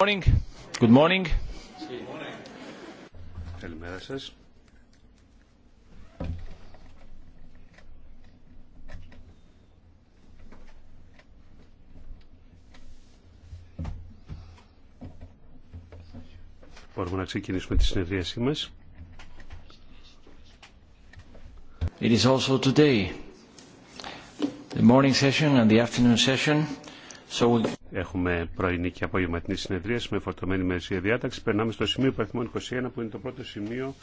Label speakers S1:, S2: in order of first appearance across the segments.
S1: morning. Good morning.
S2: Καλημέρα σας. Μπορούμε να ξεκινήσουμε τη συνεδρίασή μας. It is also today the morning session and the afternoon session. So Έχουμε πρωινή και απογευματινή συνεδρία με φορτωμένη μερική διάταξη. Περνάμε στο σημείο υπαριθμών 21 που είναι το πρώτο σημείο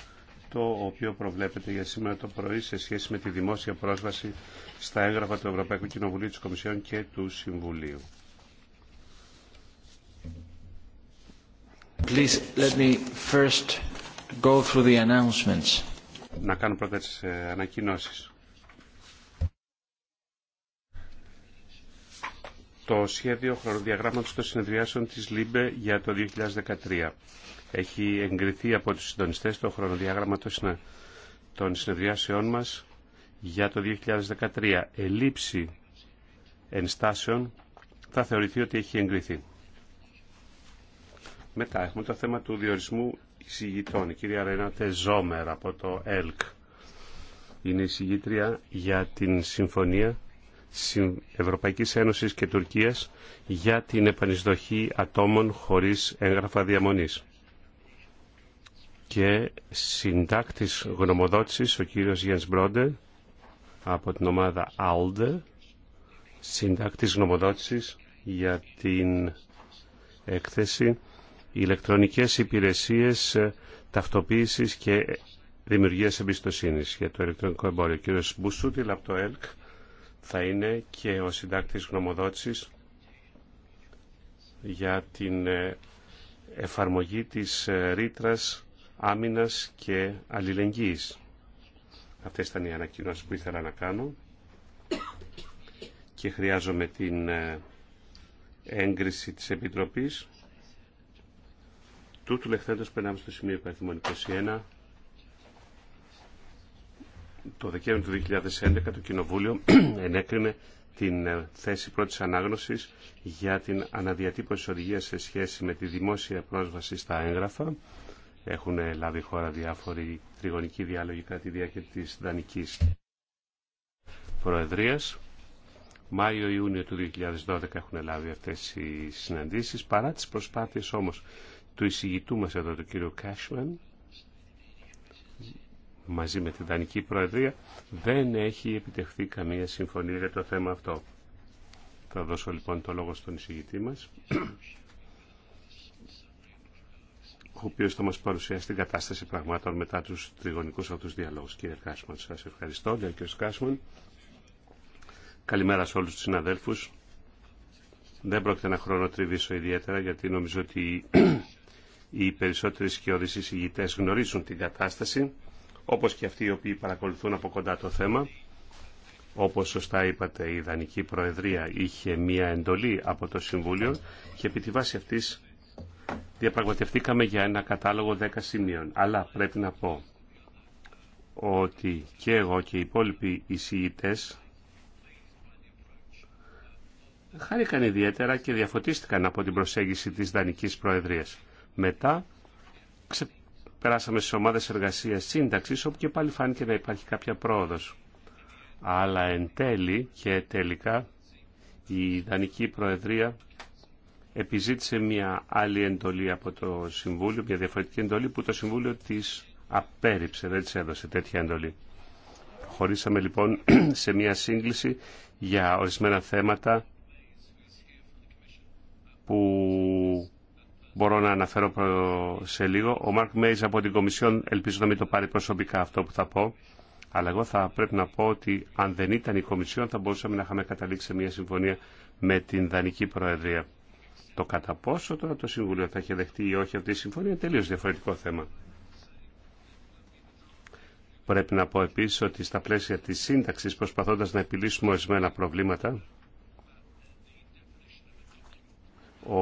S2: το οποίο προβλέπεται για σήμερα το πρωί σε σχέση με τη δημόσια πρόσβαση στα έγγραφα του Ευρωπαϊκού Κοινοβουλίου της Κομισιόν και του Συμβουλίου.
S3: Please, let me first go through the announcements.
S2: Να κάνω πρώτα τις ε, ανακοινώσεις. το σχέδιο χρονοδιαγράμματος των συνεδριάσεων της ΛΥΜΠΕ για το 2013. Έχει εγκριθεί από τους συντονιστές το χρονοδιάγραμμα των συνεδριάσεών μας για το 2013. Ελήψη ενστάσεων θα θεωρηθεί ότι έχει εγκριθεί. Μετά έχουμε το θέμα του διορισμού εισηγητών. Η κυρία Ρενάτε Ζόμερ από το ΕΛΚ είναι εισηγήτρια για την συμφωνία Ευρωπαϊκής Ένωσης και Τουρκίας για την επανεισδοχή ατόμων χωρίς έγγραφα διαμονής. Και συντάκτης γνωμοδότησης ο κύριος Γιάνς Μπρόντε από την ομάδα ALDE, συντάκτης γνωμοδότησης για την έκθεση ηλεκτρονικές υπηρεσίες ταυτοποίησης και δημιουργίας εμπιστοσύνης για το ηλεκτρονικό εμπόριο. Ο κύριος Μπουσούτιλ από το ΕΛΚ θα είναι και ο συντάκτης γνωμοδότησης για την ε, εφαρμογή της ε, ρήτρα άμυνας και αλληλεγγύης. Αυτές ήταν οι ανακοινώσεις που ήθελα να κάνω και χρειάζομαι την ε, έγκριση της Επιτροπής. Τούτου λεχθέντος περνάμε στο σημείο υπαριθμών 21 το Δεκέμβριο του 2011 το Κοινοβούλιο ενέκρινε την ε, θέση πρώτης ανάγνωσης για την αναδιατύπωση οδηγία σε σχέση με τη δημόσια πρόσβαση στα έγγραφα. Έχουν λάβει χώρα διάφοροι τριγωνικοί διάλογοι κατά τη διάρκεια της Δανικής Προεδρίας. Μάιο-Ιούνιο του 2012 έχουν λάβει αυτές οι συναντήσεις. Παρά τις προσπάθειες όμως του εισηγητού μας εδώ, του κύριου Κάσμαν, μαζί με την Δανική Προεδρία δεν έχει επιτευχθεί καμία συμφωνία για το θέμα αυτό. Θα δώσω λοιπόν το λόγο στον εισηγητή μας ο οποίος θα μας παρουσιάσει την κατάσταση πραγμάτων μετά τους τριγωνικούς αυτούς διαλόγους. Κύριε Κάσμαν, σας ευχαριστώ. Λέω Κάσμαν. Καλημέρα σε όλους τους συναδέλφους. Δεν πρόκειται να χρονοτριβήσω ιδιαίτερα γιατί νομίζω ότι οι περισσότεροι σκιώδεις εισηγητές γνωρίζουν την κατάσταση όπως και αυτοί οι οποίοι παρακολουθούν από κοντά το θέμα. Όπως σωστά είπατε, η Δανική Προεδρία είχε μία εντολή από το Συμβούλιο και επί τη βάση αυτής διαπραγματευτήκαμε για ένα κατάλογο 10 σημείων. Αλλά πρέπει να πω ότι και εγώ και οι υπόλοιποι εισηγητές χάρηκαν ιδιαίτερα και διαφωτίστηκαν από την προσέγγιση της Δανικής Προεδρίας. Μετά περάσαμε σε ομάδε εργασία σύνταξη, όπου και πάλι φάνηκε να υπάρχει κάποια πρόοδο. Αλλά εν τέλει και τελικά η Δανική Προεδρία επιζήτησε μια άλλη εντολή από το Συμβούλιο, μια διαφορετική εντολή που το Συμβούλιο τη απέρριψε, δεν τη έδωσε τέτοια εντολή. Προχωρήσαμε λοιπόν σε μια σύγκληση για ορισμένα θέματα που μπορώ να αναφέρω σε λίγο. Ο Μαρκ Μέιζ από την Κομισιόν ελπίζω να μην το πάρει προσωπικά αυτό που θα πω. Αλλά εγώ θα πρέπει να πω ότι αν δεν ήταν η Κομισιόν θα μπορούσαμε να είχαμε καταλήξει σε μια συμφωνία με την Δανική Προεδρία. Το κατά πόσο τώρα το Συμβούλιο θα είχε δεχτεί ή όχι αυτή η συμφωνία είναι τελείως διαφορετικό θέμα. Πρέπει να πω επίσης ότι στα πλαίσια της σύνταξης προσπαθώντας να επιλύσουμε ορισμένα προβλήματα ο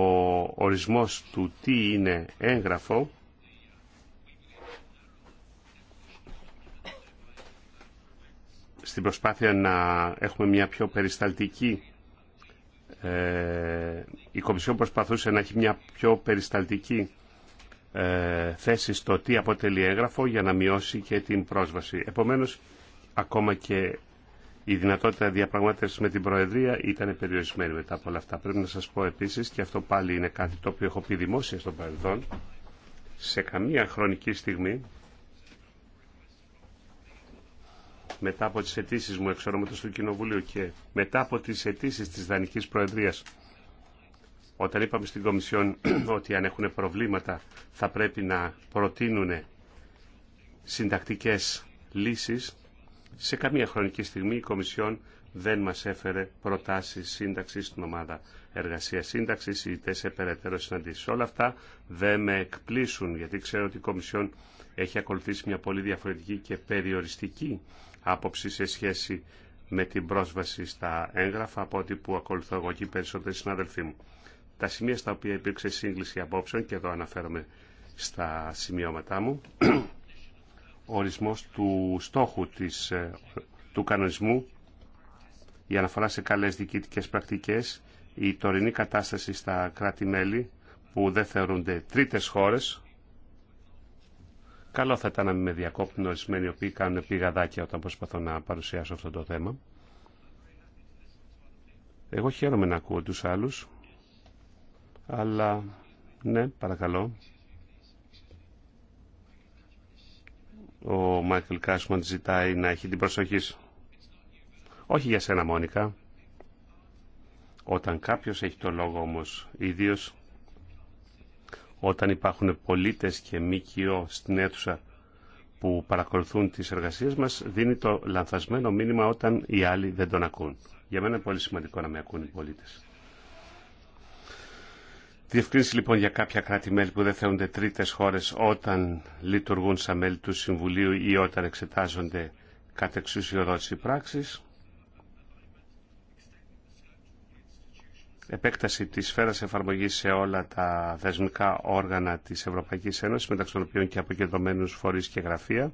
S2: ορισμός του τι είναι έγγραφο στην προσπάθεια να έχουμε μια πιο περισταλτική ε, η Κομισιόν προσπαθούσε να έχει μια πιο περισταλτική ε, θέση στο τι αποτελεί έγγραφο για να μειώσει και την πρόσβαση. Επομένως, ακόμα και η δυνατότητα διαπραγμάτευση με την Προεδρία ήταν περιορισμένη μετά από όλα αυτά. Πρέπει να σα πω επίση, και αυτό πάλι είναι κάτι το οποίο έχω πει δημόσια στον παρελθόν, σε καμία χρονική στιγμή, μετά από τι αιτήσει μου εξ του Κοινοβουλίου και μετά από τι αιτήσει τη Δανική Προεδρία, όταν είπαμε στην Κομισιόν ότι αν έχουν προβλήματα θα πρέπει να προτείνουν συντακτικές λύσεις σε καμία χρονική στιγμή η Κομισιόν δεν μας έφερε προτάσεις σύνταξης στην ομάδα εργασία σύνταξης ή τέσσερα περαιτέρω συναντήσεις. Όλα αυτά δεν με εκπλήσουν γιατί ξέρω ότι η Κομισιόν έχει ακολουθήσει μια πολύ διαφορετική και περιοριστική άποψη σε σχέση με την πρόσβαση στα έγγραφα από ό,τι που ακολουθώ εγώ και οι περισσότεροι συνάδελφοί μου. Τα σημεία στα οποία υπήρξε σύγκληση απόψεων και εδώ αναφέρομαι στα σημειώματά μου ορισμός του στόχου της, ε, του κανονισμού, η αναφορά σε καλές διοικητικές πρακτικές, η τωρινή κατάσταση στα κράτη-μέλη που δεν θεωρούνται τρίτες χώρες. Καλό θα ήταν να μην με διακόπτουν ορισμένοι οι οποίοι κάνουν πηγαδάκια όταν προσπαθώ να παρουσιάσω αυτό το θέμα. Εγώ χαίρομαι να ακούω τους άλλους, αλλά ναι, παρακαλώ. Ο Μάικλ Κάσμαν ζητάει να έχει την προσοχή σου. Όχι για σένα, Μόνικα. Όταν κάποιος έχει το λόγο όμως, ιδίως όταν υπάρχουν πολίτες και ΜΚΟ στην αίθουσα που παρακολουθούν τις εργασίες μας, δίνει το λανθασμένο μήνυμα όταν οι άλλοι δεν τον ακούν. Για μένα είναι πολύ σημαντικό να με ακούν οι πολίτες. Διευκρίνηση λοιπόν για κάποια κράτη-μέλη που δεν θέλουν τρίτες χώρες όταν λειτουργούν σαν μέλη του Συμβουλίου ή όταν εξετάζονται κατ' εξουσιοδότηση πράξης. Επέκταση της σφαίρας εφαρμογής σε όλα τα δεσμικά όργανα της Ευρωπαϊκής Ένωσης, μεταξύ των οποίων και αποκεντρωμένους φορείς και γραφεία.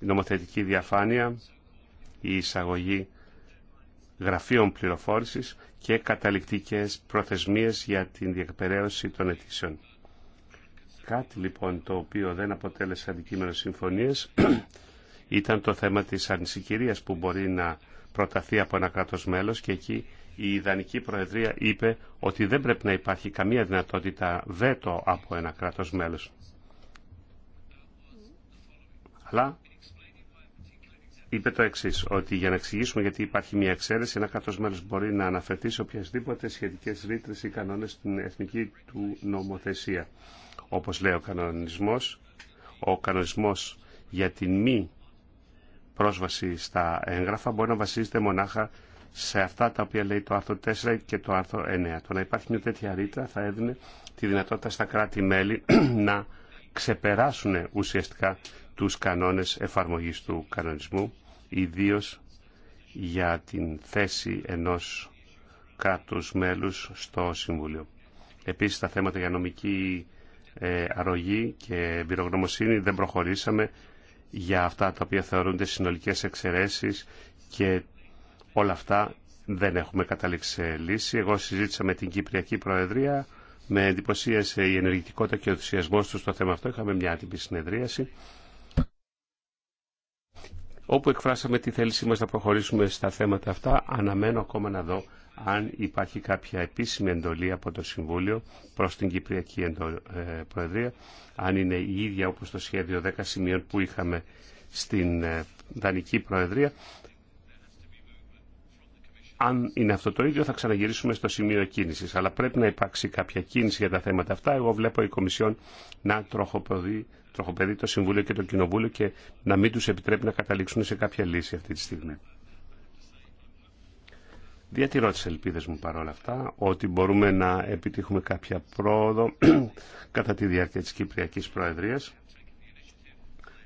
S2: Η νομοθετική διαφάνεια, η εισαγωγή γραφείων πληροφόρησης και καταληκτικές προθεσμίες για την διεκπαιρέωση των αιτήσεων. Κάτι λοιπόν το οποίο δεν αποτέλεσε αντικείμενο συμφωνίες ήταν το θέμα της ανησυχηρίας που μπορεί να προταθεί από ένα κράτος μέλος και εκεί η Ιδανική Προεδρία είπε ότι δεν πρέπει να υπάρχει καμία δυνατότητα βέτο από ένα κράτος μέλος. Αλλά είπε το εξή, ότι για να εξηγήσουμε γιατί υπάρχει μια εξαίρεση, ένα κράτο μέλο μπορεί να αναφερθεί σε οποιασδήποτε σχετικέ ρήτρε ή κανόνε στην εθνική του νομοθεσία. Όπω λέει ο κανονισμό, ο κανονισμό για την μη πρόσβαση στα έγγραφα μπορεί να βασίζεται μονάχα σε αυτά τα οποία λέει το άρθρο 4 και το άρθρο 9. Το να υπάρχει μια τέτοια ρήτρα θα έδινε τη δυνατότητα στα κράτη-μέλη να ξεπεράσουν ουσιαστικά τους κανόνες εφαρμογής του κανονισμού ιδίως για την θέση ενός κράτους μέλους στο Συμβούλιο. Επίσης τα θέματα για νομική ε, αρρωγή και πυρογνωμοσύνη δεν προχωρήσαμε για αυτά τα οποία θεωρούνται συνολικές εξαιρέσεις και όλα αυτά δεν έχουμε καταλήξει λύση. Εγώ συζήτησα με την Κυπριακή Προεδρία, με εντυπωσίασε η ενεργητικότητα και ο ενθουσιασμό του στο θέμα αυτό. Είχαμε μια άτυπη συνεδρίαση όπου εκφράσαμε τη θέλησή μας να προχωρήσουμε στα θέματα αυτά. Αναμένω ακόμα να δω αν υπάρχει κάποια επίσημη εντολή από το Συμβούλιο προς την Κυπριακή ε, Προεδρία, αν είναι η ίδια όπως το σχέδιο 10 σημείων που είχαμε στην ε, Δανική Προεδρία. Αν είναι αυτό το ίδιο θα ξαναγυρίσουμε στο σημείο κίνησης, αλλά πρέπει να υπάρξει κάποια κίνηση για τα θέματα αυτά. Εγώ βλέπω η Κομισιόν να τροχοποδεί τροχοπεδί το Συμβούλιο και το Κοινοβούλιο και να μην τους επιτρέπει να καταλήξουν σε κάποια λύση αυτή τη στιγμή. Διατηρώ τις ελπίδες μου παρόλα αυτά ότι μπορούμε να επιτύχουμε κάποια πρόοδο κατά τη διάρκεια της Κυπριακής Προεδρίας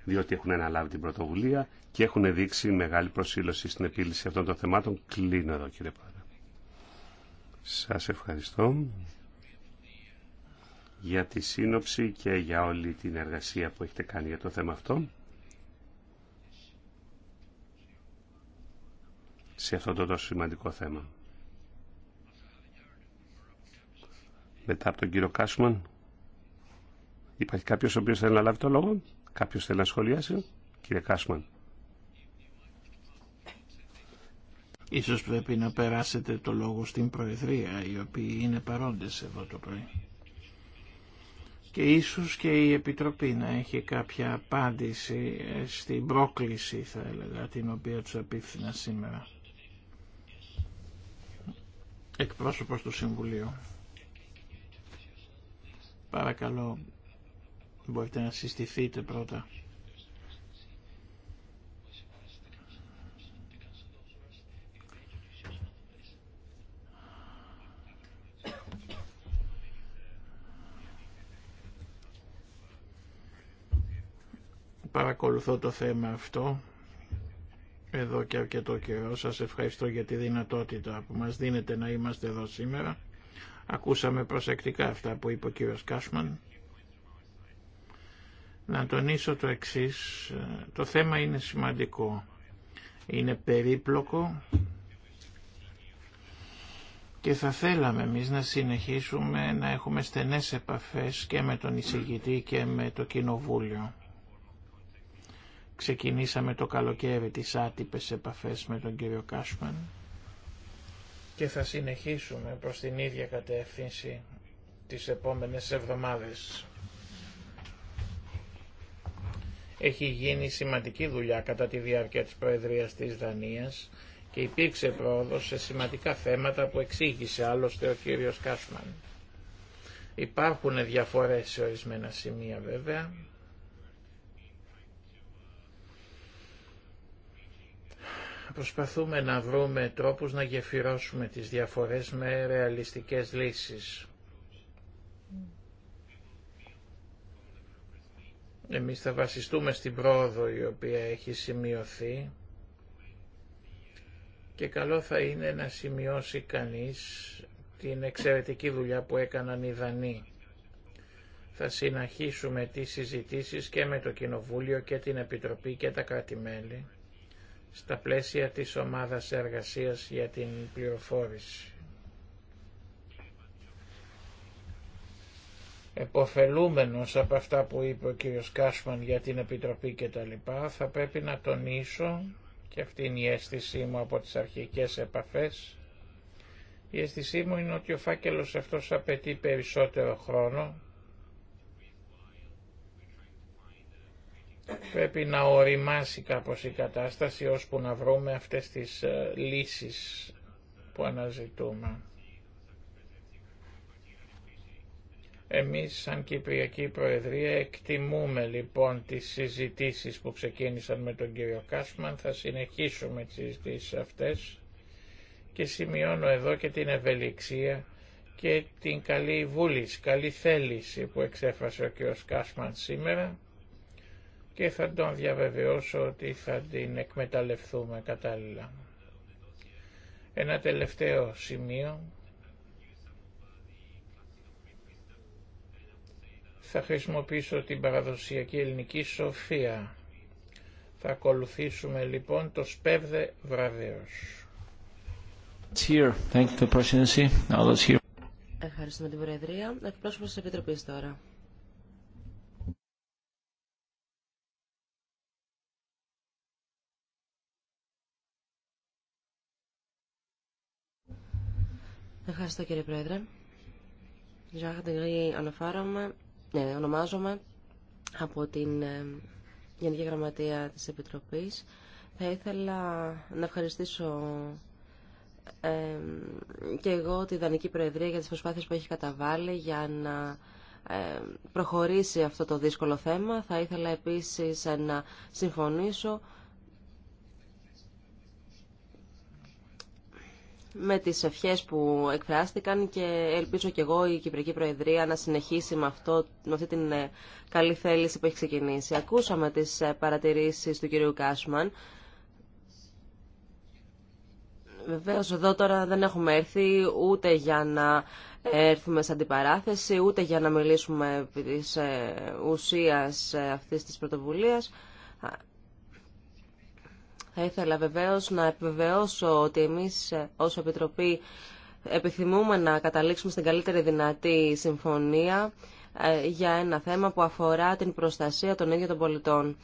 S2: διότι έχουν αναλάβει την πρωτοβουλία και έχουν δείξει μεγάλη προσήλωση στην επίλυση αυτών των θεμάτων. Κλείνω εδώ κύριε Πρόεδρε. Σας ευχαριστώ για τη σύνοψη και για όλη την εργασία που έχετε κάνει για το θέμα αυτό. σε αυτό το τόσο σημαντικό θέμα. Μετά από τον κύριο Κάσμαν, υπάρχει κάποιος ο οποίος θέλει να λάβει το λόγο, κάποιος θέλει να σχολιάσει, κύριε Κάσμαν.
S1: Ίσως πρέπει να περάσετε το λόγο στην Προεδρία, οι οποίοι είναι παρόντες εδώ το πρωί και ίσως και η Επιτροπή να έχει κάποια απάντηση ε, στην πρόκληση θα έλεγα την οποία τους απίφθηνα σήμερα εκπρόσωπος του Συμβουλίου παρακαλώ μπορείτε να συστηθείτε πρώτα Παρακολουθώ το θέμα αυτό εδώ και αρκετό καιρό. Σας ευχαριστώ για τη δυνατότητα που μας δίνετε να είμαστε εδώ σήμερα. Ακούσαμε προσεκτικά αυτά που είπε ο κύριος Κάσμαν. Να τονίσω το εξής. Το θέμα είναι σημαντικό. Είναι περίπλοκο και θα θέλαμε εμείς να συνεχίσουμε να έχουμε στενές επαφές και με τον εισηγητή και με το κοινοβούλιο. Ξεκινήσαμε το καλοκαίρι τις άτυπες επαφές με τον κύριο Κάσμαν και θα συνεχίσουμε προς την ίδια κατεύθυνση τις επόμενες εβδομάδες. Έχει γίνει σημαντική δουλειά κατά τη διάρκεια της Προεδρίας της Δανίας και υπήρξε πρόοδος σε σημαντικά θέματα που εξήγησε άλλωστε ο κύριος Κάσμαν. Υπάρχουν διαφορές σε ορισμένα σημεία βέβαια, προσπαθούμε να βρούμε τρόπους να γεφυρώσουμε τις διαφορές με ρεαλιστικές λύσεις.
S3: Εμείς θα βασιστούμε στην
S1: πρόοδο η οποία έχει σημειωθεί και καλό θα είναι να σημειώσει κανείς την εξαιρετική δουλειά που έκαναν οι Δανείοι. Θα συνεχίσουμε τις συζητήσεις και με το Κοινοβούλιο και την Επιτροπή και τα κράτη-μέλη στα πλαίσια της ομάδας εργασίας για την πληροφόρηση. Εποφελούμενος από αυτά που είπε ο κ. Κάσμαν για την Επιτροπή και τα λοιπά, θα πρέπει να τονίσω, και αυτή είναι η αίσθησή μου από τις αρχικές επαφές, η αίσθησή μου είναι ότι ο φάκελος αυτός απαιτεί περισσότερο χρόνο Πρέπει να οριμάσει κάπως η κατάσταση ώσπου να βρούμε αυτές τις ε, λύσεις που αναζητούμε. Εμείς σαν Κυπριακή Προεδρία εκτιμούμε λοιπόν τις συζητήσεις που ξεκίνησαν με τον κύριο Κάσμαν, θα συνεχίσουμε τις συζητήσεις αυτές και σημειώνω εδώ και την ευελιξία και την καλή βούληση, καλή θέληση που εξέφρασε ο κύριος Κάσμαν σήμερα και θα τον διαβεβαιώσω ότι θα την εκμεταλλευτούμε κατάλληλα. Ένα τελευταίο σημείο. Θα χρησιμοποιήσω την παραδοσιακή ελληνική σοφία. Θα ακολουθήσουμε λοιπόν
S4: το σπέβδε βραβέως. Ευχαριστούμε την Προεδρία. Εκπρόσωπος της Επιτροπής τώρα. Ευχαριστώ κύριε Πρόεδρε. Τεγλή αναφέρομαι, ναι, ονομάζομαι από την ε, Γενική Γραμματεία της Επιτροπής. Θα ήθελα να ευχαριστήσω ε, και εγώ τη Δανική Προεδρία για τις προσπάθειες που έχει καταβάλει για να προχωρήσει αυτό το δύσκολο θέμα. Θα ήθελα επίσης να συμφωνήσω με τις ευχές που εκφράστηκαν και ελπίζω και εγώ η Κυπριακή Προεδρία να συνεχίσει με, αυτό, με αυτή την ε, καλή θέληση που έχει ξεκινήσει. Ακούσαμε τις ε, παρατηρήσεις του κυρίου Κάσμαν. Βεβαίω εδώ τώρα δεν έχουμε έρθει ούτε για να ε, έρθουμε σε αντιπαράθεση, ούτε για να μιλήσουμε επί της ουσίας αυτής της πρωτοβουλίας. Θα ήθελα βεβαίως να επιβεβαιώσω ότι εμείς ως Επιτροπή επιθυμούμε να καταλήξουμε στην καλύτερη δυνατή συμφωνία ε, για ένα θέμα που αφορά την προστασία των ίδιων των πολιτών.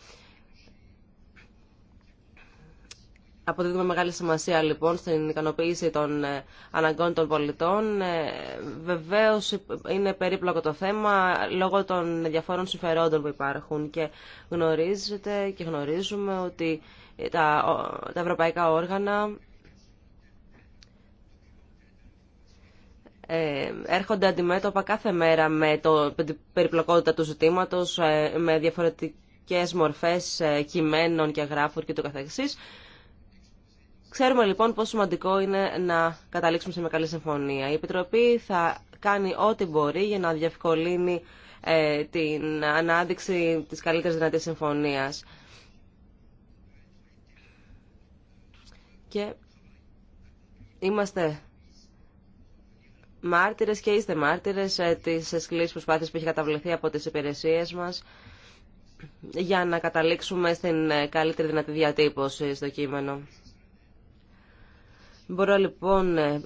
S4: Αποδίδουμε μεγάλη σημασία λοιπόν στην ικανοποίηση των ε, αναγκών των πολιτών. Ε, Βεβαίω είναι περίπλοκο το θέμα λόγω των διαφόρων συμφερόντων που υπάρχουν και γνωρίζετε και γνωρίζουμε ότι τα, τα ευρωπαϊκά όργανα ε, έρχονται αντιμέτωπα κάθε μέρα με το περιπλοκότητα του ζητήματος, ε, με διαφορετικές μορφές ε, κειμένων και γράφων και το καθεξής. Ξέρουμε λοιπόν πόσο σημαντικό είναι να καταλήξουμε σε μια καλή συμφωνία. Η Επιτροπή θα κάνει ό,τι μπορεί για να διευκολύνει την ανάδειξη της καλύτερης δυνατής συμφωνίας. και είμαστε μάρτυρες και είστε μάρτυρες ε, της σκληρής προσπάθειας που έχει καταβληθεί από τις υπηρεσίες μας για να καταλήξουμε στην ε, καλύτερη δυνατή διατύπωση στο κείμενο. Μπορώ λοιπόν ε,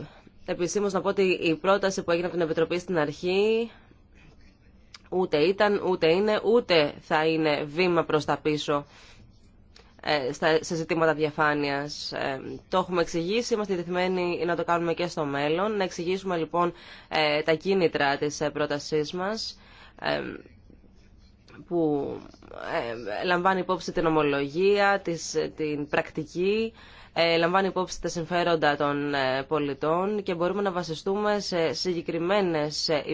S4: επισήμως να πω ότι η πρόταση που έγινε από την Επιτροπή στην αρχή ούτε ήταν, ούτε είναι, ούτε θα είναι βήμα προς τα πίσω ε, σε ζητήματα διαφάνειας. Ε, το έχουμε εξηγήσει, είμαστε διεθμένοι να το κάνουμε και στο μέλλον. Να εξηγήσουμε λοιπόν ε, τα κίνητρα της πρότασής μας που λαμβάνει υπόψη την ομολογία, την πρακτική ε, λαμβάνει υπόψη τα συμφέροντα των ε, πολιτών και μπορούμε να βασιστούμε σε συγκεκριμένες ε,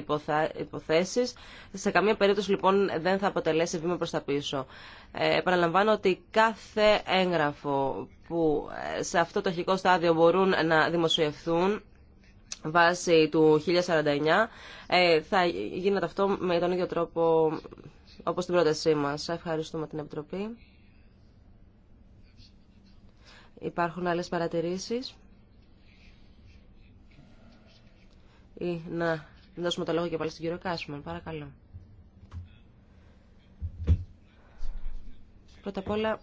S4: υποθέσεις. Σε καμία περίπτωση λοιπόν δεν θα αποτελέσει βήμα προς τα πίσω. Ε, επαναλαμβάνω ότι κάθε έγγραφο που σε αυτό το αρχικό στάδιο μπορούν να δημοσιευθούν βάσει του 1049 θα γίνεται αυτό με τον ίδιο τρόπο όπως την πρότασή μας. Ευχαριστούμε την Επιτροπή. Υπάρχουν άλλες παρατηρήσεις. Ή να δώσουμε το λόγο και πάλι στον κύριο Κάσμαν. Παρακαλώ. Πρώτα απ' όλα,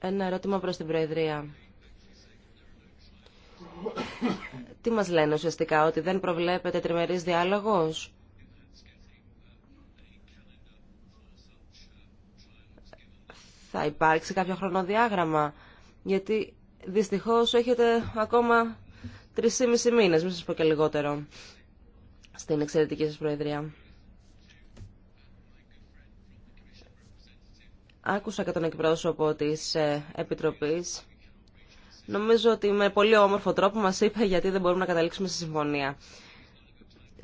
S4: ένα ερώτημα προς την Προεδρία. Τι μας λένε ουσιαστικά, ότι δεν προβλέπεται τριμερής διάλογος. Θα υπάρξει κάποιο χρονοδιάγραμμα γιατί δυστυχώς έχετε ακόμα 3,5 μήνες, μην σας πω και λιγότερο, στην εξαιρετική σας Προεδρία. Άκουσα και τον εκπρόσωπο της ε, Επιτροπής. Νομίζω ότι με πολύ όμορφο τρόπο μας είπε γιατί δεν μπορούμε να καταλήξουμε στη συμφωνία.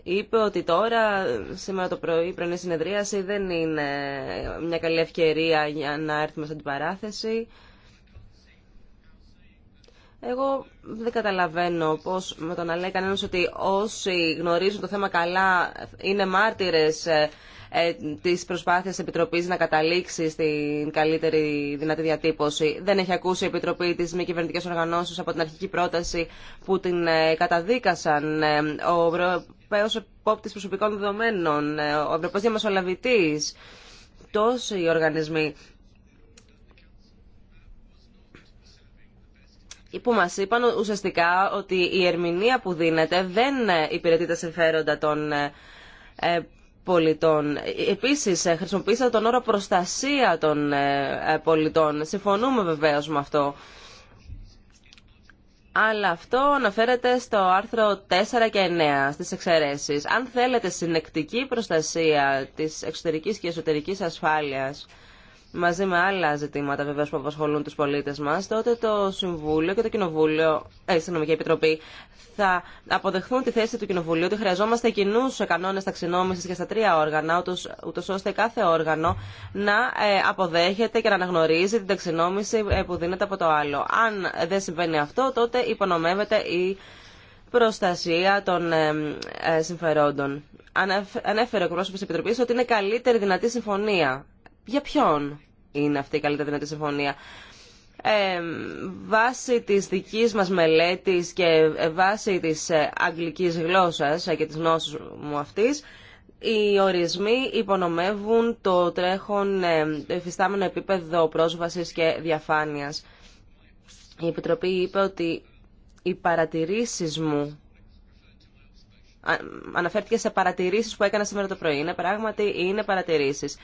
S4: Είπε ότι τώρα, σήμερα το πρωί, η πρωινή συνεδρίαση δεν είναι μια καλή ευκαιρία για να έρθουμε στην παράθεση. Εγώ δεν καταλαβαίνω πώς με το να λέει κανένα ότι όσοι γνωρίζουν το θέμα καλά είναι μάρτυρες ε, ε της προσπάθειας Επιτροπής να καταλήξει στην καλύτερη δυνατή διατύπωση. Δεν έχει ακούσει η Επιτροπή τη Μη κυβερνητική οργανώσεω από την αρχική πρόταση που την ε, καταδίκασαν. Ε, ο Ευρωπαίος Επόπτη Προσωπικών Δεδομένων, ο Ευρωπαίο Διαμεσολαβητή, τόσοι οργανισμοί που μας είπαν ουσιαστικά ότι η ερμηνεία που δίνεται δεν υπηρετεί τα συμφέροντα των ε, ε, πολιτών. Επίσης, ε, χρησιμοποίησα τον όρο προστασία των πολιτών. Συμφωνούμε βεβαίως με αυτό. Αλλά αυτό αναφέρεται στο άρθρο 4 και 9, στις εξαιρέσεις. Αν θέλετε συνεκτική προστασία της εξωτερικής και εσωτερικής ασφάλειας, μαζί με άλλα ζητήματα βεβαίως που απασχολούν τους πολίτες μας, τότε το Συμβούλιο και το Κοινοβούλιο, ε, η Συνομική Επιτροπή, θα αποδεχθούν τη θέση του Κοινοβουλίου ότι χρειαζόμαστε κοινού κανόνε ταξινόμησης και στα τρία όργανα, ούτω ώστε κάθε όργανο να ε, αποδέχεται και να αναγνωρίζει την ταξινόμηση ε, που δίνεται από το άλλο. Αν δεν συμβαίνει αυτό, τότε υπονομεύεται η προστασία των ε, συμφερόντων. Ανέφερε ο εκπρόσωπο τη Επιτροπή ότι είναι καλύτερη δυνατή συμφωνία για ποιον είναι αυτή η καλύτερη δυνατή συμφωνία. Ε, βάσει της δικής μας μελέτης και ε, βάσει της ε, αγγλικής γλώσσας και της γνώσης μου αυτής, οι ορισμοί υπονομεύουν το τρέχον εφιστάμενο επίπεδο πρόσβασης και διαφάνειας. Η Επιτροπή είπε ότι οι παρατηρήσεις μου αναφέρθηκε σε παρατηρήσεις που έκανα σήμερα το πρωί. Είναι πράγματι, είναι παρατηρήσεις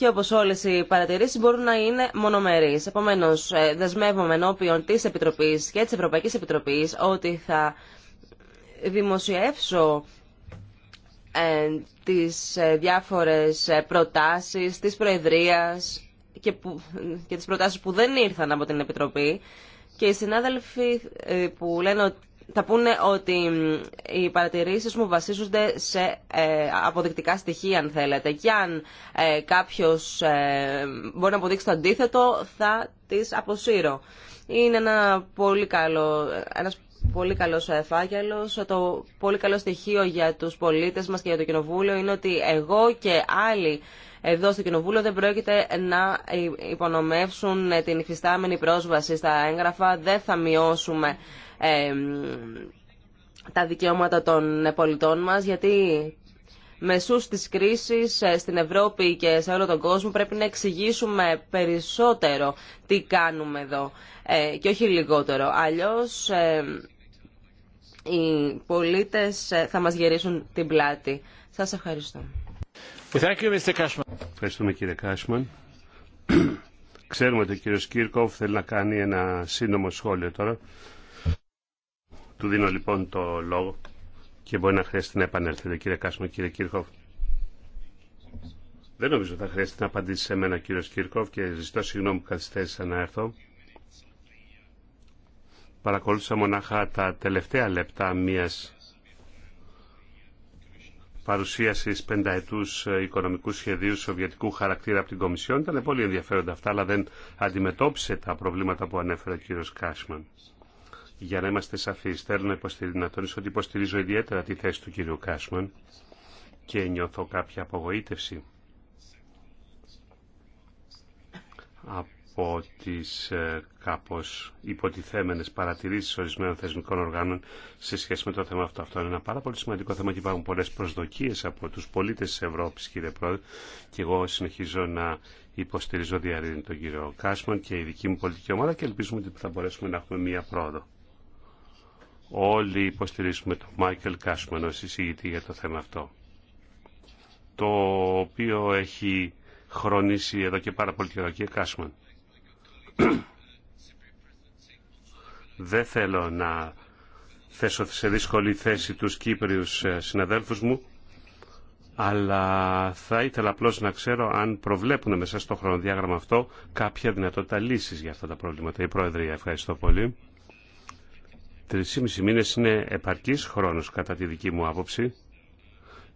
S4: και όπως όλες οι παρατηρήσεις μπορούν να είναι μονομερείς. Επομένως, ε, δεσμεύομαι ενώπιον τη Επιτροπής και τη Ευρωπαϊκή Επιτροπή ότι θα δημοσιεύσω ε, τις ε, διάφορες προτάσεις της Προεδρίας και, που, και τις προτάσεις που δεν ήρθαν από την Επιτροπή και οι συνάδελφοι που λένε ότι θα πούνε ότι οι παρατηρήσεις μου βασίζονται σε ε, αποδεικτικά στοιχεία, αν θέλετε. Και αν ε, κάποιος ε, μπορεί να αποδείξει το αντίθετο, θα τις αποσύρω. Είναι ένα πολύ καλό, ένας πολύ καλός Το πολύ καλό στοιχείο για τους πολίτες μας και για το Κοινοβούλιο είναι ότι εγώ και άλλοι εδώ στο Κοινοβούλιο δεν πρόκειται να υπονομεύσουν την υφιστάμενη πρόσβαση στα έγγραφα. Δεν θα μειώσουμε τα δικαιώματα των πολιτών μας, γιατί μεσούς της κρίσης ε, στην Ευρώπη και σε όλο τον κόσμο πρέπει να εξηγήσουμε περισσότερο τι κάνουμε εδώ ε, και όχι λιγότερο. Αλλιώς ε, οι πολίτες θα μας γυρίσουν την πλάτη. Σας ευχαριστώ.
S2: Ευχαριστούμε κύριε Κάσμαν. Ξέρουμε ότι ο κύριος Κύρκοφ θέλει να κάνει ένα σύντομο σχόλιο τώρα. Του δίνω λοιπόν το λόγο και μπορεί να χρειαστεί να επανέλθετε κύριε Κάσμα, κύριε Κύρχοφ. Δεν νομίζω θα χρειαστεί να απαντήσει σε μένα κύριο κύριος Κύρκοφ και ζητώ συγγνώμη που καθυστέρησα να έρθω. Παρακολούθησα μονάχα τα τελευταία λεπτά μιας παρουσίασης πενταετούς οικονομικού σχεδίου σοβιετικού χαρακτήρα από την Κομισιόν. Ήταν πολύ ενδιαφέροντα αυτά, αλλά δεν αντιμετώπισε τα προβλήματα που ανέφερε ο κύριο Κάσμαν για να είμαστε σαφείς, θέλω να, τονίσω ότι υποστηρίζω ιδιαίτερα τη θέση του κυρίου Κάσμαν και νιώθω κάποια απογοήτευση από τις ε, κάπως υποτιθέμενες παρατηρήσεις ορισμένων θεσμικών οργάνων σε σχέση με το θέμα αυτό. Αυτό είναι ένα πάρα πολύ σημαντικό θέμα και υπάρχουν πολλές προσδοκίες από τους πολίτες της Ευρώπης, κύριε Πρόεδρε, και εγώ συνεχίζω να υποστηρίζω διαρρήνη τον κύριο Κάσμαν και η δική μου πολιτική ομάδα και ελπίζουμε ότι θα μπορέσουμε να έχουμε μία πρόοδο. Όλοι υποστηρίζουμε τον Μάικελ Κάσμαν ως εισηγητή για το θέμα αυτό, το οποίο έχει χρονίσει εδώ και πάρα πολύ καιρό και Κάσμαν. Δεν θέλω να θέσω σε δύσκολη θέση τους Κύπριους ε, συναδέλφους μου, αλλά θα ήθελα απλώς να ξέρω αν προβλέπουν μέσα στο χρονοδιάγραμμα αυτό κάποια δυνατότητα λύσης για αυτά τα προβλήματα. Η Πρόεδρε, ευχαριστώ πολύ. 3,5 μήνες είναι επαρκής χρόνος κατά τη δική μου άποψη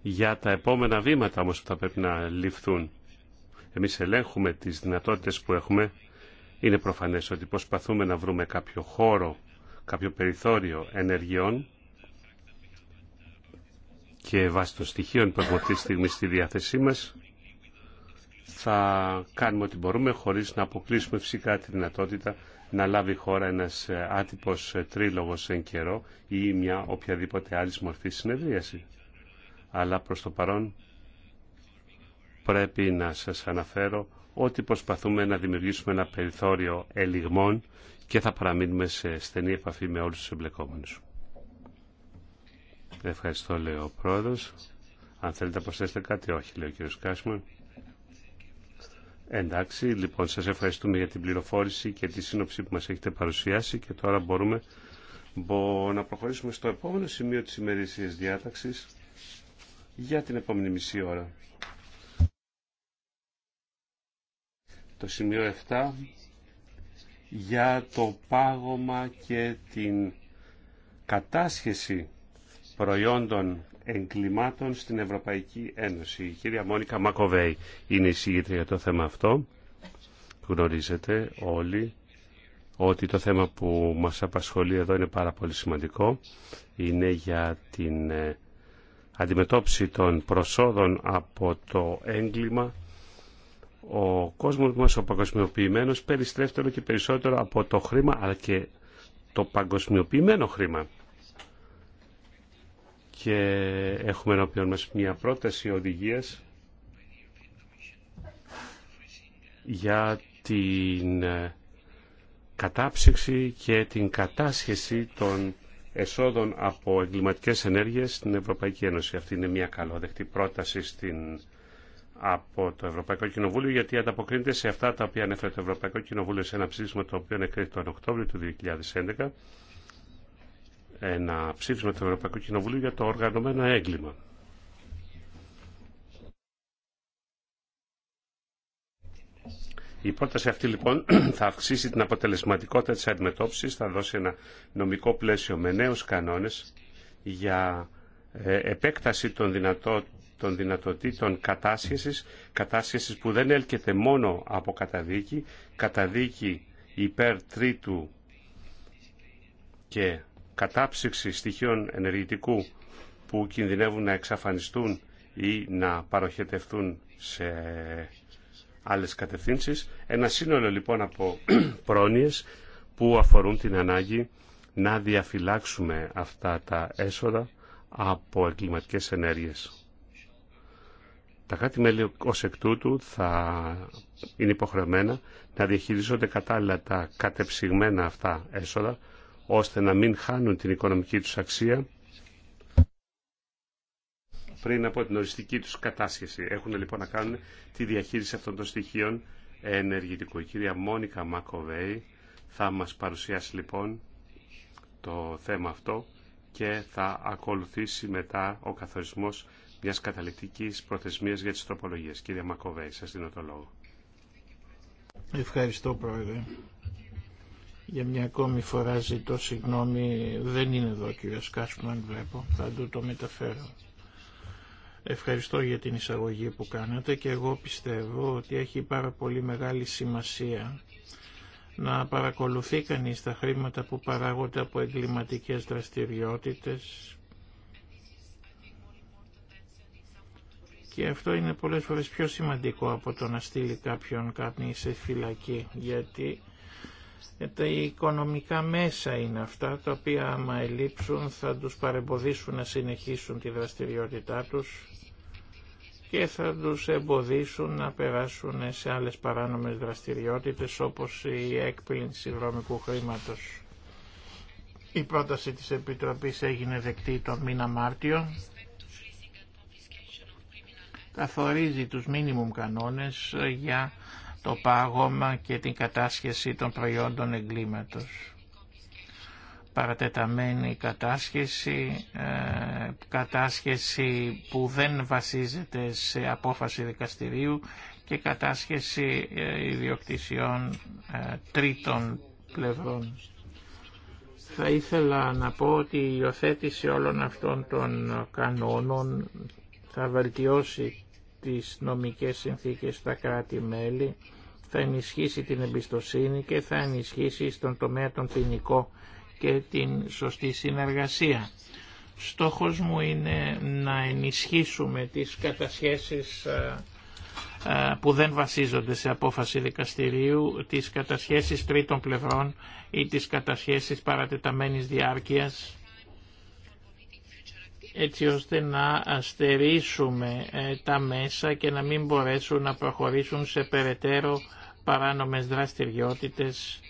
S2: για τα επόμενα βήματα όμως που θα πρέπει να ληφθούν. Εμείς ελέγχουμε τις δυνατότητες που έχουμε. Είναι προφανές ότι προσπαθούμε να βρούμε κάποιο χώρο, κάποιο περιθώριο ενεργειών και βάσει των στοιχείων που έχουμε αυτή τη στιγμή στη διάθεσή μας θα κάνουμε ό,τι μπορούμε χωρίς να αποκλείσουμε φυσικά τη δυνατότητα να λάβει χώρα ένας ε, άτυπος ε, τρίλογος εν καιρό ή μια οποιαδήποτε άλλη μορφή συνεδρίαση. Αλλά προς το παρόν πρέπει να σας αναφέρω ότι προσπαθούμε να δημιουργήσουμε ένα περιθώριο ελιγμών και θα παραμείνουμε σε στενή επαφή με όλους τους εμπλεκόμενους. Ευχαριστώ, λέει ο Πρόεδρος. Αν θέλετε να προσθέσετε κάτι, όχι, λέει ο κ. Κάσμαν. Εντάξει, λοιπόν, σας ευχαριστούμε για την πληροφόρηση και τη σύνοψη που μας έχετε παρουσιάσει και τώρα μπορούμε να προχωρήσουμε στο επόμενο σημείο της ημερήσιας διάταξης για την επόμενη μισή ώρα. Το σημείο 7 για το πάγωμα και την κατάσχεση προϊόντων εγκλημάτων στην Ευρωπαϊκή Ένωση. Η κυρία Μόνικα Μακοβέη είναι η για το θέμα αυτό. Γνωρίζετε όλοι ότι το θέμα που μας απασχολεί εδώ είναι πάρα πολύ σημαντικό. Είναι για την ε, αντιμετώπιση των προσόδων από το έγκλημα. Ο κόσμος μας, ο παγκοσμιοποιημένος, περιστρέφεται και περισσότερο από το χρήμα, αλλά και το παγκοσμιοποιημένο χρήμα και έχουμε ενώπιον μας μια πρόταση οδηγίας για την ε, κατάψυξη και την κατάσχεση των εσόδων από εγκληματικές ενέργειες στην Ευρωπαϊκή Ένωση. Αυτή είναι μια καλόδεκτη πρόταση στην, από το Ευρωπαϊκό Κοινοβούλιο γιατί ανταποκρίνεται σε αυτά τα οποία ανέφερε το Ευρωπαϊκό Κοινοβούλιο σε ένα ψήφισμα το οποίο είναι τον Οκτώβριο του 2011 ένα ψήφισμα του Ευρωπαϊκού Κοινοβουλίου για το οργανωμένο έγκλημα. Η πρόταση αυτή λοιπόν θα αυξήσει την αποτελεσματικότητα της αντιμετώπισης, θα δώσει ένα νομικό πλαίσιο με νέους κανόνες για ε, επέκταση των, δυνατό, δυνατοτήτων κατάσχεσης, κατάσχεσης που δεν έλκεται μόνο από καταδίκη, καταδίκη υπέρ τρίτου και κατάψυξη στοιχείων ενεργητικού που κινδυνεύουν να εξαφανιστούν ή να παροχετευτούν σε άλλες κατευθύνσεις. Ένα σύνολο λοιπόν από πρόνοιες που αφορούν την ανάγκη να διαφυλάξουμε αυτά τα έσοδα από εγκληματικές ενέργειες. Τα κάτι μέλη ως εκ τούτου θα είναι υποχρεωμένα να διαχειρίζονται κατάλληλα τα κατεψυγμένα αυτά έσοδα ώστε να μην χάνουν την οικονομική τους αξία πριν από την οριστική τους κατάσχεση. Έχουν λοιπόν να κάνουν τη διαχείριση αυτών των στοιχείων ενεργητικού. Η κυρία Μόνικα Μακοβέη θα μας παρουσιάσει λοιπόν το θέμα αυτό και θα ακολουθήσει μετά ο καθορισμός μιας καταληκτικής προθεσμίας για τις τροπολογίες. Κύριε Μακοβέη, σας δίνω το λόγο.
S1: Ευχαριστώ Πρόεδρε. Για μια ακόμη φορά ζητώ συγγνώμη, δεν είναι εδώ ο κύριος Κάσπμαν, βλέπω, θα του το μεταφέρω. Ευχαριστώ για την εισαγωγή που κάνατε και εγώ πιστεύω ότι έχει πάρα πολύ μεγάλη σημασία να παρακολουθεί κανείς τα χρήματα που παράγονται από εγκληματικές δραστηριότητες και αυτό είναι πολλές φορές πιο σημαντικό από το να στείλει κάποιον κάποιοι σε φυλακή γιατί ε, τα οικονομικά μέσα είναι αυτά τα οποία άμα ελείψουν θα τους παρεμποδίσουν να συνεχίσουν τη δραστηριότητά τους και θα τους εμποδίσουν να περάσουν σε άλλες παράνομες δραστηριότητες όπως η έκπληνση δρομικού χρήματος. Η πρόταση της Επιτροπής έγινε δεκτή τον μήνα Μάρτιο. Καθορίζει τους μίνιμουμ κανόνες για το πάγωμα και την κατάσχεση των προϊόντων εγκλήματος. Παρατεταμένη κατάσχεση, ε, κατάσχεση που δεν βασίζεται σε απόφαση δικαστηρίου και κατάσχεση ε, ιδιοκτησιών ε, τρίτων πλευρών. Θα ήθελα να πω ότι η υιοθέτηση όλων αυτών των κανόνων θα βελτιώσει τις νομικές συνθήκες στα κράτη-μέλη, θα ενισχύσει την εμπιστοσύνη και θα ενισχύσει στον τομέα τον ποινικό και την σωστή συνεργασία. Στόχος μου είναι να ενισχύσουμε τις κατασχέσεις ε, ε, που δεν βασίζονται σε απόφαση δικαστηρίου, τις κατασχέσεις τρίτων πλευρών ή τις κατασχέσεις παρατεταμένης διάρκειας έτσι ώστε να αστερίσουμε τα μέσα και να μην μπορέσουν να προχωρήσουν σε περαιτέρω παράνομες δραστηριότητες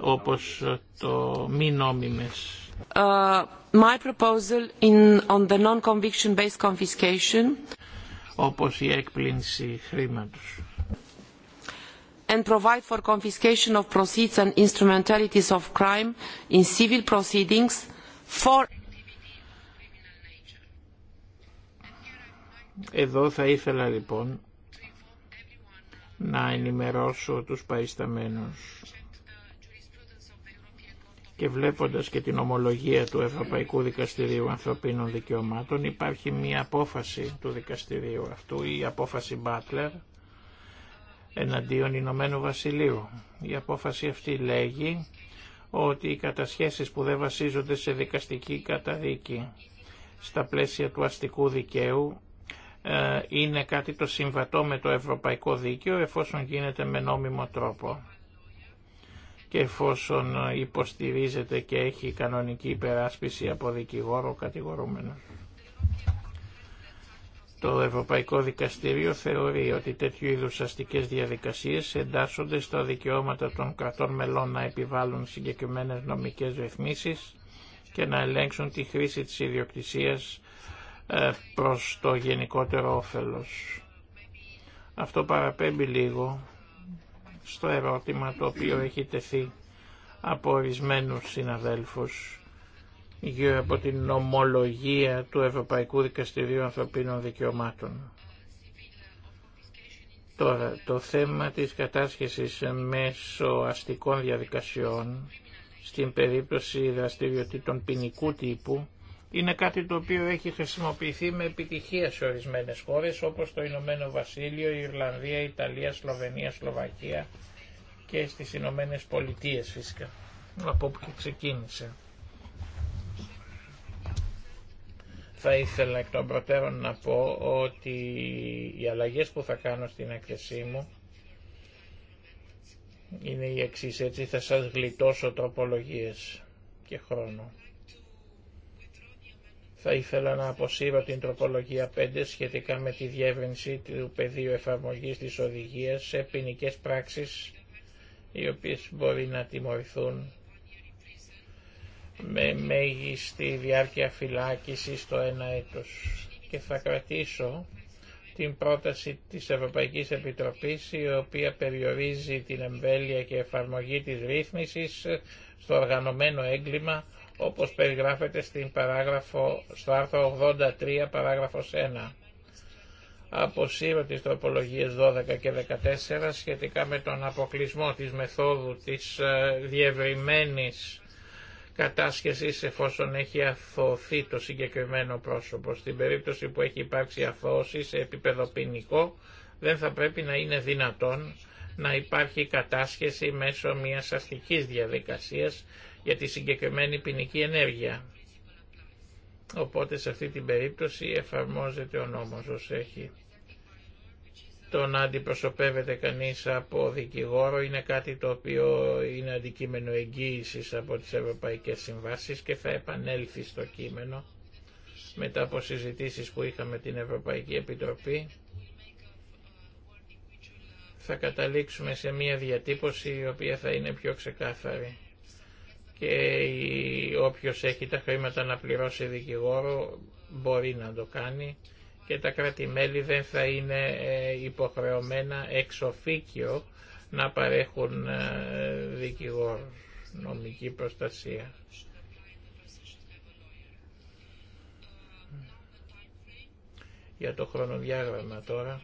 S1: όπως το μη νόμιμες.
S4: Uh, my proposal on the non-conviction based confiscation
S1: όπως η έκπληνση χρήματος
S4: and provide for confiscation of proceeds and instrumentalities of crime in civil proceedings for
S1: Εδώ θα ήθελα λοιπόν να ενημερώσω τους παρισταμένους και βλέποντας και την ομολογία του Ευρωπαϊκού Δικαστηρίου Ανθρωπίνων Δικαιωμάτων υπάρχει μία απόφαση του δικαστηρίου αυτού, η απόφαση Μπάτλερ, εναντίον Ηνωμένου Βασιλείου. Η απόφαση αυτή λέγει ότι οι κατασχέσεις που δεν βασίζονται σε δικαστική καταδίκη στα πλαίσια του αστικού δικαίου ε, είναι κάτι το συμβατό με το ευρωπαϊκό δίκαιο εφόσον γίνεται με νόμιμο τρόπο και εφόσον υποστηρίζεται και έχει κανονική υπεράσπιση από δικηγόρο κατηγορούμενο. Το Ευρωπαϊκό Δικαστήριο θεωρεί ότι τέτοιου είδους αστικές διαδικασίες εντάσσονται στα δικαιώματα των κρατών μελών να επιβάλλουν συγκεκριμένες νομικές ρυθμίσεις και να ελέγξουν τη χρήση της ιδιοκτησίας ε, προς το γενικότερο όφελος. Αυτό παραπέμπει λίγο στο ερώτημα το οποίο έχει τεθεί από ορισμένου συναδέλφους γύρω από την νομολογία του Ευρωπαϊκού Δικαστηρίου Ανθρωπίνων Δικαιωμάτων. Τώρα, το θέμα της κατάσχεσης μέσω αστικών διαδικασιών στην περίπτωση δραστηριοτήτων ποινικού τύπου είναι κάτι το οποίο έχει χρησιμοποιηθεί με επιτυχία σε ορισμένες χώρες όπως το Ηνωμένο Βασίλειο, η Ιρλανδία, η Ιταλία, Σλοβενία, Σλοβακία και στις Ηνωμένε Πολιτείε φυσικά από όπου και ξεκίνησε. Θα ήθελα εκ των προτέρων να πω ότι οι αλλαγές που θα κάνω στην έκθεσή μου είναι οι εξής, έτσι θα σας γλιτώσω τροπολογίες και χρόνο. Θα ήθελα να αποσύρω την τροπολογία 5 σχετικά με τη διεύρυνση του πεδίου εφαρμογής της οδηγίας σε ποινικέ πράξεις οι οποίες μπορεί να τιμωρηθούν με μέγιστη διάρκεια φυλάκιση στο ένα έτος. Και θα κρατήσω την πρόταση της Ευρωπαϊκής Επιτροπής η οποία περιορίζει την εμβέλεια και εφαρμογή της ρύθμισης στο οργανωμένο έγκλημα όπως περιγράφεται στην παράγραφο, στο άρθρο 83 παράγραφος 1. Αποσύρω τις τροπολογίες 12 και 14 σχετικά με τον αποκλεισμό της μεθόδου της ε, διευρυμένης κατάσχεσης εφόσον έχει αθωωθεί το συγκεκριμένο πρόσωπο. Στην περίπτωση που έχει υπάρξει αθώωση σε επίπεδο ποινικό δεν θα πρέπει να είναι δυνατόν να υπάρχει κατάσχεση μέσω μιας αστικής διαδικασίας για τη συγκεκριμένη ποινική ενέργεια. Οπότε σε αυτή την περίπτωση εφαρμόζεται ο νόμος ως έχει. Το να αντιπροσωπεύεται κανείς από δικηγόρο είναι κάτι το οποίο είναι αντικείμενο εγγύησης από τις Ευρωπαϊκές Συμβάσεις και θα επανέλθει στο κείμενο μετά από συζητήσεις που είχαμε την Ευρωπαϊκή Επιτροπή θα καταλήξουμε σε μια διατύπωση η οποία θα είναι πιο ξεκάθαρη και όποιος έχει τα χρήματα να πληρώσει δικηγόρο μπορεί να το κάνει και τα κρατη δεν θα είναι ε, υποχρεωμένα εξοφίκιο να παρέχουν ε, δικηγόρο νομική προστασία. Για το χρονοδιάγραμμα τώρα.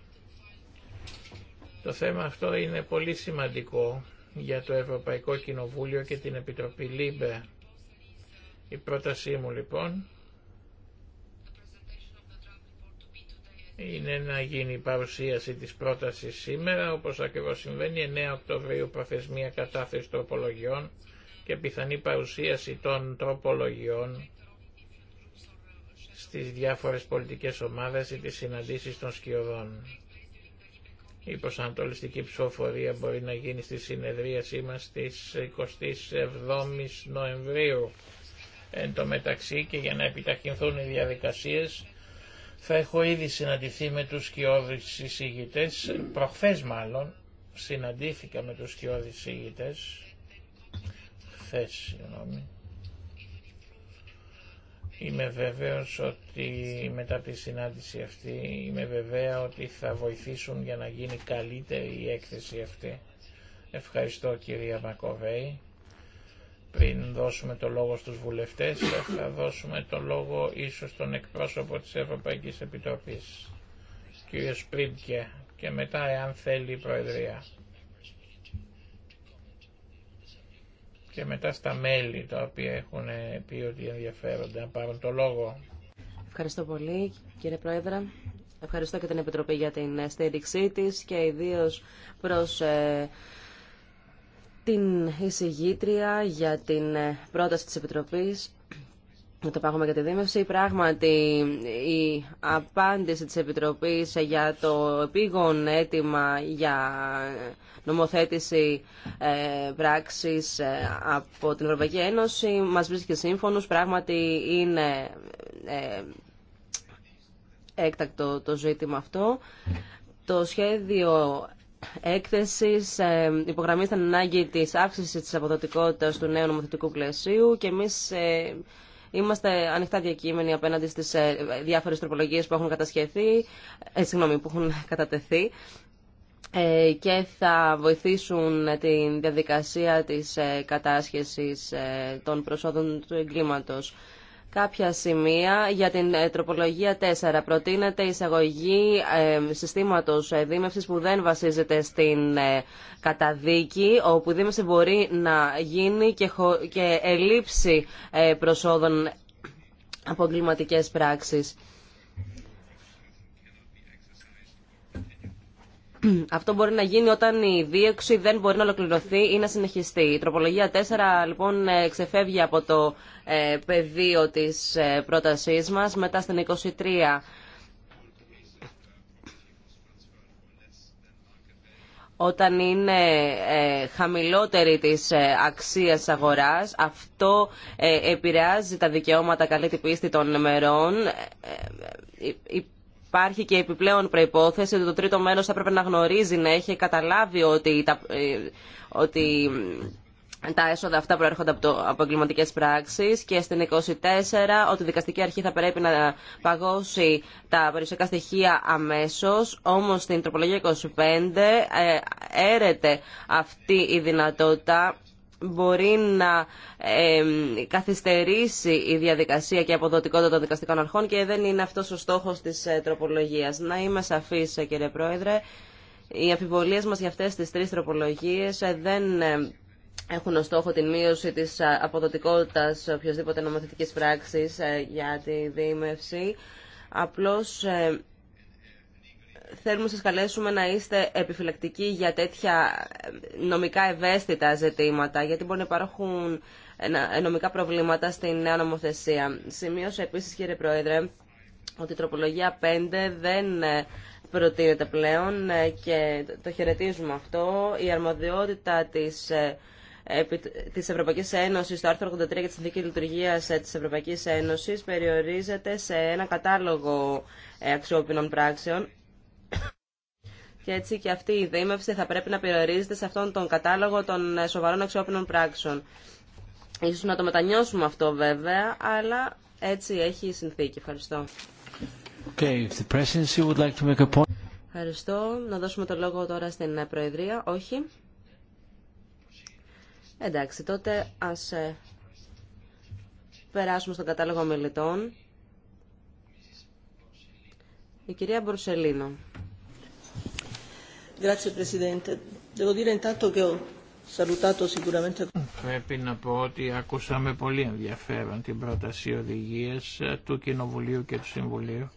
S1: Το θέμα αυτό είναι πολύ σημαντικό για το Ευρωπαϊκό Κοινοβούλιο και την Επιτροπή ΛΥΜΠΕ. Η πρότασή μου λοιπόν είναι να γίνει η παρουσίαση της πρότασης σήμερα, όπως ακριβώς συμβαίνει 9 Οκτωβρίου προθεσμία κατάθεση τροπολογιών και πιθανή παρουσίαση των τροπολογιών στις διάφορες πολιτικές ομάδες ή τις συναντήσεις των σκιωδών. Η προσανατολιστική ψηφοφορία μπορεί να γίνει στη συνεδρίασή μας στις 27 Νοεμβρίου. Εν τω μεταξύ και για να επιταχυνθούν οι διαδικασίες θα έχω ήδη συναντηθεί με τους σκιώδεις εισηγητές, προχθές μάλλον συναντήθηκα με τους σκιώδεις εισηγητές, χθες συγγνώμη, Είμαι βέβαιος ότι μετά τη συνάντηση αυτή, είμαι βεβαία ότι θα βοηθήσουν για να γίνει καλύτερη η έκθεση αυτή. Ευχαριστώ κυρία Μακοβέη. Πριν δώσουμε το λόγο στους βουλευτές, θα δώσουμε το λόγο ίσως στον εκπρόσωπο της Ευρωπαϊκής Επιτροπής, κύριο Σπρίμπκε, και μετά εάν θέλει η Προεδρία. και μετά στα μέλη τα οποία έχουν πει ότι ενδιαφέρονται να πάρουν το λόγο.
S4: Ευχαριστώ πολύ κύριε Πρόεδρε. Ευχαριστώ και την Επιτροπή για την στήριξή της και ιδίως προς ε, την εισηγήτρια για την ε, πρόταση της Επιτροπής με το πάγωμα για τη δίμευση. Πράγματι, η απάντηση της Επιτροπής για το επίγον αίτημα για νομοθέτηση ε, πράξης ε, από την Ευρωπαϊκή Ένωση μας βρίσκει σύμφωνος. Πράγματι, είναι ε, έκτακτο το ζήτημα αυτό. Το σχέδιο έκθεσης ε, υπογραμμίζει την ανάγκη τη αύξηση τη αποδοτικότητα του νέου νομοθετικού πλαισίου και εμεί Είμαστε ανοιχτά διακείμενοι απέναντι στις ε, διάφορες τροπολογίες που έχουν ε, που έχουν κατατεθεί ε, και θα βοηθήσουν τη διαδικασία της κατάσχεσης των προσόδων του εγκλήματος κάποια σημεία για την ε, τροπολογία 4. Προτείνεται η εισαγωγή ε, συστήματος ε, δίμευσης που δεν βασίζεται στην καταδίκη, όπου η δίμευση μπορεί να γίνει και ελλείψη προσόδων από εγκληματικές πράξεις. Αυτό μπορεί να γίνει όταν η δίεξη δεν μπορεί να ολοκληρωθεί ή να συνεχιστεί. Η τροπολογία 4 λοιπόν ε, ξεφεύγει από το ε, πεδίο της ε, πρότασής μας μετά στην 23. Όταν είναι χαμηλότερη της αξίας αγοράς, αυτό επηρεάζει τα δικαιώματα καλή πίστη των μερών υπάρχει και επιπλέον προϋπόθεση ότι το τρίτο μέρος θα πρέπει να γνωρίζει, να έχει καταλάβει ότι τα, ε, ότι τα έσοδα αυτά προέρχονται από, το, από εγκληματικές πράξεις και στην 24 ότι η δικαστική αρχή θα πρέπει να παγώσει τα περιουσιακά στοιχεία αμέσως, όμως στην τροπολογία 25 ε, έρεται αυτή η δυνατότητα μπορεί να καθυστερήσει η διαδικασία και η αποδοτικότητα των δικαστικών αρχών και δεν είναι αυτός ο στόχος της ε, τροπολογίας. Να είμαι σαφής ε, κύριε Πρόεδρε, οι αμφιβολίες μας για αυτές τις τρεις τροπολογίες ε, δεν έχουν ως στόχο την μείωση της αποδοτικότητας οποιασδήποτε νομοθετικής πράξης για τη δίμευση. Απλώς θέλουμε να σας καλέσουμε να είστε επιφυλακτικοί για τέτοια ε, νομικά ευαίσθητα ζητήματα, γιατί μπορεί να υπάρχουν ε, ε, νομικά προβλήματα στην νέα νομοθεσία. Σημείωσα επίσης, κύριε Πρόεδρε, ότι η τροπολογία 5 δεν προτείνεται πλέον και το χαιρετίζουμε αυτό. Η αρμοδιότητα της τη Ευρωπαϊκή Ένωση, το άρθρο 83 για τη συνθήκη λειτουργία τη Ευρωπαϊκή Ένωση, περιορίζεται σε ένα κατάλογο αξιόπινων πράξεων. Και έτσι και αυτή η δήμευση θα πρέπει να περιορίζεται σε αυτόν τον κατάλογο των ε, σοβαρών αξιόπινων πράξεων. Ίσως να το μετανιώσουμε αυτό βέβαια, αλλά έτσι έχει η συνθήκη. Ευχαριστώ.
S3: Okay, if the presidency would like to make a point.
S4: Ευχαριστώ. Να δώσουμε το λόγο τώρα στην ε, Προεδρία. Όχι. Εντάξει, τότε ας ε, περάσουμε στον κατάλογο μελετών. Η κυρία Μπορσελίνο. Grazie Presidente.
S1: Πρέπει να πω ότι ακούσαμε πολύ ενδιαφέρον την πρόταση οδηγίε του Κοινοβουλίου και του Συμβουλίου.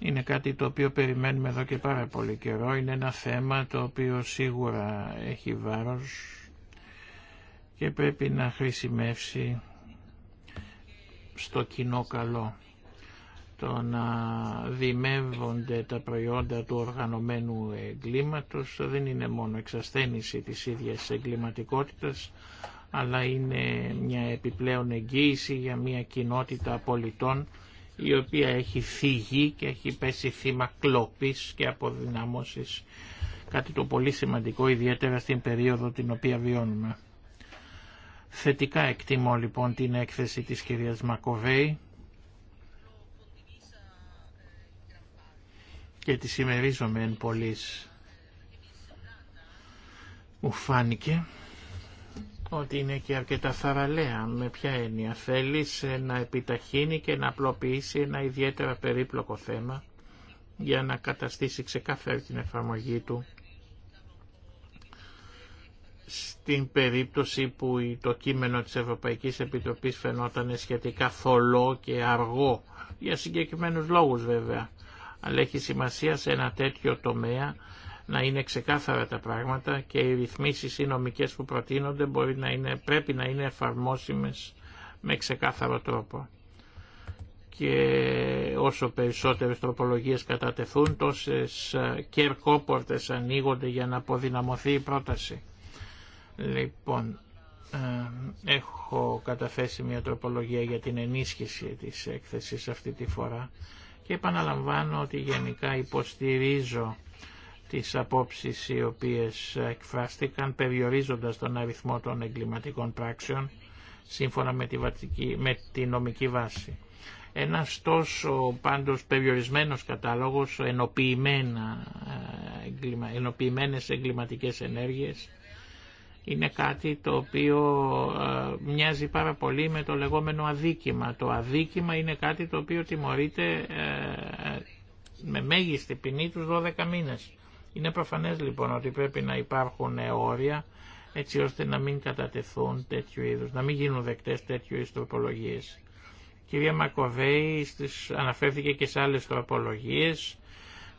S1: Είναι κάτι το οποίο περιμένουμε εδώ και πάρα πολύ καιρό. Είναι ένα θέμα το οποίο σίγουρα έχει βάρος και πρέπει να χρησιμεύσει στο κοινό καλό το να δημεύονται τα προϊόντα του οργανωμένου εγκλήματος δεν είναι μόνο εξασθένηση της ίδιας εγκληματικότητας αλλά είναι μια επιπλέον εγγύηση για μια κοινότητα πολιτών η οποία έχει φύγει και έχει πέσει θύμα κλοπής και αποδυνάμωσης κάτι το πολύ σημαντικό ιδιαίτερα στην περίοδο την οποία βιώνουμε. Θετικά εκτιμώ λοιπόν την έκθεση της κυρίας Μακοβέη και τη σημερίζομαι εν πολλής. Μου φάνηκε ότι είναι και αρκετά θαραλέα. Με ποια έννοια θέλεις να επιταχύνει και να απλοποιήσει ένα ιδιαίτερα περίπλοκο θέμα για να καταστήσει ξεκάθαρη την εφαρμογή του στην περίπτωση που το κείμενο της Ευρωπαϊκής Επιτροπής φαινόταν σχετικά θολό και αργό, για συγκεκριμένους λόγους βέβαια αλλά έχει σημασία σε ένα τέτοιο τομέα να είναι ξεκάθαρα τα πράγματα και οι ρυθμίσεις ή νομικές που προτείνονται μπορεί να είναι, πρέπει να είναι εφαρμόσιμες με ξεκάθαρο τρόπο. Και όσο περισσότερες τροπολογίες κατατεθούν, τόσες ε, κερκόπορτες ανοίγονται για να αποδυναμωθεί η πρόταση. Λοιπόν, ε, έχω καταθέσει μια τροπολογία για την ενίσχυση της έκθεσης αυτή τη φορά και επαναλαμβάνω ότι γενικά υποστηρίζω τις απόψεις οι οποίες εκφράστηκαν περιορίζοντας τον αριθμό των εγκληματικών πράξεων σύμφωνα με τη, με νομική βάση. Ένας τόσο πάντως περιορισμένος κατάλογος ενοποιημένα, ε, ενοποιημένες εγκληματικές ενέργειες είναι κάτι το οποίο ε, μοιάζει πάρα πολύ με το λεγόμενο αδίκημα. Το αδίκημα είναι κάτι το οποίο τιμωρείται ε, με μέγιστη ποινή τους 12 μήνες. Είναι προφανές λοιπόν ότι πρέπει να υπάρχουν όρια έτσι ώστε να μην κατατεθούν τέτοιου είδους, να μην γίνουν δεκτές τέτοιου είδους τροπολογίες. Η κυρία Μακοβέη αναφέρθηκε και σε άλλες τροπολογίες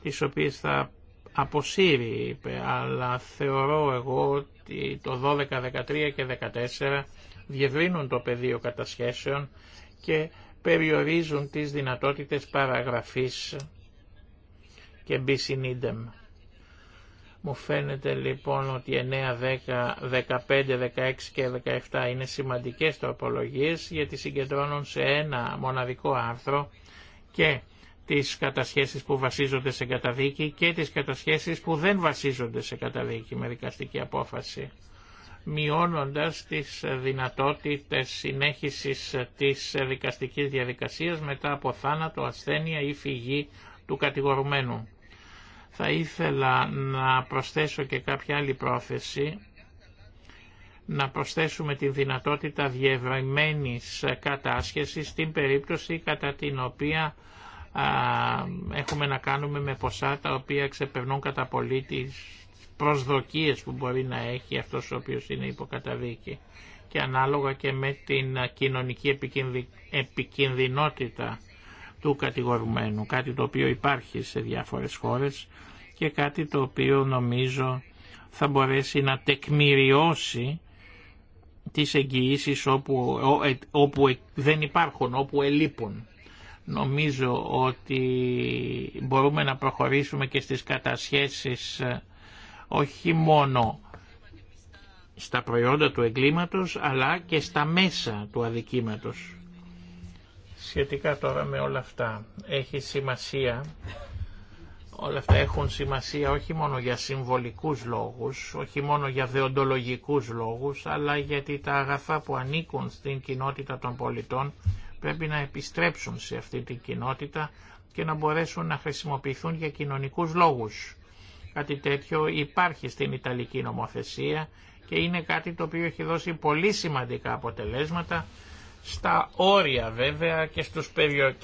S1: τις οποίες θα αποσύρει είπε, αλλά θεωρώ εγώ ότι το 12, 13 και 14 διευρύνουν το πεδίο κατασχέσεων και περιορίζουν τις δυνατότητες παραγραφής και bis in Μου φαίνεται λοιπόν ότι 9, 10, 15, 16 και 17 είναι σημαντικές τροπολογίες γιατί συγκεντρώνουν σε ένα μοναδικό άρθρο και τις κατασχέσεις που βασίζονται σε καταδίκη και τις κατασχέσεις που δεν βασίζονται σε καταδίκη με δικαστική απόφαση μειώνοντας τις δυνατότητες συνέχισης της δικαστικής διαδικασίας μετά από θάνατο, ασθένεια ή φυγή του κατηγορουμένου. Θα ήθελα να προσθέσω και κάποια άλλη πρόθεση, να προσθέσουμε την δυνατότητα διευρυμένης κατάσχεσης στην περίπτωση κατά την οποία έχουμε να κάνουμε με ποσά τα οποία ξεπερνούν κατά πολύ τις προσδοκίες που μπορεί να έχει αυτός ο οποίος είναι υποκαταδίκη και ανάλογα και με την κοινωνική επικινδυνότητα του κατηγορουμένου, κάτι το οποίο υπάρχει σε διάφορες χώρες και κάτι το οποίο νομίζω θα μπορέσει να τεκμηριώσει τις εγγυήσει όπου, ε, όπου ε, δεν υπάρχουν, όπου ελείπουν. Νομίζω ότι μπορούμε να προχωρήσουμε και στις κατασχέσεις ε, όχι μόνο στα προϊόντα του εγκλήματος αλλά και στα μέσα του αδικήματος. Σχετικά τώρα με όλα αυτά έχει σημασία όλα αυτά έχουν σημασία όχι μόνο για συμβολικούς λόγους, όχι μόνο για δεοντολογικούς λόγους, αλλά γιατί τα αγαθά που ανήκουν στην κοινότητα των πολιτών Πρέπει να επιστρέψουν σε αυτή την κοινότητα και να μπορέσουν να χρησιμοποιηθούν για κοινωνικούς λόγους. Κάτι τέτοιο υπάρχει στην Ιταλική νομοθεσία και είναι κάτι το οποίο έχει δώσει πολύ σημαντικά αποτελέσματα στα όρια βέβαια και, στους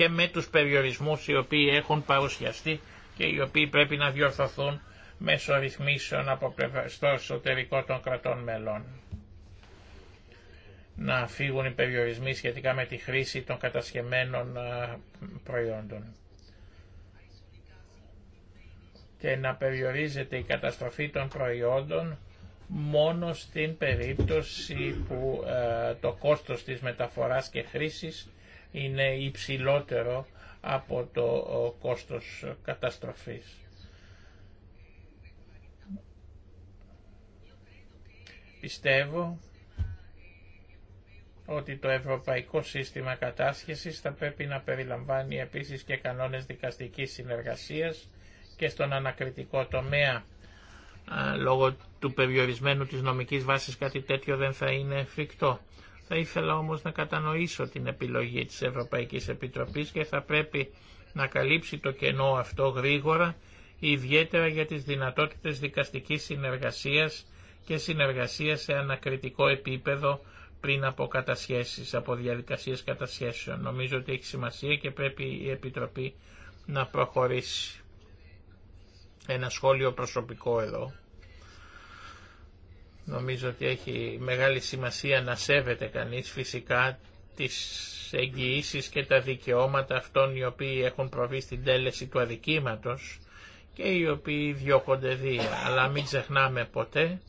S1: με τους περιορισμούς οι οποίοι έχουν παρουσιαστεί και οι οποίοι πρέπει να διορθωθούν μέσω ρυθμίσεων από στο εσωτερικό των κρατών μελών να φύγουν οι περιορισμοί σχετικά με τη χρήση των κατασκευμένων προϊόντων και να περιορίζεται η καταστροφή των προϊόντων μόνο στην περίπτωση που το κόστος της μεταφοράς και χρήσης είναι υψηλότερο από το κόστος καταστροφής. Πιστεύω ότι το Ευρωπαϊκό Σύστημα Κατάσχεσης θα πρέπει να περιλαμβάνει επίσης και κανόνες δικαστικής συνεργασίας και στον ανακριτικό τομέα. Λόγω του περιορισμένου της νομικής βάσης κάτι τέτοιο δεν θα είναι εφικτό. Θα ήθελα όμως να κατανοήσω την επιλογή της Ευρωπαϊκής Επιτροπής και θα πρέπει να καλύψει το κενό αυτό γρήγορα, ιδιαίτερα για τις δυνατότητες δικαστικής συνεργασίας και συνεργασίας σε ανακριτικό επίπεδο πριν από κατασχέσεις, από διαδικασίες κατασχέσεων. Νομίζω ότι έχει σημασία και πρέπει η Επιτροπή να προχωρήσει. Ένα σχόλιο προσωπικό εδώ. Νομίζω ότι έχει μεγάλη σημασία να σέβεται κανείς φυσικά τις εγγυήσει και τα δικαιώματα αυτών οι οποίοι έχουν προβεί στην τέλεση του αδικήματος και οι οποίοι διώκονται δύο. Αλλά μην ξεχνάμε ποτέ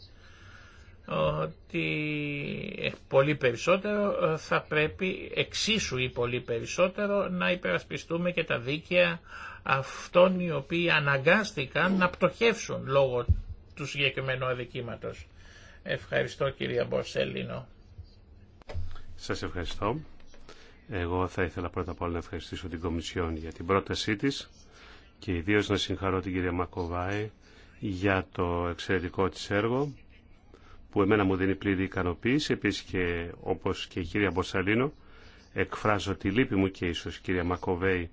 S1: ότι ε, πολύ περισσότερο ε, θα πρέπει εξίσου ή πολύ περισσότερο να υπερασπιστούμε και τα δίκαια αυτών οι οποίοι αναγκάστηκαν να πτωχεύσουν λόγω του συγκεκριμένου αδικήματος. Ευχαριστώ κυρία Μπορσέλινο.
S2: Σας ευχαριστώ. Εγώ θα ήθελα πρώτα απ' όλα να ευχαριστήσω την Κομισιόν για την πρότασή της και ιδίως να συγχαρώ την κυρία Μακοβάη για το εξαιρετικό της έργο που εμένα μου δίνει πλήρη ικανοποίηση. Επίσης και όπως και η κυρία Μποσαλίνο, εκφράζω τη λύπη μου και ίσως η κυρία Μακοβέη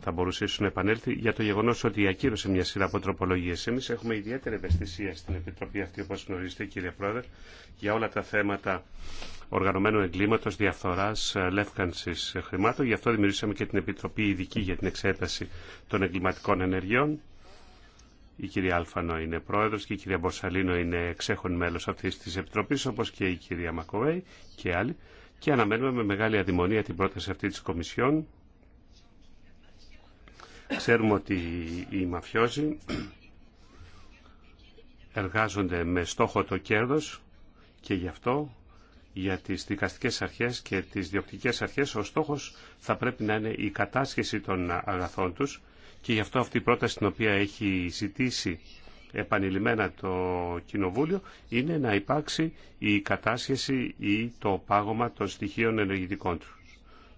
S2: θα μπορούσε ίσως να επανέλθει για το γεγονός ότι ακύρωσε μια σειρά από τροπολογίες. Εμείς έχουμε ιδιαίτερη ευαισθησία στην Επιτροπή αυτή όπως γνωρίζετε κύριε Πρόεδρε για όλα τα θέματα οργανωμένου εγκλήματος, διαφθοράς, λεύκανσης χρημάτων. Γι' αυτό δημιουργήσαμε και την Επιτροπή Ειδική για την Εξέταση των Εγκληματικών Ενεργειών η κυρία Αλφανό είναι πρόεδρος και η κυρία Μπορσαλίνο είναι εξέχον μέλο αυτή τη Επιτροπής, όπως και η κυρία Μακοβέη και άλλοι. Και αναμένουμε με μεγάλη αδειμονία την πρόταση αυτή της Κομισιόν. Ξέρουμε ότι οι μαφιόζοι εργάζονται με στόχο το κέρδος και γι' αυτό για τις δικαστικές αρχές και τις διοκτικές αρχές ο στόχος θα πρέπει να είναι η κατάσχεση των αγαθών τους και γι' αυτό αυτή η πρόταση την οποία έχει ζητήσει επανειλημμένα το Κοινοβούλιο είναι να υπάρξει η κατάσχεση ή το πάγωμα των στοιχείων ενεργητικών του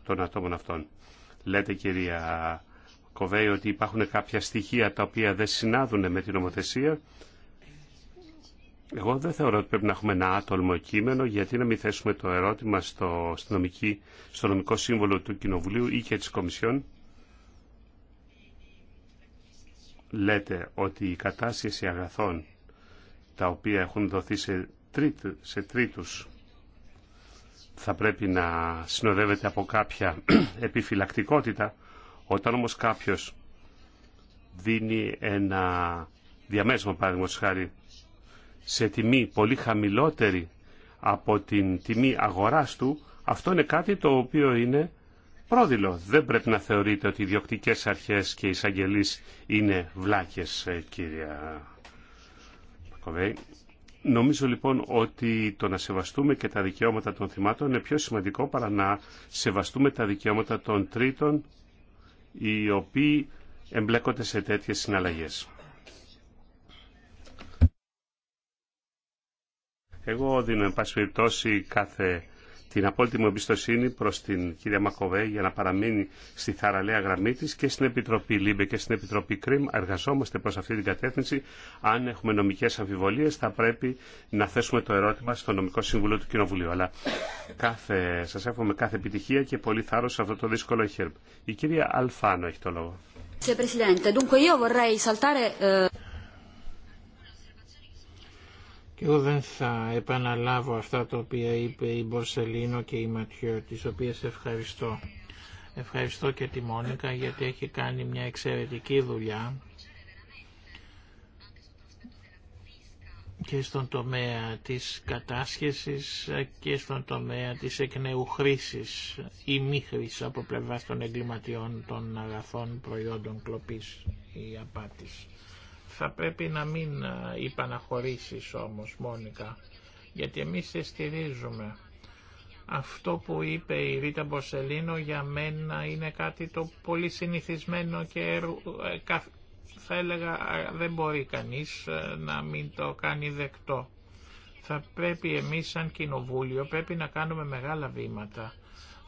S2: των ατόμων αυτών. Λέτε κυρία Κοβέη ότι υπάρχουν κάποια στοιχεία τα οποία δεν συνάδουν με την νομοθεσία. Εγώ δεν θεωρώ ότι πρέπει να έχουμε ένα άτολμο κείμενο γιατί να μην θέσουμε το ερώτημα στο, στο, νομική, στο νομικό σύμβολο του Κοινοβουλίου ή και της Κομισιόν λέτε ότι η κατάσταση αγαθών τα οποία έχουν δοθεί σε, τρίτου, τρίτους θα πρέπει να συνοδεύεται από κάποια επιφυλακτικότητα όταν όμως κάποιος δίνει ένα διαμέσμα παραδείγματος χάρη σε τιμή πολύ χαμηλότερη από την τιμή αγοράς του αυτό είναι κάτι το οποίο είναι πρόδειλο. Δεν πρέπει να θεωρείτε ότι οι διοκτικέ αρχέ και οι εισαγγελεί είναι βλάκε, ε, κυρία Μακοβέη. Νομίζω λοιπόν ότι το να σεβαστούμε και τα δικαιώματα των θυμάτων είναι πιο σημαντικό παρά να σεβαστούμε τα δικαιώματα των τρίτων οι οποίοι εμπλέκονται σε τέτοιες συναλλαγές. Εγώ δίνω, εν πάση περιπτώσει, κάθε την απόλυτη μου εμπιστοσύνη προς την κυρία Μακοβέ για να παραμείνει στη θαραλέα γραμμή της και στην Επιτροπή ΛΥΜΠΕ και στην Επιτροπή ΚΡΙΜ. Εργαζόμαστε προς αυτή την κατεύθυνση. Αν έχουμε νομικές αμφιβολίες θα πρέπει να θέσουμε το ερώτημα στο νομικό συμβουλό του Κοινοβουλίου. Αλλά κάθε, σας εύχομαι κάθε επιτυχία και πολύ θάρρος σε αυτό το δύσκολο χέρμα. Η κυρία Αλφάνο έχει το λόγο. Και εγώ δεν θα επαναλάβω αυτά τα οποία
S1: είπε η Μπορσελίνο και η Ματιό, τις οποίες ευχαριστώ. Ευχαριστώ και τη Μόνικα γιατί έχει κάνει μια εξαιρετική δουλειά και στον τομέα της κατάσχεσης και στον τομέα της εκ νέου ή μη χρήση από πλευράς των εγκληματιών των αγαθών προϊόντων κλοπής ή απάτης. Θα πρέπει να μην υπαναχωρήσεις όμως Μόνικα, γιατί εμείς σε στηρίζουμε. Αυτό που είπε η Ρίτα Μποσελίνο για μένα είναι κάτι το πολύ συνηθισμένο και ε, θα έλεγα δεν μπορεί κανείς ε, να μην το κάνει δεκτό. Θα πρέπει εμείς σαν κοινοβούλιο πρέπει να κάνουμε μεγάλα βήματα.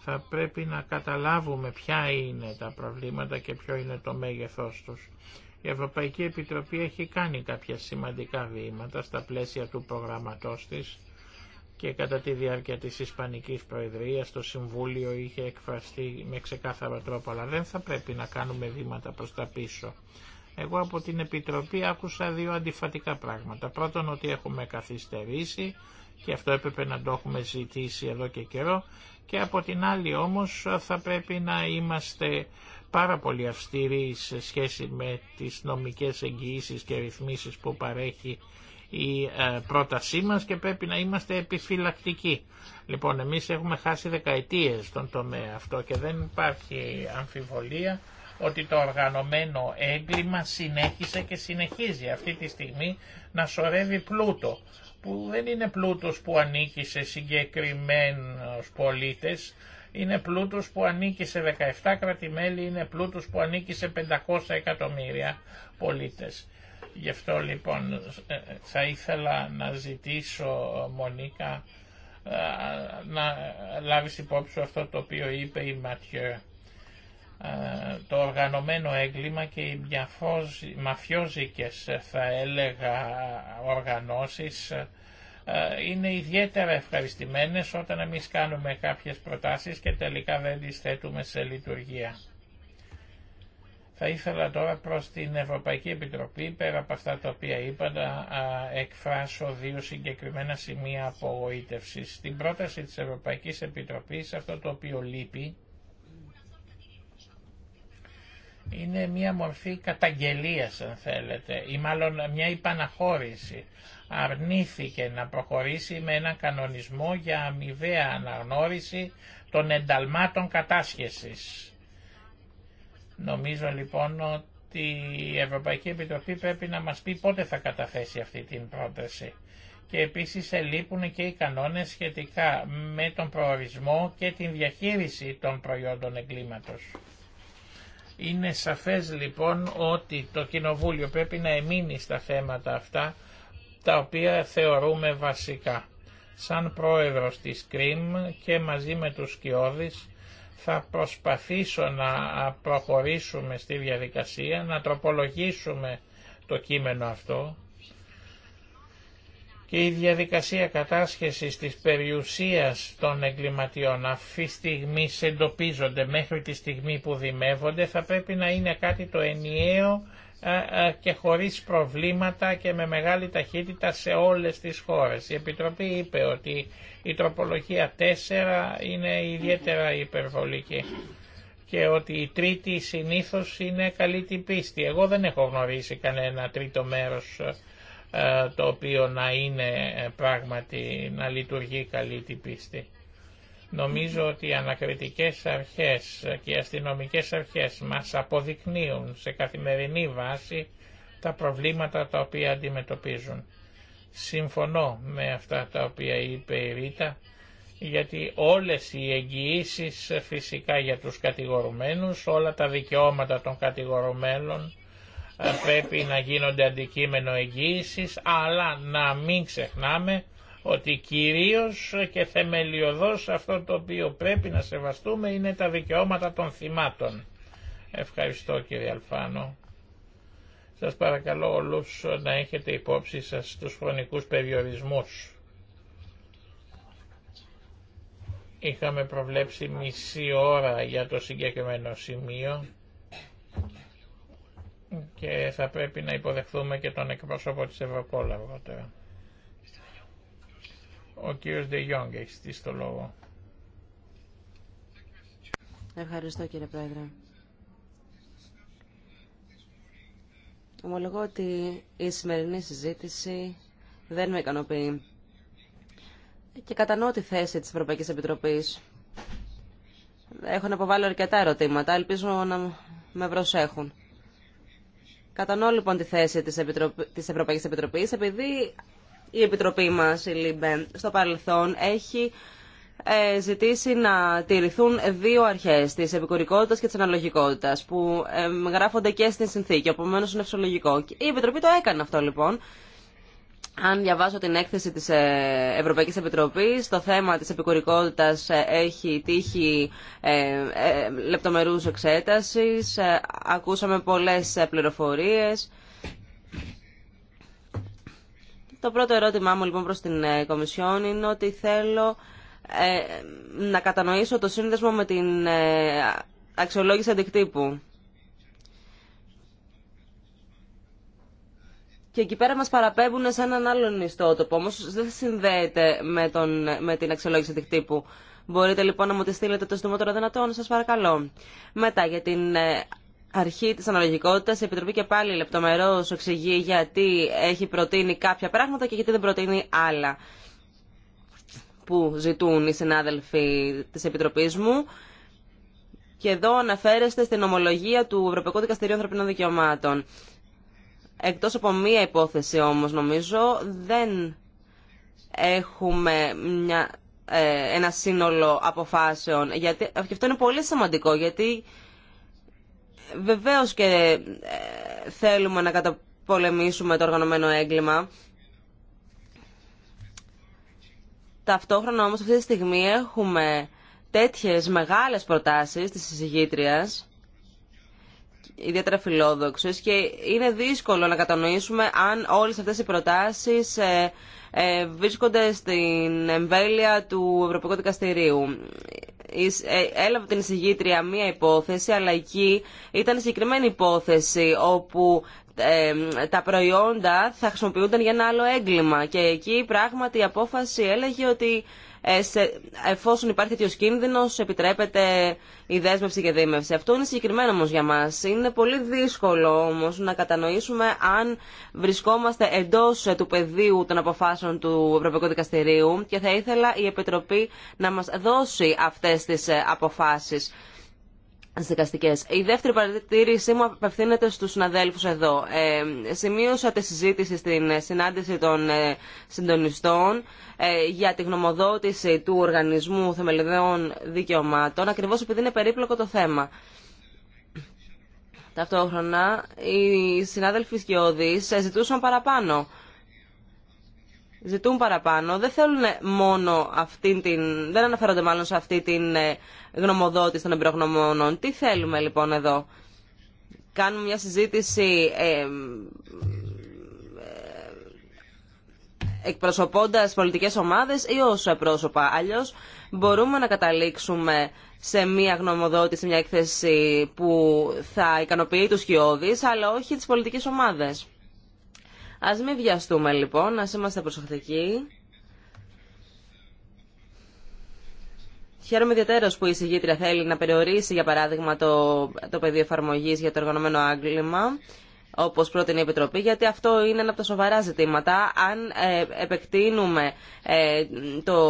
S1: Θα πρέπει να καταλάβουμε ποια είναι τα προβλήματα και ποιο είναι το μέγεθός τους. Η Ευρωπαϊκή Επιτροπή έχει κάνει κάποια σημαντικά βήματα στα πλαίσια του προγραμματός της και κατά τη διάρκεια της Ισπανικής Προεδρίας το Συμβούλιο είχε εκφραστεί με ξεκάθαρο τρόπο, αλλά δεν θα πρέπει να κάνουμε βήματα προς τα πίσω. Εγώ από την Επιτροπή άκουσα δύο αντιφατικά πράγματα. Πρώτον ότι έχουμε καθυστερήσει και αυτό έπρεπε να το έχουμε ζητήσει εδώ και καιρό και από την άλλη όμως θα πρέπει να είμαστε πάρα πολύ αυστηρή σε σχέση με τις νομικές εγγυήσεις και ρυθμίσεις που παρέχει η ε, πρότασή μας και πρέπει να είμαστε επιφυλακτικοί. Λοιπόν, εμείς έχουμε χάσει δεκαετίες στον τομέα αυτό και δεν υπάρχει αμφιβολία ότι το οργανωμένο έγκλημα συνέχισε και συνεχίζει αυτή τη στιγμή να σωρεύει πλούτο που δεν είναι πλούτος που ανήκει σε συγκεκριμένους πολίτες είναι πλούτος που ανήκει σε 17 κρατημέλη, είναι πλούτος που ανήκει σε 500 εκατομμύρια πολίτες. Γι' αυτό λοιπόν ε, ε, θα ήθελα να ζητήσω ε, Μονίκα να λάβει υπόψη αυτό το οποίο είπε η Ματιέ. Το οργανωμένο έγκλημα και οι μαφιόζικες θα έλεγα οργανώσεις ε, είναι ιδιαίτερα ευχαριστημένες όταν εμεί κάνουμε κάποιες προτάσεις και τελικά δεν τις θέτουμε σε λειτουργία. Θα ήθελα τώρα προς την Ευρωπαϊκή Επιτροπή, πέρα από αυτά τα οποία είπα, να εκφράσω δύο συγκεκριμένα σημεία απογοήτευσης. Στην πρόταση της Ευρωπαϊκής Επιτροπής, αυτό το οποίο λείπει, είναι μια μορφή καταγγελίας αν θέλετε ή μάλλον μια υπαναχώρηση αρνήθηκε να προχωρήσει με ένα κανονισμό για αμοιβαία αναγνώριση των ενταλμάτων κατάσχεσης. Νομίζω λοιπόν ότι η Ευρωπαϊκή Επιτροπή πρέπει να μας πει πότε θα καταθέσει αυτή την πρόταση. Και επίσης ελείπουν και οι κανόνες σχετικά με τον προορισμό και την διαχείριση των προϊόντων εγκλήματος. Είναι σαφές λοιπόν ότι το Κοινοβούλιο πρέπει να εμείνει στα θέματα αυτά τα οποία θεωρούμε βασικά. Σαν πρόεδρος της ΚΡΙΜ και μαζί με τους Σκιώδης θα προσπαθήσω να προχωρήσουμε στη διαδικασία, να τροπολογήσουμε το κείμενο αυτό και η διαδικασία κατάσχεσης της περιουσίας των εγκληματιών αυτή τη στιγμή εντοπίζονται μέχρι τη στιγμή που δημεύονται θα πρέπει να είναι κάτι το ενιαίο ε, ε, και χωρίς προβλήματα και με μεγάλη ταχύτητα σε όλες τις χώρες. Η Επιτροπή είπε ότι η τροπολογία 4 είναι ιδιαίτερα υπερβολική και ότι η τρίτη συνήθως είναι καλή την πίστη. Εγώ δεν έχω γνωρίσει κανένα τρίτο μέρος ε, το οποίο να είναι πράγματι να λειτουργεί καλή την πίστη. Νομίζω ότι οι ανακριτικές αρχές και οι αστυνομικές αρχές μας αποδεικνύουν σε καθημερινή βάση τα προβλήματα τα οποία αντιμετωπίζουν. Συμφωνώ με αυτά τα οποία είπε η Ρίτα, γιατί όλες οι εγγυήσει φυσικά για τους κατηγορουμένους, όλα τα δικαιώματα των κατηγορουμένων ε, πρέπει να γίνονται αντικείμενο εγγύησης, αλλά να μην ξεχνάμε ότι κυρίως και θεμελιωδώς αυτό το οποίο πρέπει να σεβαστούμε είναι τα δικαιώματα των θυμάτων. Ευχαριστώ κύριε Αλφάνο. Σας παρακαλώ όλους να έχετε υπόψη σας τους χρονικούς περιορισμούς. Είχαμε προβλέψει μισή ώρα για το συγκεκριμένο σημείο και θα πρέπει να υποδεχθούμε και τον εκπρόσωπο της Ευρωπόλα ο κύριος Ντε έχει στήσει το λόγο.
S4: Ευχαριστώ κύριε Πρόεδρε. Ομολογώ ότι η σημερινή συζήτηση δεν με ικανοποιεί και κατανοώ τη θέση της Ευρωπαϊκής Επιτροπής. Έχω να αποβάλω αρκετά ερωτήματα, ελπίζω να με προσέχουν. Κατανοώ λοιπόν τη θέση της, Επιτροπ... της Ευρωπαϊκής Επιτροπής, επειδή η Επιτροπή μας, η στο παρελθόν έχει ε, ζητήσει να τηρηθούν δύο αρχές, της επικουρικότητας και της αναλογικότητας, που ε, γράφονται και στην συνθήκη, οπομένως είναι ευσολογικό. Η Επιτροπή το έκανε αυτό λοιπόν. Αν διαβάσω την έκθεση της ε, Ευρωπαϊκής Επιτροπής, το θέμα της επικουρικότητας έχει τύχει λεπτομερούς εξέτασης, ακούσαμε πολλές πληροφορίες το πρώτο ερώτημά μου λοιπόν προς την ε, Κομισιόν είναι ότι θέλω ε, να κατανοήσω το σύνδεσμο με την ε, αξιολόγηση αντικτύπου. Και εκεί πέρα μας παραπέμπουν σε έναν άλλον ιστότοπο, όμως δεν συνδέεται με, τον, με την αξιολόγηση αντικτύπου. Μπορείτε λοιπόν να μου τη στείλετε το συντομότερο δυνατόν, σας παρακαλώ. Μετά για την αρχή της αναλογικότητας η Επιτροπή και πάλι λεπτομερώς εξηγεί γιατί έχει προτείνει κάποια πράγματα και γιατί δεν προτείνει άλλα που ζητούν οι συνάδελφοι της Επιτροπής μου. Και εδώ αναφέρεστε στην ομολογία του Ευρωπαϊκού Δικαστηρίου Ανθρωπινών Δικαιωμάτων. Εκτός από μία υπόθεση όμως νομίζω δεν έχουμε ε, ένα σύνολο αποφάσεων. και αυτό είναι πολύ σημαντικό γιατί Βεβαίω και ε, θέλουμε να καταπολεμήσουμε το οργανωμένο έγκλημα. Ταυτόχρονα όμως αυτή τη στιγμή έχουμε τέτοιες μεγάλες προτάσεις της συζυγήτριας, ιδιαίτερα φιλόδοξες και είναι δύσκολο να κατανοήσουμε αν όλες αυτές οι προτάσεις ε, ε, βρίσκονται στην εμβέλεια του Ευρωπαϊκού Δικαστηρίου. Ε, έλαβε την εισηγήτρια μία υπόθεση, αλλά εκεί ήταν συγκεκριμένη υπόθεση όπου τα προϊόντα θα χρησιμοποιούνταν για ένα άλλο έγκλημα και εκεί πράγματι η απόφαση έλεγε ότι ε, εφόσον υπάρχει τέτοιο κίνδυνο, επιτρέπεται η δέσμευση και δίμευση. Αυτό είναι συγκεκριμένο όμω για μα. Είναι πολύ δύσκολο όμω να κατανοήσουμε αν βρισκόμαστε εντό του πεδίου των αποφάσεων του Ευρωπαϊκού Δικαστηρίου και θα ήθελα η Επιτροπή να μα δώσει αυτέ τι ε, αποφάσει. Η δεύτερη παρατήρησή μου απευθύνεται στους συναδέλφους εδώ. Ε, σημείωσα τη συζήτηση στην συνάντηση των ε, συντονιστών ε, για τη γνωμοδότηση του Οργανισμού Θεμελιδών Δικαιωμάτων, ακριβώς επειδή είναι περίπλοκο το θέμα. Ταυτόχρονα, οι συνάδελφοι Σκιώδης ε, ζητούσαν παραπάνω ζητούν παραπάνω δεν θέλουν μόνο αυτήν την... δεν αναφέρονται μάλλον σε αυτή την ε, γνωμοδότηση των εμπειρογνωμόνων. Τι θέλουμε λοιπόν εδώ. Κάνουμε μια συζήτηση ε, ε εκπροσωπώντας πολιτικές ομάδες ή ως πρόσωπα. αλλιώ μπορούμε να καταλήξουμε σε μια γνωμοδότηση, μια έκθεση που θα ικανοποιεί τους χειώδεις, αλλά όχι τι πολιτικέ ομάδε. Ας μην βιαστούμε λοιπόν, ας είμαστε προσεκτικοί. Χαίρομαι ιδιαίτερα που η συγγήτρια θέλει να περιορίσει, για παράδειγμα, το, το πεδίο εφαρμογή για το οργανωμένο άγγλυμα, όπω πρότεινε η Επιτροπή, γιατί αυτό είναι ένα από τα σοβαρά ζητήματα. Αν ε, επεκτείνουμε ε, το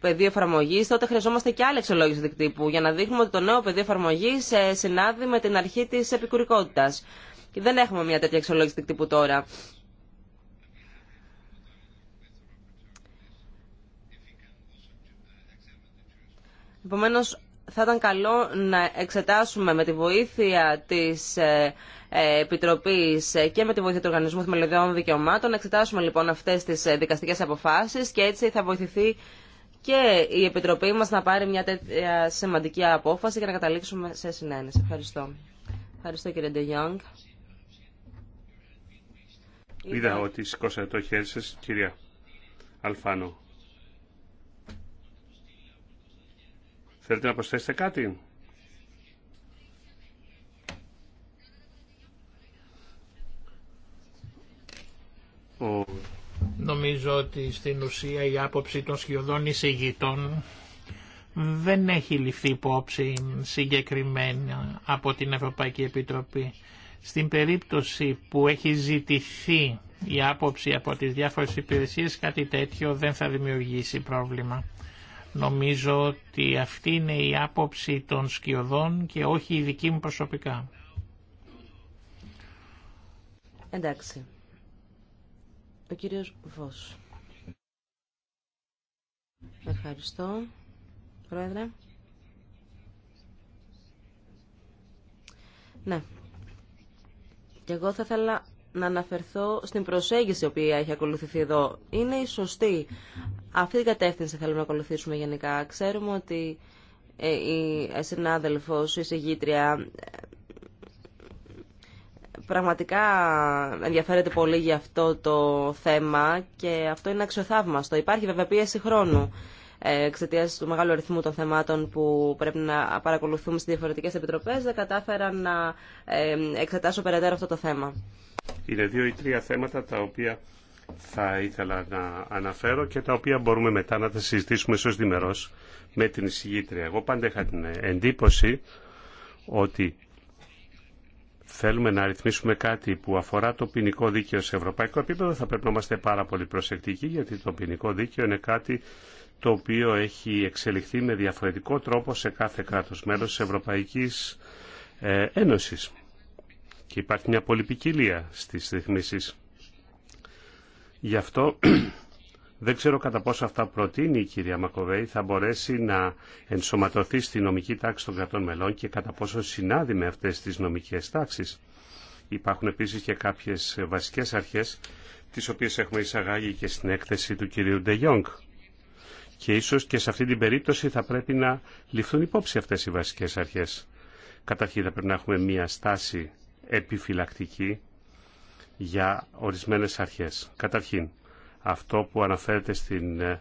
S4: πεδίο εφαρμογή, τότε χρειαζόμαστε και άλλη εξολόγηση δικτύπου, για να δείχνουμε ότι το νέο πεδίο εφαρμογή ε, συνάδει με την αρχή τη επικουρικότητα. Και δεν έχουμε μια τέτοια εξολόγηση δικτύπου τώρα. Επομένω, θα ήταν καλό να εξετάσουμε με τη βοήθεια της ε, ε, Επιτροπής ε, και με τη βοήθεια του Οργανισμού Θεμελιωδών Δικαιωμάτων, να εξετάσουμε λοιπόν αυτές τις δικαστικέ αποφάσει. και έτσι θα βοηθηθεί και η Επιτροπή μα να πάρει μια τέτοια σημαντική απόφαση και να καταλήξουμε σε συνένεση. Ευχαριστώ. Ευχαριστώ κύριε Ντεγιόγκ.
S2: Είδα ότι σηκώσατε το χέρι σα, κυρία Αλφάνο. Θέλετε να προσθέσετε κάτι.
S1: Νομίζω ότι στην ουσία η άποψη των σχεδόν εισηγητών δεν έχει ληφθεί υπόψη συγκεκριμένα από την Ευρωπαϊκή Επιτροπή. Στην περίπτωση που έχει ζητηθεί η άποψη από τις διάφορες υπηρεσίες κάτι τέτοιο δεν θα δημιουργήσει πρόβλημα. Νομίζω ότι αυτή είναι η άποψη των σκιωδών και όχι η δική μου
S4: προσωπικά. Εντάξει. Ο κύριος Βος. Ευχαριστώ, Πρόεδρε. Ναι. Και εγώ θα ήθελα να αναφερθώ στην προσέγγιση η οποία έχει ακολουθηθεί εδώ. Είναι η σωστή. Αυτή την κατεύθυνση θέλουμε να ακολουθήσουμε γενικά. Ξέρουμε ότι ε, η συνάδελφος, η συγγήτρια ε, πραγματικά ενδιαφέρεται πολύ για αυτό το θέμα και αυτό είναι αξιοθαύμαστο. Υπάρχει βέβαια πίεση χρόνου εξαιτία του μεγάλου αριθμού των θεμάτων που πρέπει να παρακολουθούμε στι διαφορετικέ επιτροπέ, δεν κατάφερα να ε, εξετάσω περαιτέρω αυτό το θέμα.
S2: Είναι δύο ή τρία θέματα τα οποία θα ήθελα να αναφέρω και τα οποία μπορούμε μετά να τα συζητήσουμε ίσως διμερώς με την εισηγήτρια. Εγώ πάντα είχα την εντύπωση ότι θέλουμε να ρυθμίσουμε κάτι που αφορά το ποινικό δίκαιο σε ευρωπαϊκό επίπεδο, θα πρέπει να είμαστε πάρα πολύ προσεκτικοί, γιατί το ποινικό δίκαιο είναι κάτι το οποίο έχει εξελιχθεί με διαφορετικό τρόπο σε κάθε κράτος μέλος της Ευρωπαϊκής ε, Ένωσης. Και υπάρχει μια πολυπικιλία στις ρυθμίσεις. Γι' αυτό δεν ξέρω κατά πόσο αυτά προτείνει η κυρία Μακοβέη θα μπορέσει να ενσωματωθεί στη νομική τάξη των κρατών μελών και κατά πόσο συνάδει με αυτές τις νομικές τάξεις. Υπάρχουν επίσης και κάποιες βασικές αρχές τις οποίες έχουμε εισαγάγει και στην έκθεση του κυρίου Ντε και ίσως και σε αυτή την περίπτωση θα πρέπει να ληφθούν υπόψη αυτές οι βασικές αρχές. Καταρχήν θα πρέπει να έχουμε μία στάση επιφυλακτική για ορισμένες αρχές. Καταρχήν, αυτό που αναφέρεται στην, ε,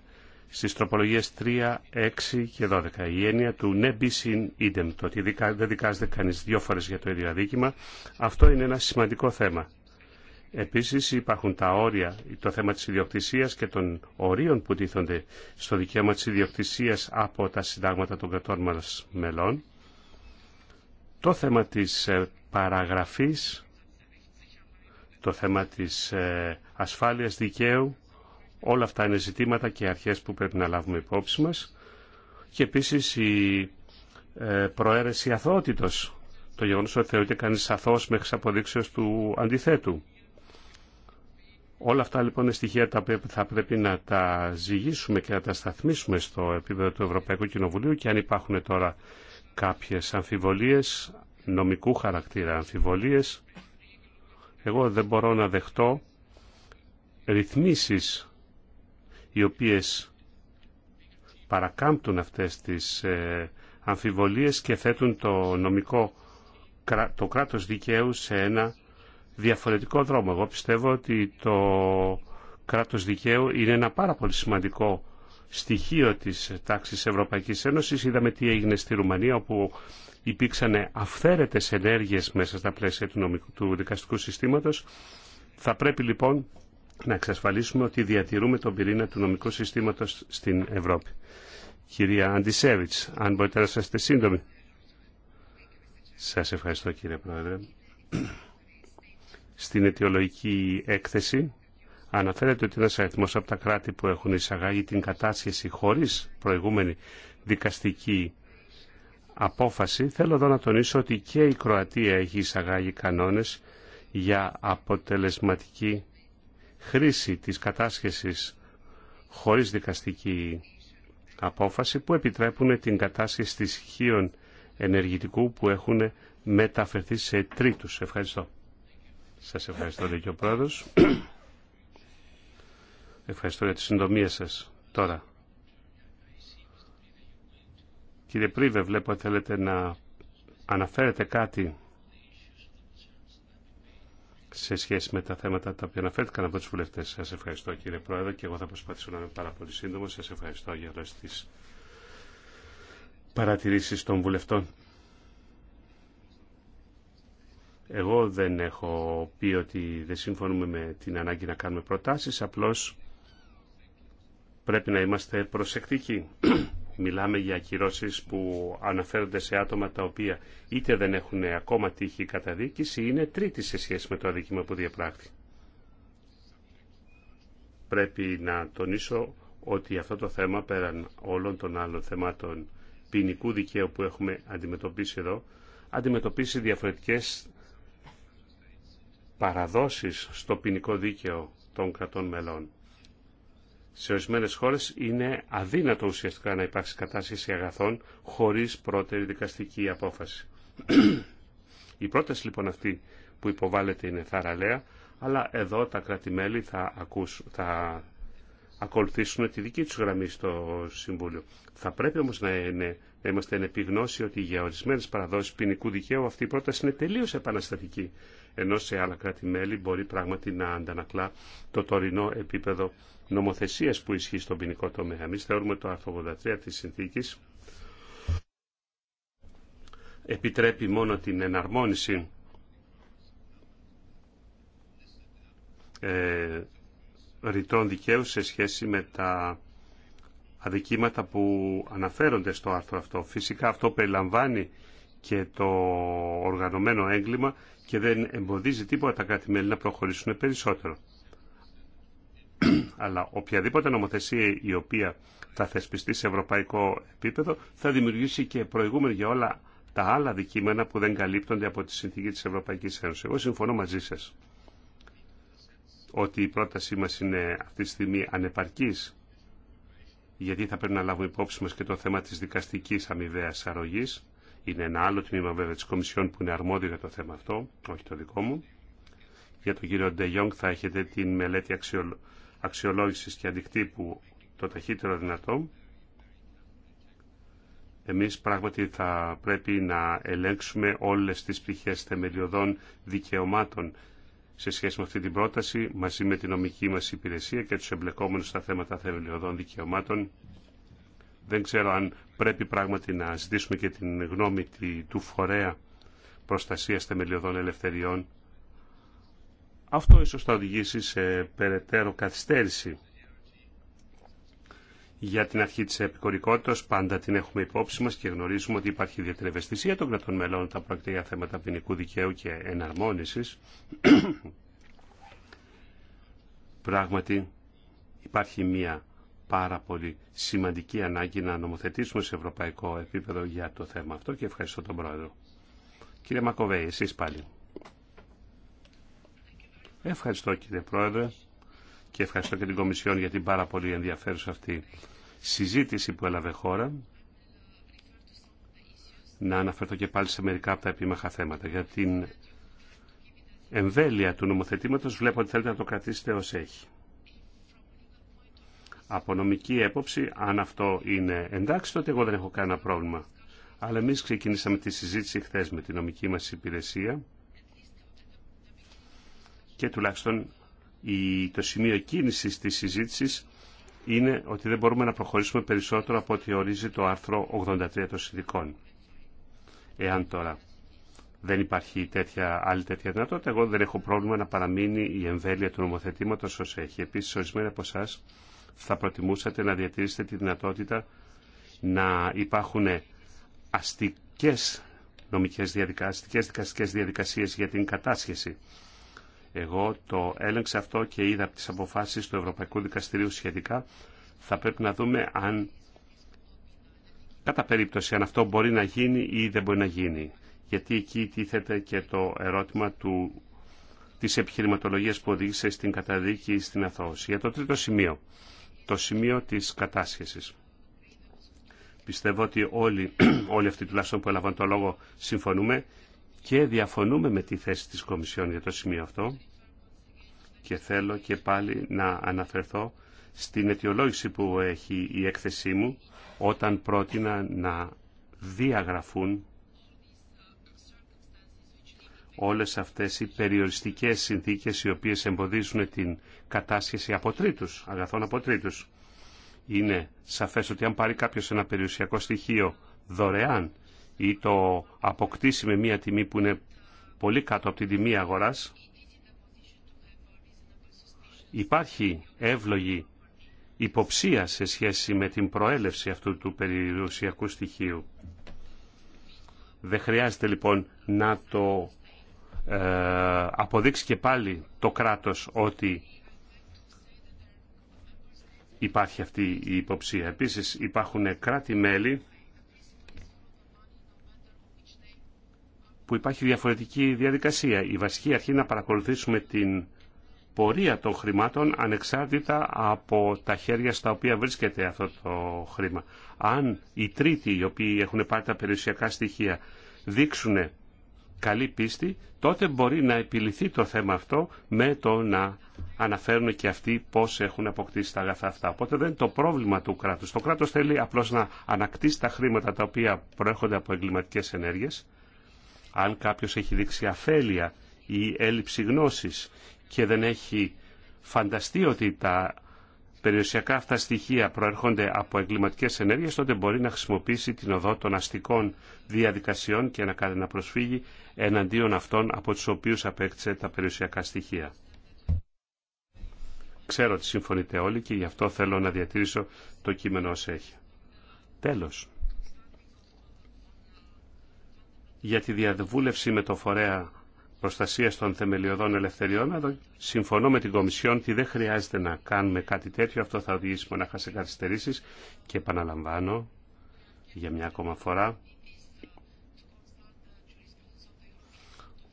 S2: στις τροπολογίες 3, 6 και 12. Η έννοια του ne bis in idem, το ότι δεν δικάζεται κανείς δύο φορές για το ίδιο αδίκημα, αυτό είναι ένα σημαντικό θέμα. Επίσης υπάρχουν τα όρια, το θέμα της ιδιοκτησίας και των ορίων που τίθονται στο δικαίωμα της ιδιοκτησίας από τα συντάγματα των κρατών μας μελών. Το θέμα της ε, παραγραφής, το θέμα της ε, ασφάλειας δικαίου, όλα αυτά είναι ζητήματα και αρχές που πρέπει να λάβουμε υπόψη μας. Και επίσης η ε, προαίρεση αθωότητος, το γεγονός ότι θεωρείται κανείς αθώος μέχρι αποδείξεως του αντιθέτου. Όλα αυτά λοιπόν είναι στοιχεία τα οποία θα πρέπει να τα ζυγίσουμε και να τα σταθμίσουμε στο επίπεδο του Ευρωπαϊκού Κοινοβουλίου και αν υπάρχουν τώρα κάποιες αμφιβολίες, νομικού χαρακτήρα αμφιβολίες, εγώ δεν μπορώ να δεχτώ ρυθμίσεις οι οποίες παρακάμπτουν αυτές τις ε, αμφιβολίες και θέτουν το νομικό το κράτος δικαίου σε ένα διαφορετικό δρόμο. Εγώ πιστεύω ότι το κράτος δικαίου είναι ένα πάρα πολύ σημαντικό στοιχείο της τάξης Ευρωπαϊκής Ένωσης. Είδαμε τι έγινε στη Ρουμανία όπου υπήρξαν αυθαίρετες ενέργειες μέσα στα πλαίσια του, νομικού, του δικαστικού συστήματος. Θα πρέπει λοιπόν να εξασφαλίσουμε ότι διατηρούμε τον πυρήνα του νομικού συστήματος στην Ευρώπη. Κυρία Αντισέβιτς, αν μπορείτε να είστε σύντομοι. Σας ευχαριστώ κύριε Πρόεδρε στην αιτιολογική έκθεση αναφέρεται ότι ένας αριθμός από τα κράτη που έχουν εισαγάγει την κατάσχεση χωρίς προηγούμενη δικαστική απόφαση. Θέλω εδώ να τονίσω ότι και η Κροατία έχει εισαγάγει κανόνες για αποτελεσματική χρήση της κατάσχεσης χωρίς δικαστική απόφαση που επιτρέπουν την κατάσχεση στοιχείων ενεργητικού που έχουν μεταφερθεί σε τρίτους. Ευχαριστώ. Σας ευχαριστώ, Λίγιο Πρόεδρο. Ευχαριστώ για τη συντομία σας. Τώρα. Κύριε Πρίβε, βλέπω ότι θέλετε να αναφέρετε κάτι σε σχέση με τα θέματα τα οποία αναφέρθηκαν από του βουλευτέ. Σα ευχαριστώ κύριε Πρόεδρε και εγώ θα προσπαθήσω να είμαι πάρα πολύ σύντομο. Σα ευχαριστώ για όλε τι παρατηρήσει των βουλευτών. Εγώ δεν έχω πει ότι δεν συμφωνούμε με την ανάγκη να κάνουμε προτάσεις, απλώς πρέπει να είμαστε προσεκτικοί. Μιλάμε για ακυρώσεις που αναφέρονται σε άτομα τα οποία είτε δεν έχουν ακόμα τύχη καταδίκηση ή είναι τρίτη σε σχέση με το αδίκημα που διαπράχθη. Πρέπει να τονίσω ότι αυτό το θέμα πέραν όλων των άλλων θεμάτων ποινικού δικαίου που έχουμε αντιμετωπίσει εδώ αντιμετωπίσει διαφορετικές παραδόσεις στο ποινικό δίκαιο των κρατών μελών. Σε ορισμένε χώρε είναι αδύνατο ουσιαστικά να υπάρξει κατάσχεση αγαθών χωρί πρώτερη δικαστική απόφαση. Η πρόταση λοιπόν αυτή που υποβάλλεται είναι θαραλέα, αλλά εδώ τα κρατη θα, ακούσουν, ακολουθήσουν τη δική τους γραμμή στο Συμβούλιο. Θα πρέπει όμως να, είναι, είμαστε εν επιγνώση ότι για ορισμένε παραδόσεις ποινικού δικαίου αυτή η πρόταση είναι τελείως επαναστατική, ενώ σε άλλα κράτη-μέλη μπορεί πράγματι να αντανακλά το τωρινό επίπεδο νομοθεσίας που ισχύει στον ποινικό τομέα. Εμείς θεωρούμε το άρθρο 83 της συνθήκης επιτρέπει μόνο την εναρμόνιση ε, ρητών δικαίου σε σχέση με τα αδικήματα που αναφέρονται στο άρθρο αυτό. Φυσικά αυτό περιλαμβάνει και το οργανωμένο έγκλημα και δεν εμποδίζει τίποτα τα κράτη-μέλη να προχωρήσουν περισσότερο. Αλλά οποιαδήποτε νομοθεσία η οποία θα θεσπιστεί σε ευρωπαϊκό επίπεδο θα δημιουργήσει και προηγούμενη για όλα τα άλλα δικείμενα που δεν καλύπτονται από τη συνθήκη της Ευρωπαϊκής Ένωσης. Εγώ συμφωνώ μαζί σας ότι η πρότασή μας είναι αυτή τη στιγμή ανεπαρκής, γιατί θα πρέπει να λάβουμε υπόψη μας και το θέμα της δικαστικής αμοιβαίας αρρωγής. Είναι ένα άλλο τμήμα βέβαια της Κομισιόν που είναι αρμόδιο για το θέμα αυτό, όχι το δικό μου. Για τον κύριο Ντε θα έχετε την μελέτη αξιολόγηση αξιολόγησης και αντικτύπου το ταχύτερο δυνατό. Εμείς πράγματι θα πρέπει να ελέγξουμε όλες τις πτυχές θεμελιωδών δικαιωμάτων σε σχέση με αυτή την πρόταση μαζί με την νομική μας υπηρεσία και τους εμπλεκόμενους στα θέματα θεμελιωδών δικαιωμάτων. Δεν ξέρω αν πρέπει πράγματι να ζητήσουμε και την γνώμη του φορέα προστασίας θεμελιωδών ελευθεριών. Αυτό ίσως θα οδηγήσει σε περαιτέρω καθυστέρηση για την αρχή της επικορικότητας. Πάντα την έχουμε υπόψη μας και γνωρίζουμε ότι υπάρχει ιδιαίτερη ευαισθησία των κρατών μελών τα πρόκειται για θέματα ποινικού δικαίου και εναρμόνισης. Πράγματι υπάρχει μια πάρα πολύ σημαντική ανάγκη να νομοθετήσουμε σε ευρωπαϊκό επίπεδο για το θέμα αυτό και ευχαριστώ τον Πρόεδρο. Κύριε Μακοβέη, εσείς πάλι. Ευχαριστώ κύριε Πρόεδρε και ευχαριστώ και την Κομισιόν για την πάρα πολύ ενδιαφέρουσα αυτή συζήτηση που έλαβε χώρα. Να αναφερθώ και πάλι σε μερικά από τα επίμαχα θέματα. Για την εμβέλεια του νομοθετήματος βλέπω ότι θέλετε να το κρατήσετε ως έχει. Από νομική έποψη, αν αυτό είναι εντάξει, τότε εγώ δεν έχω κανένα πρόβλημα. Αλλά εμεί ξεκινήσαμε τη συζήτηση χθε με την νομική μας υπηρεσία και τουλάχιστον το σημείο κίνηση τη συζήτηση είναι ότι δεν μπορούμε να προχωρήσουμε περισσότερο από ό,τι ορίζει το άρθρο 83 των συνδικών. Εάν τώρα δεν υπάρχει τέτοια, άλλη τέτοια δυνατότητα, εγώ δεν έχω πρόβλημα να παραμείνει η εμβέλεια του νομοθετήματο ω έχει. Επίση, ορισμένοι από εσά θα προτιμούσατε να διατηρήσετε τη δυνατότητα να υπάρχουν αστικέ νομικέ διαδικασίε, δικαστικές διαδικασίες για την κατάσχεση. Εγώ το έλεγξα αυτό και είδα από τις αποφάσεις του Ευρωπαϊκού Δικαστηρίου σχετικά. Θα πρέπει να δούμε αν κατά περίπτωση αν αυτό μπορεί να γίνει ή δεν μπορεί να γίνει. Γιατί εκεί τίθεται και το ερώτημα του, της επιχειρηματολογίας που οδήγησε στην καταδίκη ή στην αθώωση. Για το τρίτο σημείο, το σημείο της κατάσχεσης. Πιστεύω ότι όλοι, όλοι αυτοί τουλάχιστον που έλαβαν το λόγο συμφωνούμε και διαφωνούμε με τη θέση της Κομισιόν για το σημείο αυτό και θέλω και πάλι να αναφερθώ στην αιτιολόγηση που έχει η έκθεσή μου όταν πρότεινα να διαγραφούν όλες αυτές οι περιοριστικές συνθήκες οι οποίες εμποδίζουν την κατάσχεση από αγαθών από τρίτους. Είναι σαφές ότι αν πάρει κάποιος ένα περιουσιακό στοιχείο δωρεάν ή το αποκτήσει με μια τιμή που είναι πολύ κάτω από την τιμή αγοράς, υπάρχει εύλογη υποψία σε σχέση με την προέλευση αυτού του περιουσιακού στοιχείου. Δεν χρειάζεται λοιπόν να το ε, αποδείξει και πάλι το κράτος ότι υπάρχει αυτή η υποψία. Επίσης υπάρχουν κράτη-μέλη που υπάρχει διαφορετική διαδικασία. Η βασική αρχή είναι να παρακολουθήσουμε την πορεία των χρημάτων ανεξάρτητα από τα χέρια στα οποία βρίσκεται αυτό το χρήμα. Αν οι τρίτοι οι οποίοι έχουν πάρει τα περιουσιακά στοιχεία δείξουν καλή πίστη, τότε μπορεί να επιληθεί το θέμα αυτό με το να αναφέρουν και αυτοί πώς έχουν αποκτήσει τα αγαθά αυτά. Οπότε δεν είναι το πρόβλημα του κράτους. Το κράτος θέλει απλώς να ανακτήσει τα χρήματα τα οποία προέρχονται από εγκληματικές ενέργειες αν κάποιος έχει δείξει αφέλεια ή έλλειψη γνώσης και δεν έχει φανταστεί ότι τα περιουσιακά αυτά στοιχεία προέρχονται από εγκληματικές ενέργειες, τότε μπορεί να χρησιμοποιήσει την οδό των αστικών διαδικασιών και να, να προσφύγει εναντίον αυτών από τους οποίους απέκτησε τα περιουσιακά στοιχεία. Ξέρω ότι συμφωνείτε όλοι και γι' αυτό θέλω να διατηρήσω το κείμενο ως έχει. Τέλος. για τη διαβούλευση με το φορέα προστασία των θεμελιωδών ελευθεριών, συμφωνώ με την Κομισιόν ότι δεν χρειάζεται να κάνουμε κάτι τέτοιο. Αυτό θα οδηγήσει μονάχα σε καθυστερήσει και επαναλαμβάνω για μια ακόμα φορά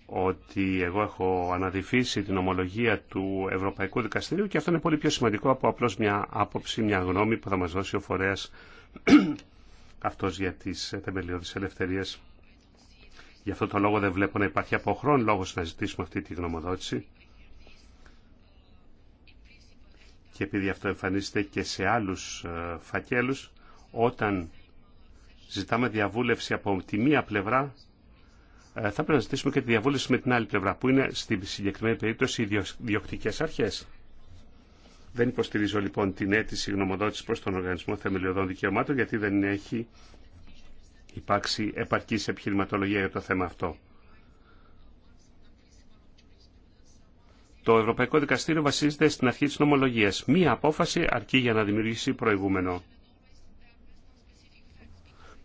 S2: ότι εγώ έχω αναδειφίσει την ομολογία του Ευρωπαϊκού Δικαστηρίου και αυτό είναι πολύ πιο σημαντικό από απλώς μια άποψη, μια γνώμη που θα μας δώσει ο φορέας αυτός για τις θεμελιώδεις ελευθερίες. Γι' αυτό το λόγο δεν βλέπω να υπάρχει από χρόνο λόγος να ζητήσουμε αυτή τη γνωμοδότηση. Και επειδή αυτό εμφανίζεται και σε άλλους ε, φακέλους, όταν ζητάμε διαβούλευση από τη μία πλευρά, ε, θα πρέπει να ζητήσουμε και τη διαβούλευση με την άλλη πλευρά, που είναι στην συγκεκριμένη περίπτωση οι διοκτικές αρχές. Δεν υποστηρίζω λοιπόν την αίτηση γνωμοδότηση προ τον Οργανισμό Θεμελιωδών Δικαιωμάτων, γιατί δεν έχει υπάρξει επαρκή επιχειρηματολογία για το θέμα αυτό. Το Ευρωπαϊκό Δικαστήριο βασίζεται στην αρχή της νομολογίας. Μία απόφαση αρκεί για να δημιουργήσει προηγούμενο.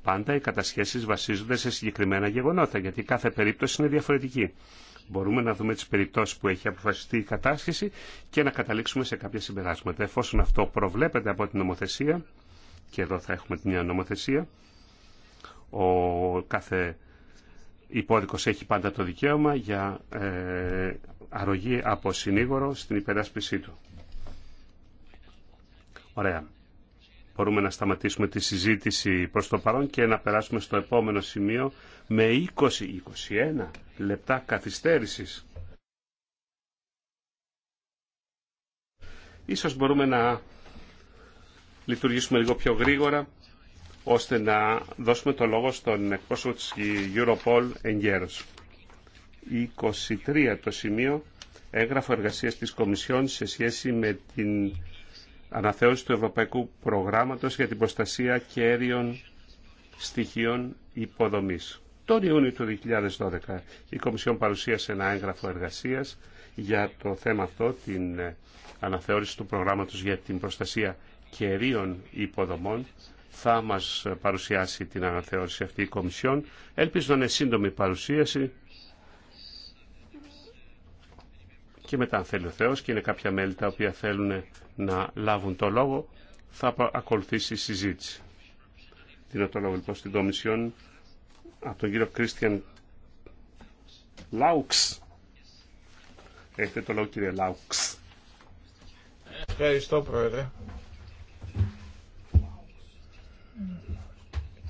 S2: Πάντα οι κατασχέσεις βασίζονται σε συγκεκριμένα γεγονότα, γιατί κάθε περίπτωση είναι διαφορετική. Μπορούμε να δούμε τις περιπτώσεις που έχει αποφασιστεί η κατάσχεση και να καταλήξουμε σε κάποια συμπεράσματα. Εφόσον αυτό προβλέπεται από την νομοθεσία, και εδώ θα έχουμε μια νομοθεσία, ο κάθε υπόδικος έχει πάντα το δικαίωμα για ε, αρρωγή από συνήγορο στην υπεράσπιση του. Ωραία. Μπορούμε να σταματήσουμε τη συζήτηση προς το παρόν και να περάσουμε στο επόμενο σημείο με 20-21 λεπτά καθυστέρησης. Ίσως μπορούμε να λειτουργήσουμε λίγο πιο γρήγορα ώστε να δώσουμε το λόγο στον εκπρόσωπο της Europol εγκαίρως. 23 το σημείο έγγραφο εργασίας της Κομισιόν σε σχέση με την αναθεώρηση του Ευρωπαϊκού Προγράμματος για την προστασία κέριων στοιχείων υποδομής. Τον Ιούνιο του 2012 η Κομισιόν παρουσίασε ένα έγγραφο εργασίας για το θέμα αυτό, την αναθεώρηση του προγράμματος για την προστασία κερίων υποδομών θα μας παρουσιάσει την αναθεώρηση αυτή η Κομισιόν. Ελπίζω να είναι σύντομη παρουσίαση και μετά αν θέλει ο Θεός και είναι κάποια μέλη τα οποία θέλουν να λάβουν το λόγο θα ακολουθήσει η συζήτηση. Δίνω το λόγο λοιπόν στην Κομισιόν από τον κύριο Κρίστιαν Λάουξ. Έχετε το λόγο κύριε Λάουξ. Ευχαριστώ Πρόεδρε.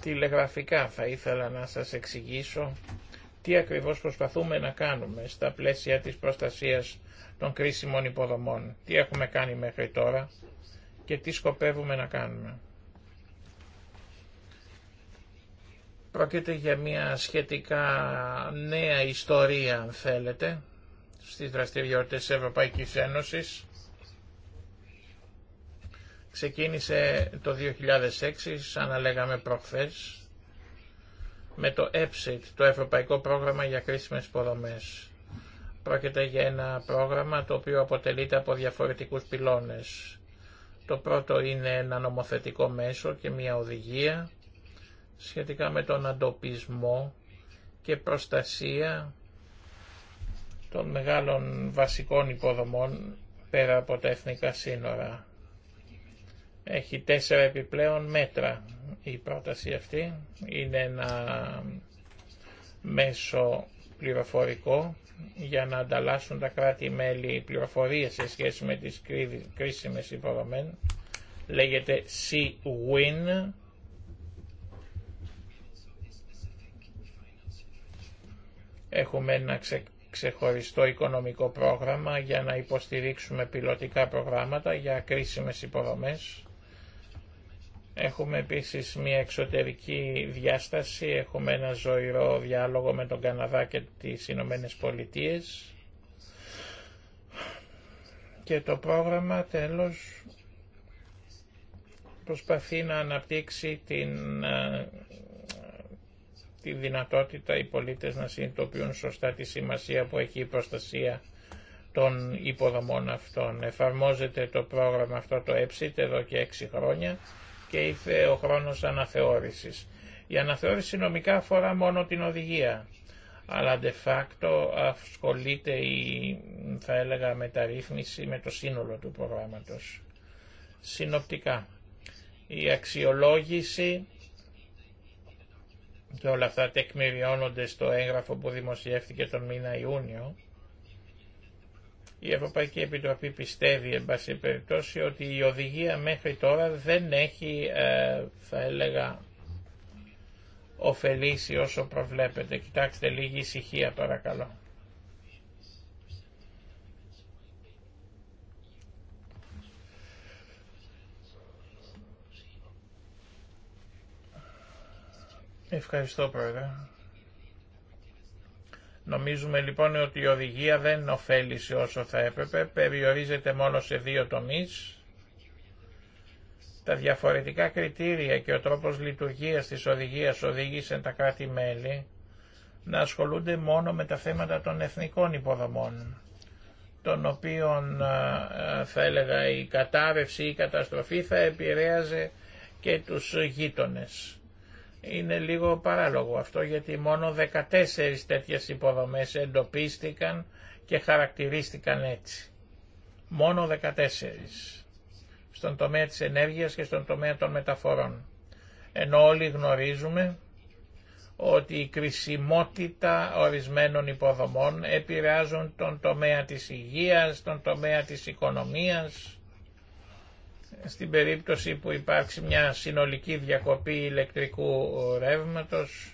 S1: Τηλεγραφικά θα ήθελα να σας εξηγήσω τι ακριβώς προσπαθούμε να κάνουμε στα πλαίσια της προστασίας των κρίσιμων υποδομών, τι έχουμε κάνει μέχρι τώρα και τι σκοπεύουμε να κάνουμε. Πρόκειται για μια σχετικά νέα ιστορία, αν θέλετε, στις δραστηριότητες Ευρωπαϊκής Ένωσης Ξεκίνησε το 2006, σαν να λέγαμε προχθές, με το EPSIT, το Ευρωπαϊκό Πρόγραμμα για Κρίσιμες Υποδομές. Πρόκειται για ένα πρόγραμμα το οποίο αποτελείται από διαφορετικούς πυλώνες. Το πρώτο είναι ένα νομοθετικό μέσο και μια οδηγία σχετικά με τον αντοπισμό και προστασία των μεγάλων βασικών υποδομών πέρα από τα εθνικά σύνορα. Έχει τέσσερα επιπλέον μέτρα η πρόταση αυτή. Είναι ένα μέσο πληροφορικό για να ανταλλάσσουν τα κράτη-μέλη πληροφορίες σε σχέση με τις κρίσιμες υποδομένες. Λέγεται C-WIN. Έχουμε ένα ξεχωριστό οικονομικό πρόγραμμα για να υποστηρίξουμε πιλωτικά προγράμματα για κρίσιμες υποδομές Έχουμε επίσης μια εξωτερική διάσταση, έχουμε ένα ζωηρό διάλογο με τον Καναδά και τις Ηνωμένε Πολιτείε και το πρόγραμμα τέλος προσπαθεί να αναπτύξει την, ε, τη δυνατότητα οι πολίτες να συνειδητοποιούν σωστά τη σημασία που έχει η προστασία των υποδομών αυτών. Εφαρμόζεται το πρόγραμμα αυτό το ΕΨΙΤ εδώ και έξι χρόνια και ήρθε ο χρόνος αναθεώρησης. Η αναθεώρηση νομικά αφορά μόνο την οδηγία, αλλά de facto ασχολείται η, θα έλεγα, μεταρρύθμιση με το σύνολο του προγράμματος. Συνοπτικά, η αξιολόγηση και όλα αυτά τεκμηριώνονται στο έγγραφο που δημοσιεύτηκε τον μήνα Ιούνιο, η Ευρωπαϊκή Επιτροπή πιστεύει, εν πάση περιπτώσει, ότι η οδηγία μέχρι τώρα δεν έχει, ε, θα έλεγα, ωφελήσει όσο προβλέπετε. Κοιτάξτε λίγη ησυχία παρακαλώ. Ευχαριστώ πρόεδρε. Νομίζουμε λοιπόν ότι η οδηγία δεν ωφέλησε όσο θα έπρεπε, περιορίζεται μόνο σε δύο τομείς. Τα διαφορετικά κριτήρια και ο τρόπος λειτουργίας της οδηγίας οδήγησε τα κράτη-μέλη να ασχολούνται μόνο με τα θέματα των εθνικών υποδομών, των οποίων θα έλεγα η κατάρρευση ή η καταστροφή θα επηρέαζε και τους γείτονες. Είναι λίγο παράλογο αυτό γιατί μόνο 14 τέτοιες υποδομές εντοπίστηκαν και χαρακτηρίστηκαν έτσι. Μόνο 14 στον τομέα της ενέργειας και στον τομέα των μεταφορών. Ενώ όλοι γνωρίζουμε ότι η κρισιμότητα ορισμένων υποδομών επηρεάζουν τον τομέα της υγείας, τον τομέα της οικονομίας, στην περίπτωση που υπάρξει μια συνολική διακοπή ηλεκτρικού ρεύματος,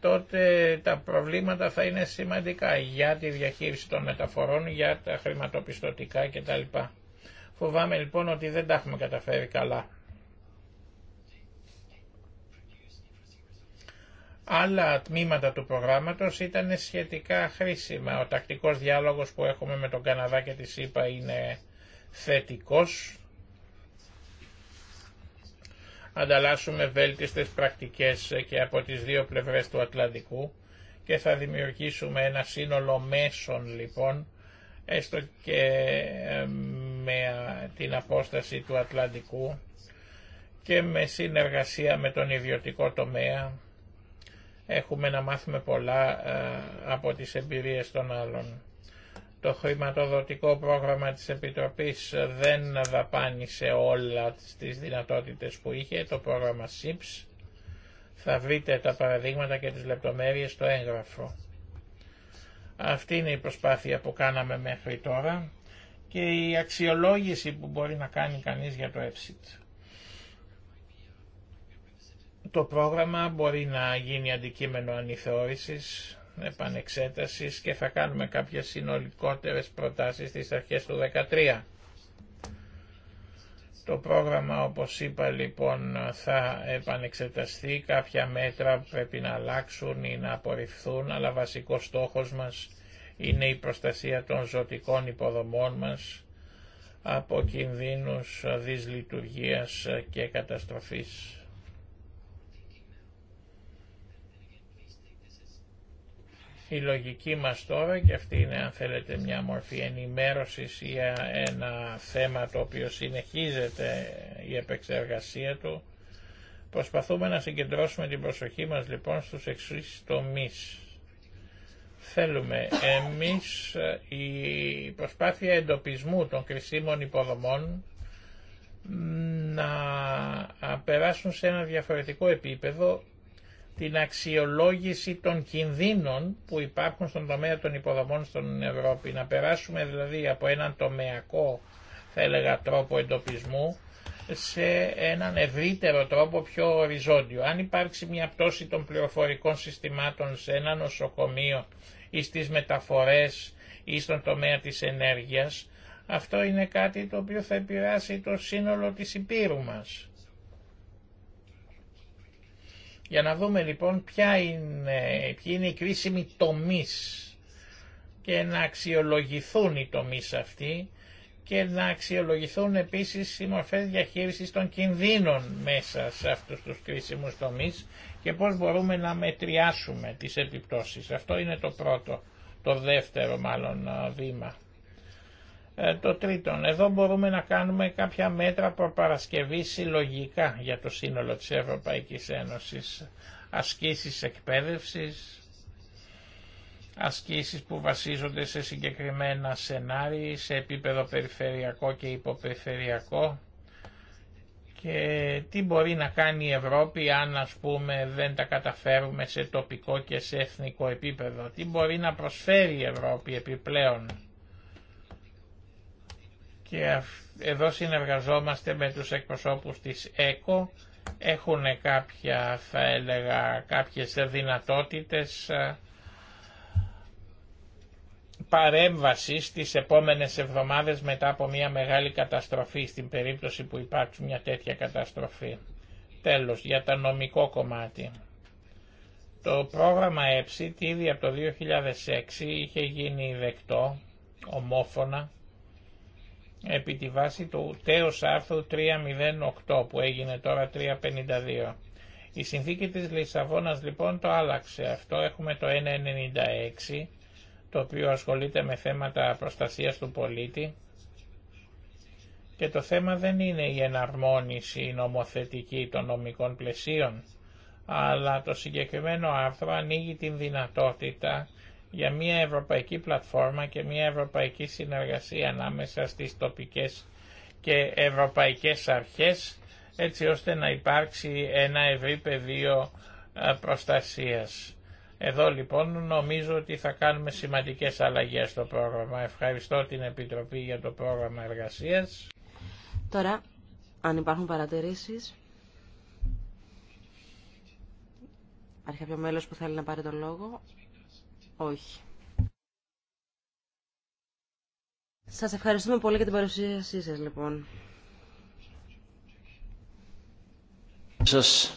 S1: τότε τα προβλήματα θα είναι σημαντικά για τη διαχείριση των μεταφορών, για τα χρηματοπιστωτικά κτλ. Φοβάμαι λοιπόν ότι δεν τα έχουμε καταφέρει καλά. Άλλα τμήματα του προγράμματος ήταν σχετικά χρήσιμα. Ο τακτικός διάλογος που έχουμε με τον Καναδά και τη ΣΥΠΑ είναι θετικός ανταλλάσσουμε βέλτιστες πρακτικές και από τις δύο πλευρές του Ατλαντικού και θα δημιουργήσουμε ένα σύνολο μέσων λοιπόν έστω και ε, με ε, την απόσταση του Ατλαντικού και με συνεργασία με τον ιδιωτικό τομέα έχουμε να μάθουμε πολλά ε, από τις εμπειρίες των άλλων το χρηματοδοτικό πρόγραμμα της Επιτροπής δεν δαπάνησε όλα τις δυνατότητες που είχε, το πρόγραμμα SIPS. Θα βρείτε τα παραδείγματα και τις λεπτομέρειες στο έγγραφο. Αυτή είναι η προσπάθεια που κάναμε μέχρι τώρα και η αξιολόγηση που μπορεί να κάνει κανείς για το EFSIT. Το πρόγραμμα μπορεί να γίνει αντικείμενο ανηθεώρησης επανεξέτασης και θα κάνουμε κάποιες συνολικότερες προτάσεις στις αρχές του 2013. Το πρόγραμμα όπως είπα λοιπόν θα επανεξεταστεί, κάποια μέτρα πρέπει να αλλάξουν ή να απορριφθούν, αλλά βασικός στόχος μας είναι η προστασία των ζωτικών υποδομών μας από κινδύνους δυσλειτουργίας και καταστροφής. Η λογική μας τώρα, και αυτή είναι αν θέλετε μια μορφή ενημέρωσης η ένα θέμα το οποίο συνεχίζεται η επεξεργασία του, προσπαθούμε να συγκεντρώσουμε την προσοχή μας λοιπόν στους εξής τομεί. Θέλουμε εμείς ε, η προσπάθεια εντοπισμού των κρισίμων υποδομών να περάσουν σε ένα διαφορετικό επίπεδο την αξιολόγηση των κινδύνων που υπάρχουν στον τομέα των υποδομών στην Ευρώπη. Να περάσουμε δηλαδή από έναν τομεακό θα έλεγα τρόπο εντοπισμού σε έναν ευρύτερο τρόπο πιο οριζόντιο. Αν υπάρξει μια πτώση των πληροφορικών συστημάτων σε ένα νοσοκομείο ή στις μεταφορές ή στον τομέα της ενέργειας, αυτό είναι κάτι το οποίο θα επηρεάσει το σύνολο της υπήρου μας. Για να δούμε λοιπόν ποια είναι, ποιοι είναι οι κρίσιμοι και να αξιολογηθούν οι τομείς αυτοί και να αξιολογηθούν επίσης οι μορφές διαχείρισης των κινδύνων μέσα σε αυτούς τους κρίσιμους τομείς και πώς μπορούμε να μετριάσουμε τις επιπτώσεις. Αυτό είναι το πρώτο, το δεύτερο μάλλον ε, βήμα. Ε, το τρίτον, εδώ μπορούμε να κάνουμε κάποια μέτρα παρασκευή συλλογικά για το σύνολο της Ευρωπαϊκής Ένωσης. Ασκήσεις εκπαίδευσης, ασκήσεις που βασίζονται σε συγκεκριμένα σενάρια, σε επίπεδο περιφερειακό και υποπεριφερειακό και τι μπορεί να κάνει η Ευρώπη αν ας πούμε δεν τα καταφέρουμε σε τοπικό και σε εθνικό επίπεδο. Τι μπορεί να προσφέρει η Ευρώπη επιπλέον και εδώ συνεργαζόμαστε με τους εκπροσώπους της ΕΚΟ, έχουν κάποια θα έλεγα κάποιες δυνατότητες ε, παρέμβαση τις επόμενες εβδομάδες μετά από μια μεγάλη καταστροφή στην περίπτωση που υπάρξει μια τέτοια καταστροφή. Τέλος, για τα νομικό κομμάτι. Το πρόγραμμα ΕΨΙΤ ήδη από το 2006 είχε γίνει δεκτό ομόφωνα επί τη βάση του τέος άρθρου 308 που έγινε τώρα 352. Η συνθήκη της Λισαβόνας λοιπόν το άλλαξε αυτό. Έχουμε το 196 το οποίο ασχολείται με θέματα προστασίας του πολίτη και το θέμα δεν είναι η εναρμόνιση νομοθετική των νομικών πλαισίων αλλά το συγκεκριμένο άρθρο ανοίγει την δυνατότητα για μια ευρωπαϊκή πλατφόρμα και μια ευρωπαϊκή συνεργασία ανάμεσα στις τοπικές και ευρωπαϊκές αρχές έτσι ώστε να υπάρξει ένα ευρύ πεδίο προστασίας. Εδώ λοιπόν νομίζω ότι θα κάνουμε σημαντικές αλλαγές στο πρόγραμμα. Ευχαριστώ την Επιτροπή για το πρόγραμμα εργασίας.
S4: Τώρα, αν υπάρχουν παρατηρήσεις... Υπάρχει κάποιο μέλος που θέλει να πάρει τον λόγο. Όχι. Σας ευχαριστούμε πολύ για την παρουσίασή σας, λοιπόν.
S3: Σας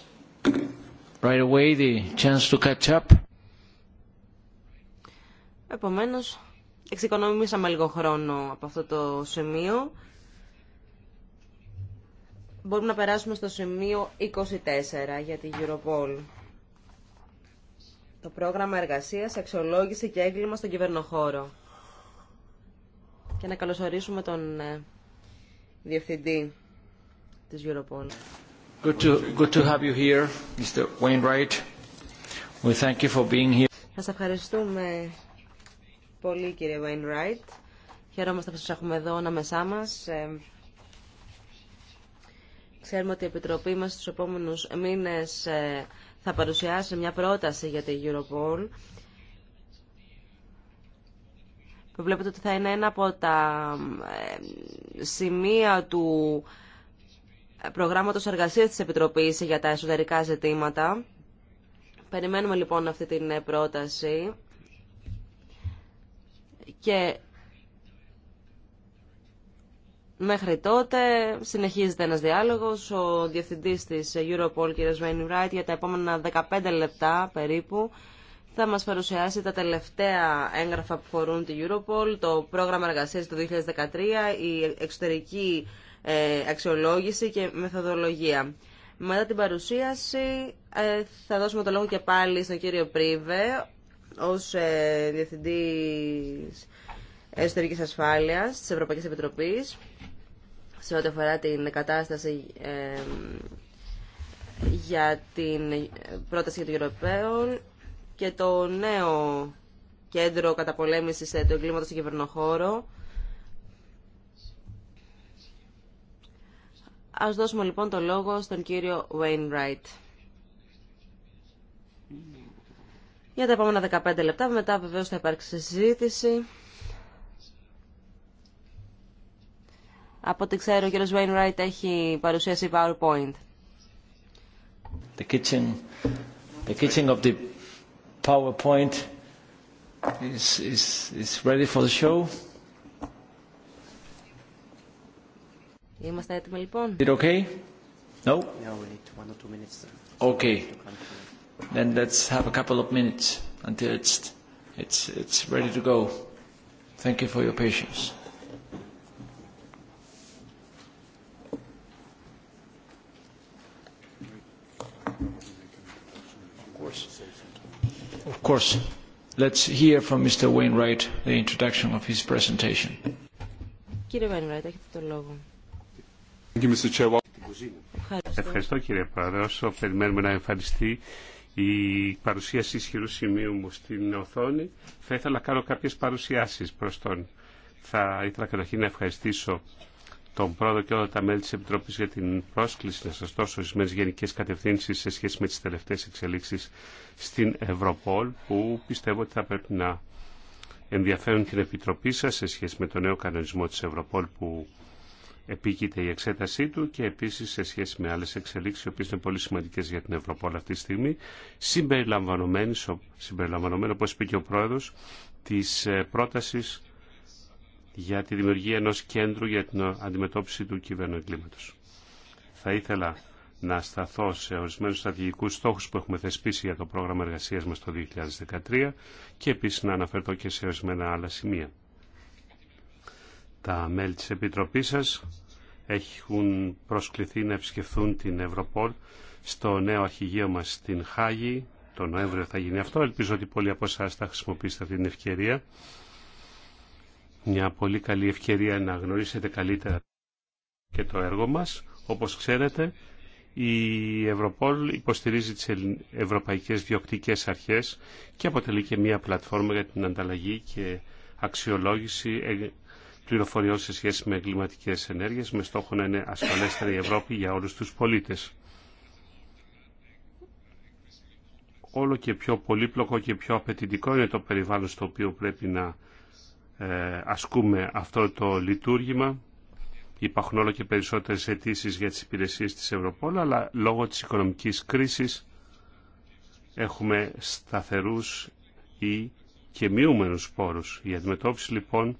S1: right away the chance to catch up.
S4: Επομένως, εξοικονομήσαμε λίγο χρόνο από αυτό το σημείο. Μπορούμε να περάσουμε στο σημείο 24 για την Europol το πρόγραμμα εργασίας, αξιολόγηση και έγκλημα στον κυβερνοχώρο. Και να καλωσορίσουμε τον ε, Διευθυντή της Europol.
S1: Good to, good to have you here, Mr. Wainwright. We thank you for being here.
S4: Σας ευχαριστούμε πολύ κύριε Wainwright. Χαιρόμαστε που σας έχουμε εδώ ανάμεσά μας. Ε, ξέρουμε ότι η Επιτροπή μας στους επόμενους μήνες ε, θα παρουσιάσει μια πρόταση για τη Europol που βλέπετε ότι θα είναι ένα από τα ε, σημεία του προγράμματος εργασίας της Επιτροπής για τα εσωτερικά ζητήματα. Περιμένουμε λοιπόν αυτή την πρόταση και Μέχρι τότε συνεχίζεται ένας διάλογος. Ο διευθυντής της Europol, κ. Ράιτ, για τα επόμενα 15 λεπτά περίπου θα μας παρουσιάσει τα τελευταία έγγραφα που φορούν την Europol, το πρόγραμμα εργασίας του 2013, η εξωτερική ε, αξιολόγηση και μεθοδολογία. Μετά την παρουσίαση ε, θα δώσουμε το λόγο και πάλι στον κύριο Πρίβε ως ε, διευθυντής Εσωτερικής Ασφάλειας της Ευρωπαϊκής Επιτροπής σε ό,τι αφορά την κατάσταση για την πρόταση για των Ευρωπαίων και το νέο κέντρο καταπολέμησης ε, του εγκλήματος στον κυβερνοχώρο. Ας δώσουμε λοιπόν το λόγο στον κύριο Wainwright. Για τα επόμενα 15 λεπτά, μετά βεβαίως θα υπάρξει συζήτηση. Από ό,τι ξέρω, ο κ. Wainwright έχει παρουσίασει PowerPoint.
S3: The kitchen, the kitchen of the PowerPoint is, is, is ready for the show.
S4: Είμαστε έτοιμοι λοιπόν. Is it okay?
S1: No? No,
S3: we need one or
S1: two minutes. Okay.
S3: Then let's have a couple of minutes until it's, it's, it's ready to go. Thank you for your patience.
S1: course,
S4: Κύριε πρόεδρε.
S2: έχετε Ευχαριστώ κύριε Περιμένουμε να εμφανιστεί η παρουσίαση ισχυρού σημείου μου στην οθόνη. Θα ήθελα να κάνω κάποιες παρουσιάσεις προς τον. Θα ήθελα καταρχήν να ευχαριστήσω τον πρόεδρο και όλα τα μέλη τη Επιτροπή για την πρόσκληση να σα δώσω ορισμένε γενικέ κατευθύνσει σε σχέση με τι τελευταίε εξελίξει στην Ευρωπόλ που πιστεύω ότι θα πρέπει να ενδιαφέρουν την Επιτροπή σα σε σχέση με τον νέο κανονισμό τη Ευρωπόλ που επίκειται η εξέτασή του και επίση σε σχέση με άλλε εξελίξει οι οποίε είναι πολύ σημαντικέ για την Ευρωπόλ αυτή τη στιγμή συμπεριλαμβανόμενε, όπω όπως είπε και ο πρόεδρο, τη ε, πρόταση για τη δημιουργία ενός κέντρου για την αντιμετώπιση του εγκλήματος. Θα ήθελα να σταθώ σε ορισμένους στρατηγικούς στόχους που έχουμε θεσπίσει για το πρόγραμμα εργασίας μας το 2013 και επίσης να αναφερθώ και σε ορισμένα άλλα σημεία. Τα μέλη της Επιτροπής σας έχουν προσκληθεί να επισκεφθούν την Ευρωπόλ στο νέο αρχηγείο μας στην Χάγη. Το Νοέμβριο θα γίνει αυτό. Ελπίζω ότι πολλοί από εσά θα χρησιμοποιήσετε αυτή την ευκαιρία μια πολύ καλή ευκαιρία να γνωρίσετε καλύτερα και το έργο μας. Όπως ξέρετε, η Ευρωπόλ υποστηρίζει τις ευρωπαϊκές διοκτικές αρχές και αποτελεί και μια πλατφόρμα για την ανταλλαγή και αξιολόγηση ε, πληροφοριών σε σχέση με εγκληματικέ ενέργειες με στόχο να είναι ασφαλέστερη η Ευρώπη για όλους τους πολίτες. Όλο και πιο πολύπλοκο και πιο απαιτητικό είναι το περιβάλλον στο οποίο πρέπει να ε, ασκούμε αυτό το λειτουργήμα. Υπάρχουν όλο και περισσότερες αιτήσει για τις υπηρεσίες της Ευρωπόλ, αλλά λόγω της οικονομικής κρίσης έχουμε σταθερούς ή και μειούμενους πόρους. Η αντιμετώπιση λοιπόν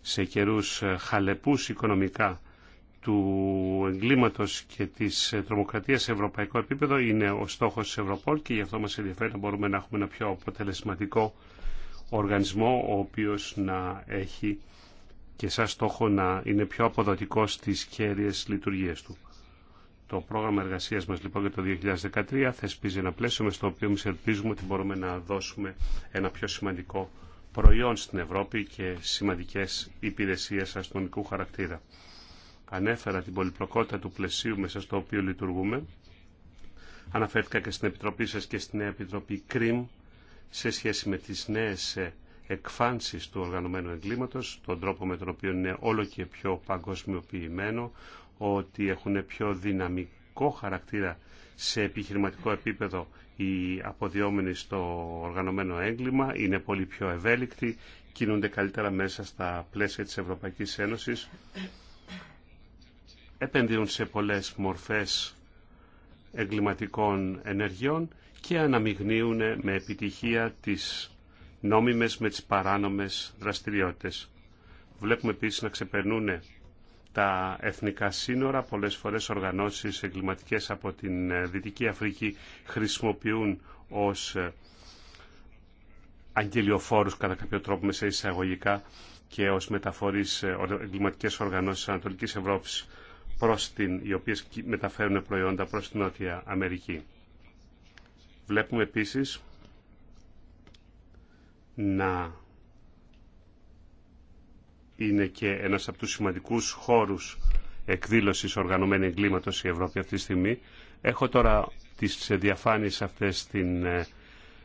S2: σε καιρούς ε, χαλεπούς οικονομικά του εγκλήματος και της ε, τρομοκρατίας σε ευρωπαϊκό επίπεδο είναι ο στόχος της Ευρωπόλ και γι' αυτό μας ενδιαφέρει να μπορούμε να έχουμε ένα πιο αποτελεσματικό οργανισμό ο οποίος να έχει και σαν στόχο να είναι πιο αποδοτικός στις χέριες λειτουργίες του. Το πρόγραμμα εργασίας μας λοιπόν για το 2013 θεσπίζει ένα πλαίσιο με στο οποίο εμείς ελπίζουμε ότι μπορούμε να δώσουμε ένα πιο σημαντικό προϊόν στην Ευρώπη και σημαντικές υπηρεσίες αστυνομικού χαρακτήρα. Ανέφερα την πολυπλοκότητα του πλαισίου μέσα στο οποίο λειτουργούμε. Αναφέρθηκα και στην Επιτροπή σας και στην Επιτροπή ΚΡΙΜ σε σχέση με τις νέες ε, εκφάνσεις του οργανωμένου εγκλήματος, τον τρόπο με τον οποίο είναι όλο και πιο παγκοσμιοποιημένο, ότι έχουν πιο δυναμικό χαρακτήρα σε επιχειρηματικό επίπεδο οι αποδιόμενοι στο οργανωμένο έγκλημα, είναι πολύ πιο ευέλικτοι, κινούνται καλύτερα μέσα στα πλαίσια της Ευρωπαϊκής Ένωσης, επενδύουν σε πολλές μορφές εγκληματικών ενεργειών και αναμειγνύουν με επιτυχία τις νόμιμες με τις παράνομες δραστηριότητες. Βλέπουμε επίσης να ξεπερνούν τα εθνικά σύνορα. Πολλές φορές οργανώσεις εγκληματικές από την ε, Δυτική Αφρική χρησιμοποιούν ως ε, αγγελιοφόρους κατά κάποιο τρόπο μέσα εισαγωγικά και ως μεταφορείς ε, εγκληματικές οργανώσεις της Ανατολικής Ευρώπης προς την, οι οποίες μεταφέρουν προϊόντα προς την Νότια Αμερική. Βλέπουμε επίσης να είναι και ένας από τους σημαντικούς χώρους εκδήλωσης οργανωμένη εγκλήματος η Ευρώπη αυτή τη στιγμή. Έχω τώρα τις διαφάνειες αυτές στην ε,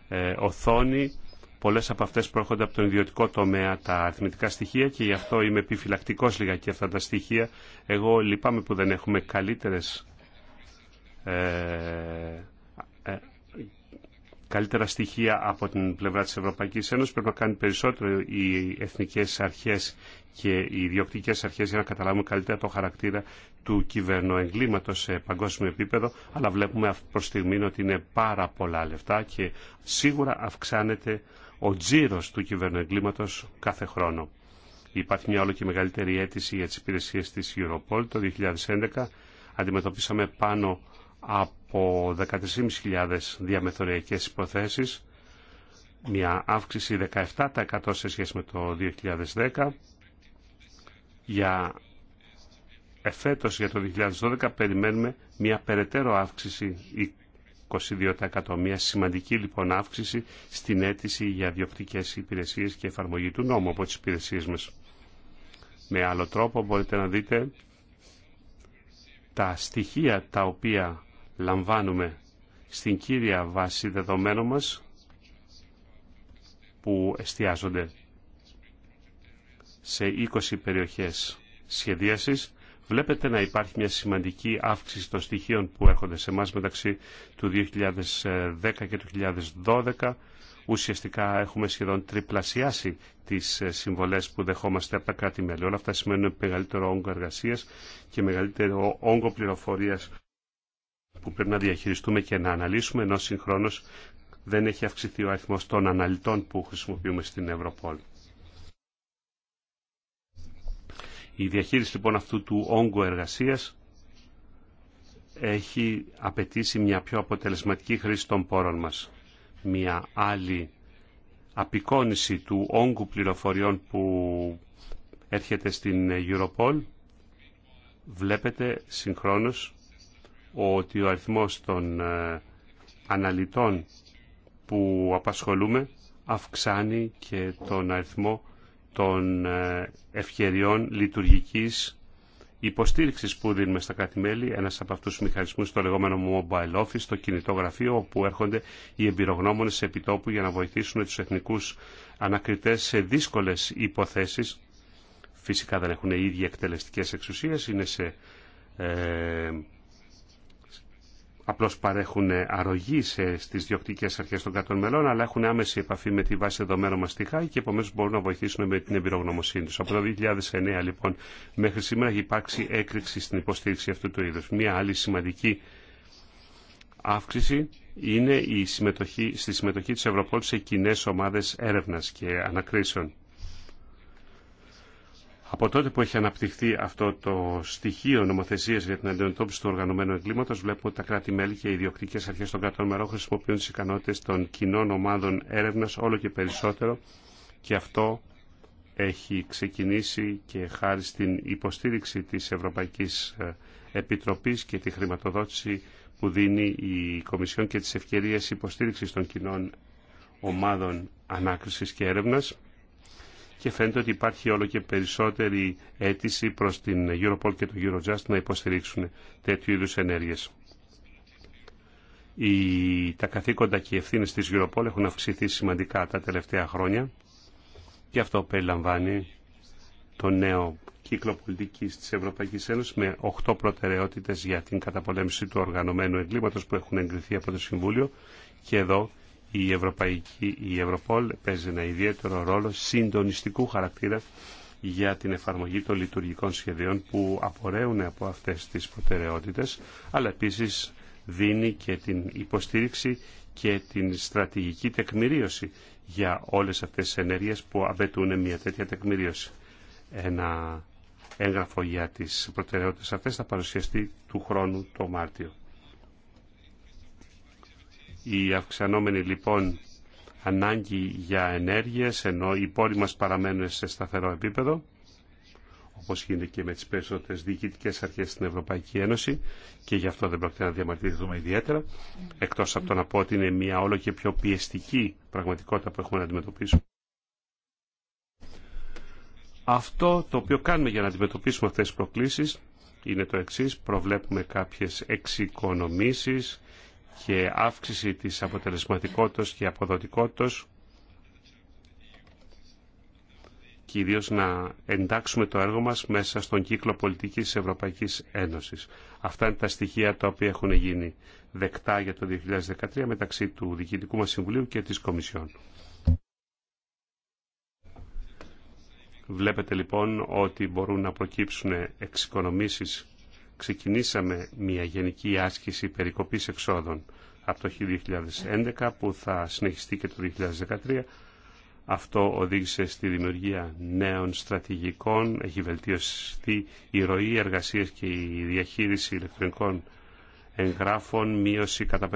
S2: ε, οθόνη. Πολλές από αυτές προέρχονται από τον ιδιωτικό τομέα τα αριθμητικά στοιχεία και γι' αυτό είμαι επιφυλακτικός λίγα και αυτά τα στοιχεία. Εγώ λυπάμαι που δεν έχουμε καλύτερες ε, καλύτερα στοιχεία από την πλευρά της Ευρωπαϊκής Ένωσης. Πρέπει να κάνουν περισσότερο οι εθνικές αρχές και οι ιδιοκτικές αρχές για να καταλάβουμε καλύτερα το χαρακτήρα του κυβερνοεγκλήματος σε παγκόσμιο επίπεδο, αλλά βλέπουμε προς στιγμή ότι είναι πάρα πολλά λεφτά και σίγουρα αυξάνεται ο τζίρος του κυβερνοεγκλήματος κάθε χρόνο. Υπάρχει μια όλο και μεγαλύτερη αίτηση για τις υπηρεσίες της Europol το 2011. Αντιμετωπίσαμε πάνω από από 13.500 διαμεθοριακές υποθέσεις, μια αύξηση 17% σε σχέση με το 2010. Για εφέτος για το 2012 περιμένουμε μια περαιτέρω αύξηση 22%. Μια σημαντική λοιπόν αύξηση στην αίτηση για διοπτικές υπηρεσίες και εφαρμογή του νόμου από τις υπηρεσίες μας. Με άλλο τρόπο μπορείτε να δείτε τα στοιχεία τα οποία λαμβάνουμε στην κύρια βάση δεδομένων μας που εστιάζονται σε 20 περιοχές σχεδίασης. Βλέπετε να υπάρχει μια σημαντική αύξηση των στοιχείων που έρχονται σε μας μεταξύ του 2010 και του 2012. Ουσιαστικά έχουμε σχεδόν τριπλασιάσει τις ε, συμβολές που δεχόμαστε από τα κράτη-μέλη. Όλα αυτά σημαίνουν μεγαλύτερο όγκο εργασίας και μεγαλύτερο όγκο πληροφορίας που πρέπει να διαχειριστούμε και να αναλύσουμε, ενώ συγχρόνω δεν έχει αυξηθεί ο αριθμό των αναλυτών που χρησιμοποιούμε στην Ευρωπόλ. Η διαχείριση λοιπόν αυτού του όγκου εργασίας έχει απαιτήσει μια πιο αποτελεσματική χρήση των πόρων μας. Μια άλλη απεικόνηση του όγκου πληροφοριών που έρχεται στην Europol βλέπετε συγχρόνως ότι ο αριθμός των ε, αναλυτών που απασχολούμε αυξάνει και τον αριθμό των ε, ευκαιριών λειτουργικής υποστήριξης που δίνουμε στα κράτη-μέλη, ένας από αυτούς τους μηχανισμούς το λεγόμενο mobile office, το κινητό γραφείο, όπου έρχονται οι εμπειρογνώμονες επιτόπου για να βοηθήσουν τους εθνικούς ανακριτές σε δύσκολες υποθέσεις. Φυσικά δεν έχουν οι ίδιοι εκτελεστικές εξουσίες, είναι σε ε, απλώς παρέχουν αρρωγή σε, στις διοκτικές αρχές των κρατών μελών, αλλά έχουν άμεση επαφή με τη βάση δεδομένων μας και επομένως μπορούν να βοηθήσουν με την εμπειρογνωμοσύνη τους. Από το 2009 λοιπόν μέχρι σήμερα έχει υπάρξει έκρηξη στην υποστήριξη αυτού του είδους. Μία άλλη σημαντική αύξηση είναι η συμμετοχή, στη συμμετοχή της Ευρωπόλης σε κοινέ ομάδες έρευνας και ανακρίσεων. Από τότε που έχει αναπτυχθεί αυτό το στοιχείο νομοθεσία για την αντιμετώπιση του οργανωμένου εγκλήματο, βλέπουμε ότι τα κράτη-μέλη και οι ιδιοκτικέ αρχέ των κρατών μερών χρησιμοποιούν τι ικανότητε των κοινών ομάδων έρευνα όλο και περισσότερο και αυτό έχει ξεκινήσει και χάρη στην υποστήριξη της Ευρωπαϊκής ε, Επιτροπής και τη χρηματοδότηση που δίνει η Κομισιόν και τις ευκαιρίες υποστήριξης των κοινών ομάδων ανάκρισης και έρευνας και φαίνεται ότι υπάρχει όλο και περισσότερη αίτηση προς την Europol και το Eurojust να υποστηρίξουν τέτοιου είδους ενέργειες. Οι, τα καθήκοντα και οι ευθύνες της Europol έχουν αυξηθεί σημαντικά τα τελευταία χρόνια και αυτό περιλαμβάνει το νέο κύκλο πολιτική της Ευρωπαϊκής Ένωσης με 8 προτεραιότητες για την καταπολέμηση του οργανωμένου εγκλήματος που έχουν εγκριθεί από το Συμβούλιο και εδώ η Ευρωπαϊκή, η Ευρωπόλ παίζει ένα ιδιαίτερο ρόλο συντονιστικού χαρακτήρα για την εφαρμογή των λειτουργικών σχεδίων που απορρέουν από αυτές τις προτεραιότητες, αλλά επίσης δίνει και την υποστήριξη και την στρατηγική τεκμηρίωση για όλες αυτές τις ενέργειες που απαιτούν μια τέτοια τεκμηρίωση. Ένα έγγραφο για τις προτεραιότητες αυτές θα παρουσιαστεί του χρόνου το Μάρτιο η αυξανόμενη λοιπόν ανάγκη για ενέργειες, ενώ οι πόροι μας παραμένουν σε σταθερό επίπεδο, όπως γίνεται και με τις περισσότερες διοικητικές αρχές στην Ευρωπαϊκή Ένωση, και γι' αυτό δεν πρόκειται να διαμαρτυρηθούμε ιδιαίτερα, εκτός από το να πω ότι είναι μια όλο και πιο πιεστική πραγματικότητα που έχουμε να αντιμετωπίσουμε. Αυτό το οποίο κάνουμε για να αντιμετωπίσουμε αυτές τις προκλήσεις είναι το εξής. Προβλέπουμε κάποιες εξοικονομήσεις και αύξηση της αποτελεσματικότητας και αποδοτικότητας και ιδίως να εντάξουμε το έργο μας μέσα στον κύκλο πολιτικής της Ευρωπαϊκής Ένωσης. Αυτά είναι τα στοιχεία τα οποία έχουν γίνει δεκτά για το 2013 μεταξύ του Διοικητικού μας Συμβουλίου και της Κομισιόν. Βλέπετε λοιπόν ότι μπορούν να προκύψουν εξοικονομήσεις ξεκινήσαμε μια γενική άσκηση περικοπής εξόδων από το 2011 που θα συνεχιστεί και το 2013. Αυτό οδήγησε στη δημιουργία νέων στρατηγικών, έχει βελτιωστεί η ροή εργασίας και η διαχείριση ηλεκτρονικών εγγράφων, μείωση κατά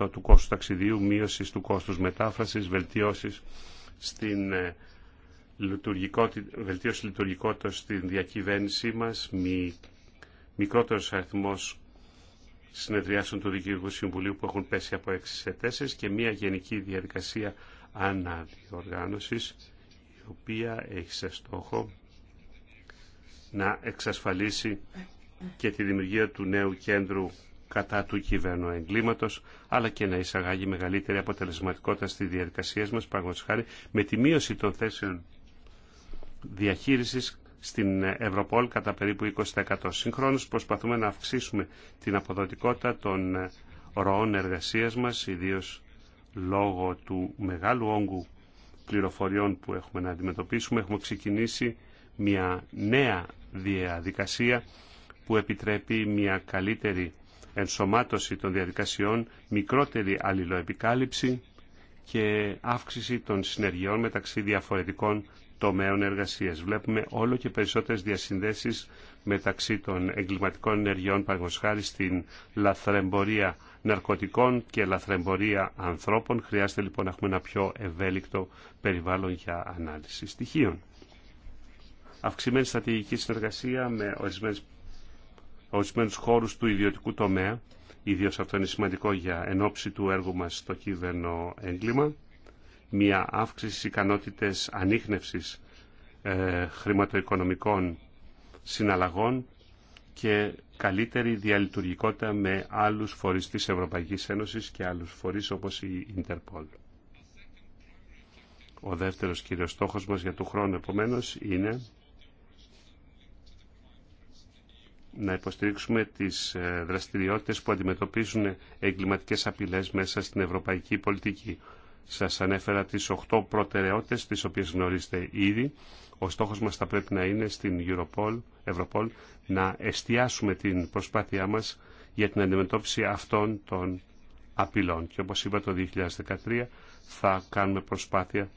S2: 5% του κόστου ταξιδίου, μείωση του κόστους μετάφρασης, βελτιώσεις στην ε, λειτουργικότητα, βελτίωση λειτουργικότητας στην διακυβέρνησή μας, μη μικρότερος αριθμός συνεδριάσεων του Διοικητικού Συμβουλίου που έχουν πέσει από 6 σε 4 και μια γενική διαδικασία αναδιοργάνωσης η οποία έχει σε στόχο να εξασφαλίσει και τη δημιουργία του νέου κέντρου κατά του κυβέρνου εγκλήματος, αλλά και να εισαγάγει μεγαλύτερη αποτελεσματικότητα στη διαδικασία μας, με τη μείωση των θέσεων διαχείρισης στην Ευρωπόλ κατά περίπου 20%. Συγχρόνως προσπαθούμε να αυξήσουμε την αποδοτικότητα των ροών εργασίας μας, ιδίως λόγω του μεγάλου όγκου πληροφοριών που έχουμε να αντιμετωπίσουμε. Έχουμε ξεκινήσει μια νέα διαδικασία που επιτρέπει μια καλύτερη ενσωμάτωση των διαδικασιών, μικρότερη αλληλοεπικάλυψη και αύξηση των συνεργειών μεταξύ διαφορετικών τομέων εργασίας. Βλέπουμε όλο και περισσότερες διασυνδέσεις μεταξύ των εγκληματικών ενεργειών, παραγωγή στην λαθρεμπορία ναρκωτικών και λαθρεμπορία ανθρώπων. Χρειάζεται λοιπόν να έχουμε ένα πιο ευέλικτο περιβάλλον για ανάλυση στοιχείων. Αυξημένη στρατηγική συνεργασία με ορισμένου χώρου του ιδιωτικού τομέα. Ιδίω αυτό είναι σημαντικό για ενόψη του έργου μα στο κύβερνο έγκλημα μια αύξηση ικανότητες ανείχνευσης ε, χρηματοοικονομικών συναλλαγών και καλύτερη διαλειτουργικότητα με άλλους φορείς της Ευρωπαϊκής Ένωσης και άλλους φορείς όπως η Ιντερπολ. Ο δεύτερος κύριος στόχος μας για το χρόνο επομένως είναι να υποστηρίξουμε τις ε, δραστηριότητες που αντιμετωπίζουν εγκληματικές απειλές μέσα στην ευρωπαϊκή πολιτική. Σας ανέφερα τις 8 προτεραιότητες, τις οποίες γνωρίζετε ήδη. Ο στόχος μας θα πρέπει να είναι στην Europol, Ευρωπόλ να εστιάσουμε την προσπάθειά μας για την αντιμετώπιση αυτών των απειλών. Και όπως είπα το 2013 θα κάνουμε προσπάθεια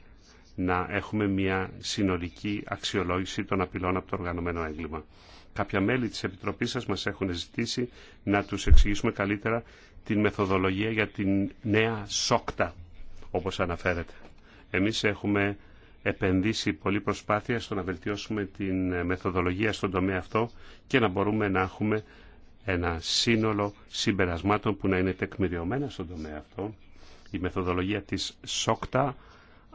S2: να έχουμε μια συνολική αξιολόγηση των απειλών από το οργανωμένο έγκλημα. Κάποια μέλη της Επιτροπής σας μας έχουν ζητήσει να τους εξηγήσουμε καλύτερα την μεθοδολογία για την νέα σόκτα όπως αναφέρεται. Εμείς έχουμε επενδύσει πολλή προσπάθεια στο να βελτιώσουμε την μεθοδολογία στον τομέα αυτό και να μπορούμε να έχουμε ένα σύνολο συμπερασμάτων που να είναι τεκμηριωμένα στον τομέα αυτό. Η μεθοδολογία της ΣΟΚΤΑ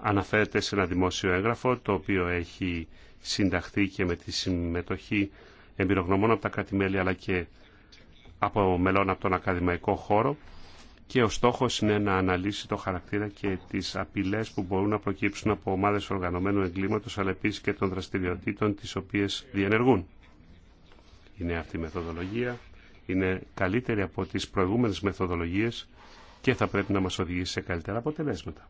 S2: αναφέρεται σε ένα δημόσιο έγγραφο το οποίο έχει συνταχθεί και με τη συμμετοχή εμπειρογνωμών από τα κρατη αλλά και από μελών από τον ακαδημαϊκό χώρο και ο στόχος είναι να αναλύσει το χαρακτήρα και τις απειλές που μπορούν να προκύψουν από ομάδες οργανωμένου εγκλήματος αλλά επίσης και των δραστηριοτήτων τις οποίες διενεργούν. Είναι αυτή η μεθοδολογία, είναι καλύτερη από τις προηγούμενες μεθοδολογίες και θα πρέπει να μας οδηγήσει σε καλύτερα αποτελέσματα.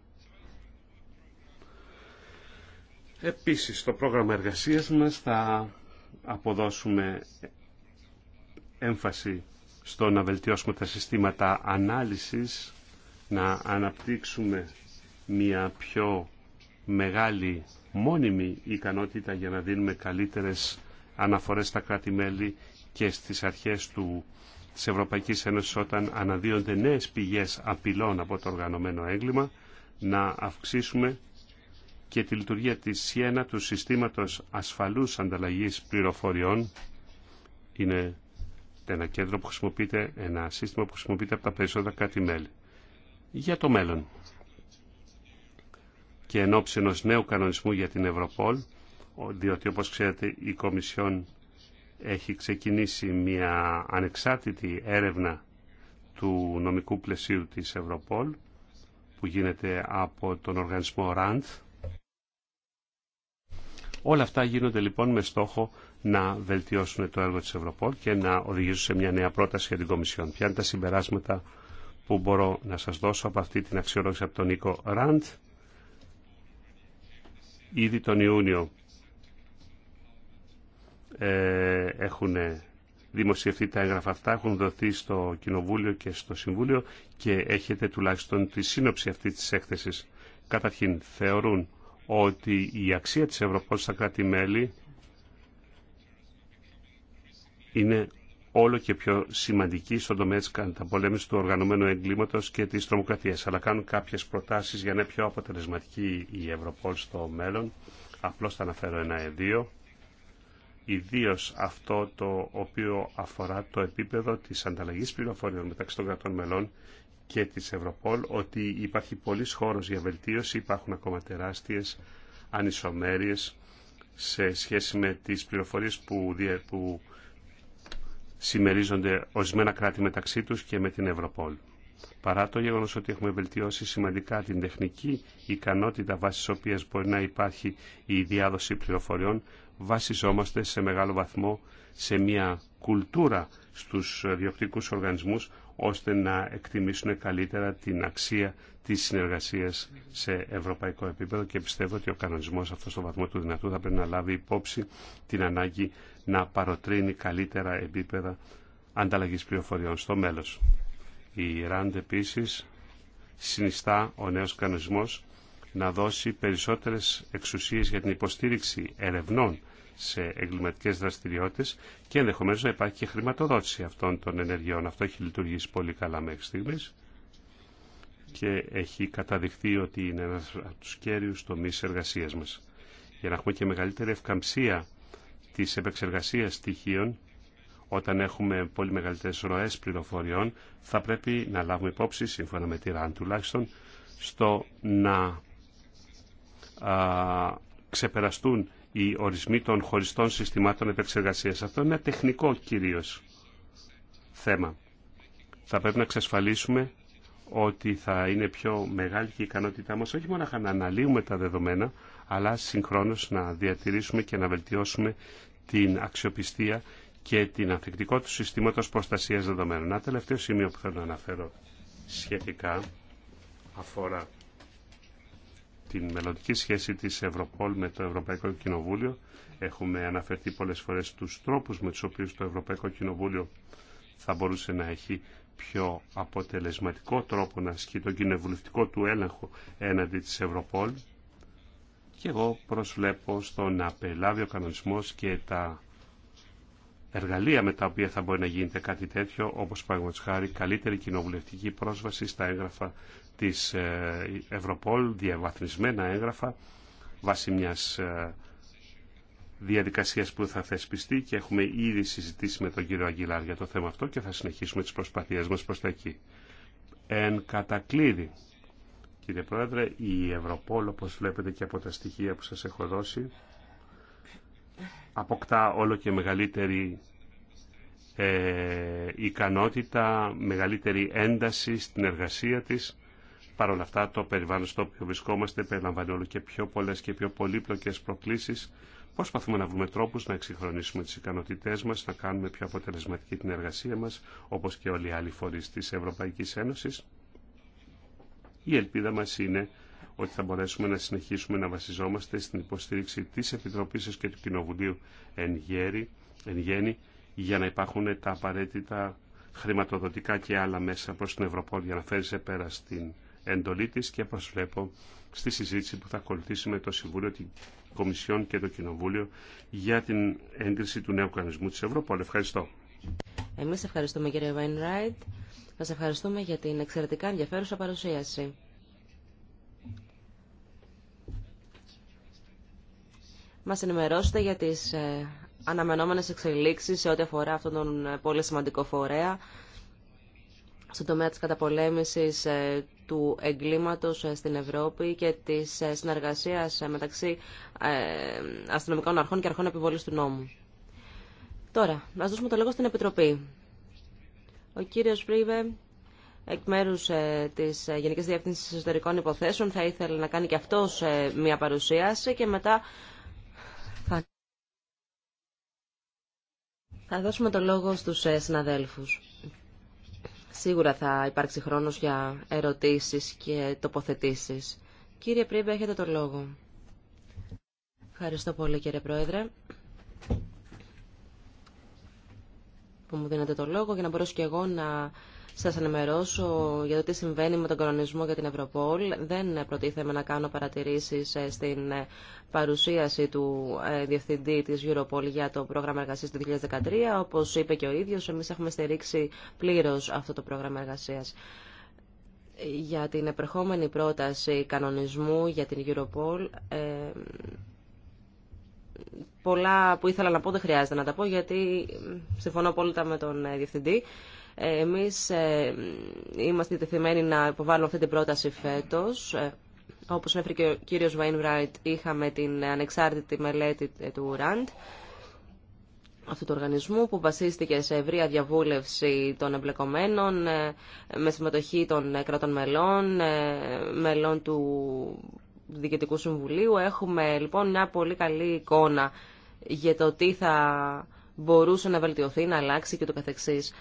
S2: Επίσης, στο πρόγραμμα εργασίας μας θα αποδώσουμε έμφαση στο να βελτιώσουμε τα συστήματα ανάλυσης, να αναπτύξουμε μια πιο μεγάλη μόνιμη ικανότητα για να δίνουμε καλύτερες αναφορές στα κράτη-μέλη και στις αρχές του, της Ευρωπαϊκής Ένωσης όταν αναδύονται νέες πηγές απειλών από το οργανωμένο έγκλημα, να αυξήσουμε και τη λειτουργία της ΣΥΕΝΑ του συστήματος ασφαλούς ανταλλαγής πληροφοριών. Είναι ένα κέντρο που χρησιμοποιείται, ένα σύστημα που χρησιμοποιείται από τα περισσοτερα κάτι κράτη-μέλη. Για το μέλλον. Και εν ώψη ενός νέου κανονισμού για την Ευρωπόλ, διότι όπως ξέρετε η Κομισιόν έχει ξεκινήσει μια ανεξάρτητη έρευνα του νομικού πλαισίου της Ευρωπόλ που γίνεται από τον οργανισμό RAND. Όλα αυτά γίνονται λοιπόν με στόχο να βελτιώσουν το έργο της Ευρωπόλ και να οδηγήσουν σε μια νέα πρόταση για την Κομισιόν. Ποια είναι τα συμπεράσματα που μπορώ να σας δώσω από αυτή την αξιολόγηση από τον Νίκο Ραντ. Ήδη τον Ιούνιο ε, έχουν δημοσιευτεί τα έγγραφα αυτά, έχουν δοθεί στο Κοινοβούλιο και στο Συμβούλιο και έχετε τουλάχιστον τη σύνοψη αυτή της έκθεσης. Καταρχήν, θεωρούν ότι η αξία της Ευρωπόλ στα κράτη-μέλη είναι όλο και πιο σημαντική στον τομέα της καταπολέμησης του οργανωμένου εγκλήματος και της τρομοκρατίας. Αλλά κάνουν κάποιες προτάσεις για να είναι πιο αποτελεσματική η Ευρωπόλ στο μέλλον. Απλώς θα αναφέρω ένα εδίο. ιδίω αυτό το οποίο αφορά το επίπεδο της ανταλλαγής πληροφοριών μεταξύ των κρατών μελών και της Ευρωπόλ, ότι υπάρχει πολύς χώρος για βελτίωση, υπάρχουν ακόμα τεράστιες ανισομέρειες σε σχέση με τις πληροφορίες που, που συμμερίζονται ορισμένα κράτη μεταξύ τους και με την Ευρωπόλ. Παρά το γεγονός ότι έχουμε βελτιώσει σημαντικά την τεχνική ικανότητα βάσει της οποίας μπορεί να υπάρχει η διάδοση πληροφοριών, βασιζόμαστε σε μεγάλο βαθμό σε μια κουλτούρα στους διοκτικούς οργανισμούς ώστε να εκτιμήσουν καλύτερα την αξία τη συνεργασία σε ευρωπαϊκό επίπεδο και πιστεύω ότι ο κανονισμό αυτό στο βαθμό του δυνατού θα πρέπει να λάβει υπόψη την ανάγκη να παροτρύνει καλύτερα επίπεδα ανταλλαγή πληροφοριών στο μέλο. Η ΡΑΝΤ επίση συνιστά ο νέο κανονισμό να δώσει περισσότερε εξουσίε για την υποστήριξη ερευνών σε εγκληματικέ δραστηριότητε και ενδεχομένω να υπάρχει και χρηματοδότηση αυτών των ενεργειών. Αυτό έχει λειτουργήσει πολύ καλά μέχρι στιγμή και έχει καταδειχθεί ότι είναι ένα από τους κέριου τομείς εργασίας μας. Για να έχουμε και μεγαλύτερη ευκαμψία της επεξεργασίας στοιχείων, όταν έχουμε πολύ μεγαλύτερε ροές πληροφοριών, θα πρέπει να λάβουμε υπόψη, σύμφωνα με τη ΡΑΝ τουλάχιστον, στο να ξεπεραστούν οι ορισμοί των χωριστών συστημάτων επεξεργασία. Αυτό είναι ένα τεχνικό κυρίω θέμα. Θα πρέπει να εξασφαλίσουμε ότι θα είναι πιο μεγάλη και η ικανότητά μας όχι μόνο να αναλύουμε τα δεδομένα, αλλά συγχρόνως να διατηρήσουμε και να βελτιώσουμε την αξιοπιστία και την ανθεκτικότητα του συστήματος προστασίας δεδομένων. Ένα τελευταίο σημείο που θέλω να αναφέρω σχετικά αφορά την μελλοντική σχέση της Ευρωπόλ με το Ευρωπαϊκό Κοινοβούλιο. Έχουμε αναφερθεί πολλές φορές τους τρόπους με τους οποίους το Ευρωπαϊκό Κοινοβούλιο θα μπορούσε να έχει πιο αποτελεσματικό τρόπο να ασκεί τον κοινοβουλευτικό του έλεγχο έναντι της Ευρωπόλ και εγώ προσβλέπω στο να απελάβει ο κανονισμός και τα εργαλεία με τα οποία θα μπορεί να γίνεται κάτι τέτοιο, όπως παραδείγματος χάρη καλύτερη κοινοβουλευτική πρόσβαση στα έγγραφα της ε, Ευρωπόλ, διαβαθμισμένα έγγραφα βάσει μιας ε, διαδικασία που θα θεσπιστεί και έχουμε ήδη συζητήσει με τον κύριο Αγγιλάρ για το θέμα αυτό και θα συνεχίσουμε τις προσπαθίες μας προς τα εκεί. Εν κατακλείδη, κύριε Πρόεδρε, η Ευρωπόλ, όπως βλέπετε και από τα στοιχεία που σας έχω δώσει, αποκτά όλο και μεγαλύτερη ε, ικανότητα, μεγαλύτερη ένταση στην εργασία της. Παρ' όλα αυτά, το περιβάλλον στο οποίο βρισκόμαστε περιλαμβάνει όλο και πιο πολλές και πιο πολύπλοκες προκλήσεις Προσπαθούμε να βρούμε τρόπους να εξυγχρονίσουμε τις ικανότητές μας, να κάνουμε πιο αποτελεσματική την εργασία μας, όπως και όλοι οι άλλοι φορείς της Ευρωπαϊκής Ένωσης. Η ελπίδα μας είναι ότι θα μπορέσουμε να συνεχίσουμε να βασιζόμαστε στην υποστήριξη της Επιτροπής και του Κοινοβουλίου εν, γέρι, γέννη για να υπάρχουν τα απαραίτητα χρηματοδοτικά και άλλα μέσα προς την Ευρωπόλια για να φέρει σε πέρα στην εντολή της και προσβλέπω στη συζήτηση που θα ακολουθήσει με το Συμβούλιο, την Κομισιόν και το Κοινοβούλιο για την έγκριση του νέου κανονισμού της Ευρώπη. Ευχαριστώ.
S4: Εμείς ευχαριστούμε κύριε Βάινράιτ. Σας ευχαριστούμε για την εξαιρετικά ενδιαφέρουσα παρουσίαση. Μας ενημερώσετε για τις ε, αναμενόμενες εξελίξεις σε ό,τι αφορά αυτόν τον ε, πολύ σημαντικό φορέα στον τομέα της καταπολέμησης ε, του εγκλήματος ε, στην Ευρώπη και της ε, συνεργασίας μεταξύ αστυνομικών αρχών και αρχών επιβολής του νόμου. Τώρα, να δώσουμε το λόγο στην Επιτροπή. Ο κύριος Πρίβε, εκ μέρου της Γενικής Διεύθυνσης Εσωτερικών Υποθέσεων, θα ήθελε να κάνει και αυτός μια παρουσίαση και μετά θα, θα δώσουμε το λόγο στους συναδέλφους. Σίγουρα θα υπάρξει χρόνος για ερωτήσεις και τοποθετήσεις. Κύριε Πρίμπε, έχετε το λόγο. Ευχαριστώ πολύ κύριε Πρόεδρε που μου δίνετε το λόγο για να μπορέσω και εγώ να σας ενημερώσω για το τι συμβαίνει με τον κανονισμό για την Ευρωπόλ. Δεν προτίθεμαι να κάνω παρατηρήσεις ε, στην ε, παρουσίαση του ε, Διευθυντή της Europol για το πρόγραμμα εργασίας του 2013. Όπως είπε και ο ίδιος, εμείς έχουμε στηρίξει πλήρως αυτό το πρόγραμμα εργασίας. Για την επερχόμενη πρόταση κανονισμού για την Europol, πολλά που ήθελα να πω δεν χρειάζεται να τα πω γιατί συμφωνώ απόλυτα με τον Διευθυντή. Εμείς ε, είμαστε διατεθειμένοι να υποβάλουμε αυτή την πρόταση φέτος. Ε, όπως έφερε και ο κύριος Βαϊνβράιτ, είχαμε την ανεξάρτητη μελέτη ε, του ΡΑΝΤ αυτού του οργανισμού που βασίστηκε σε ευρεία διαβούλευση των εμπλεκομένων με συμμετοχή των κρατών μελών, μελών του Διοικητικού Συμβουλίου. Έχουμε λοιπόν μια πολύ καλή εικόνα για το τι θα μπορούσε να βελτιωθεί, να αλλάξει και το καθεξής.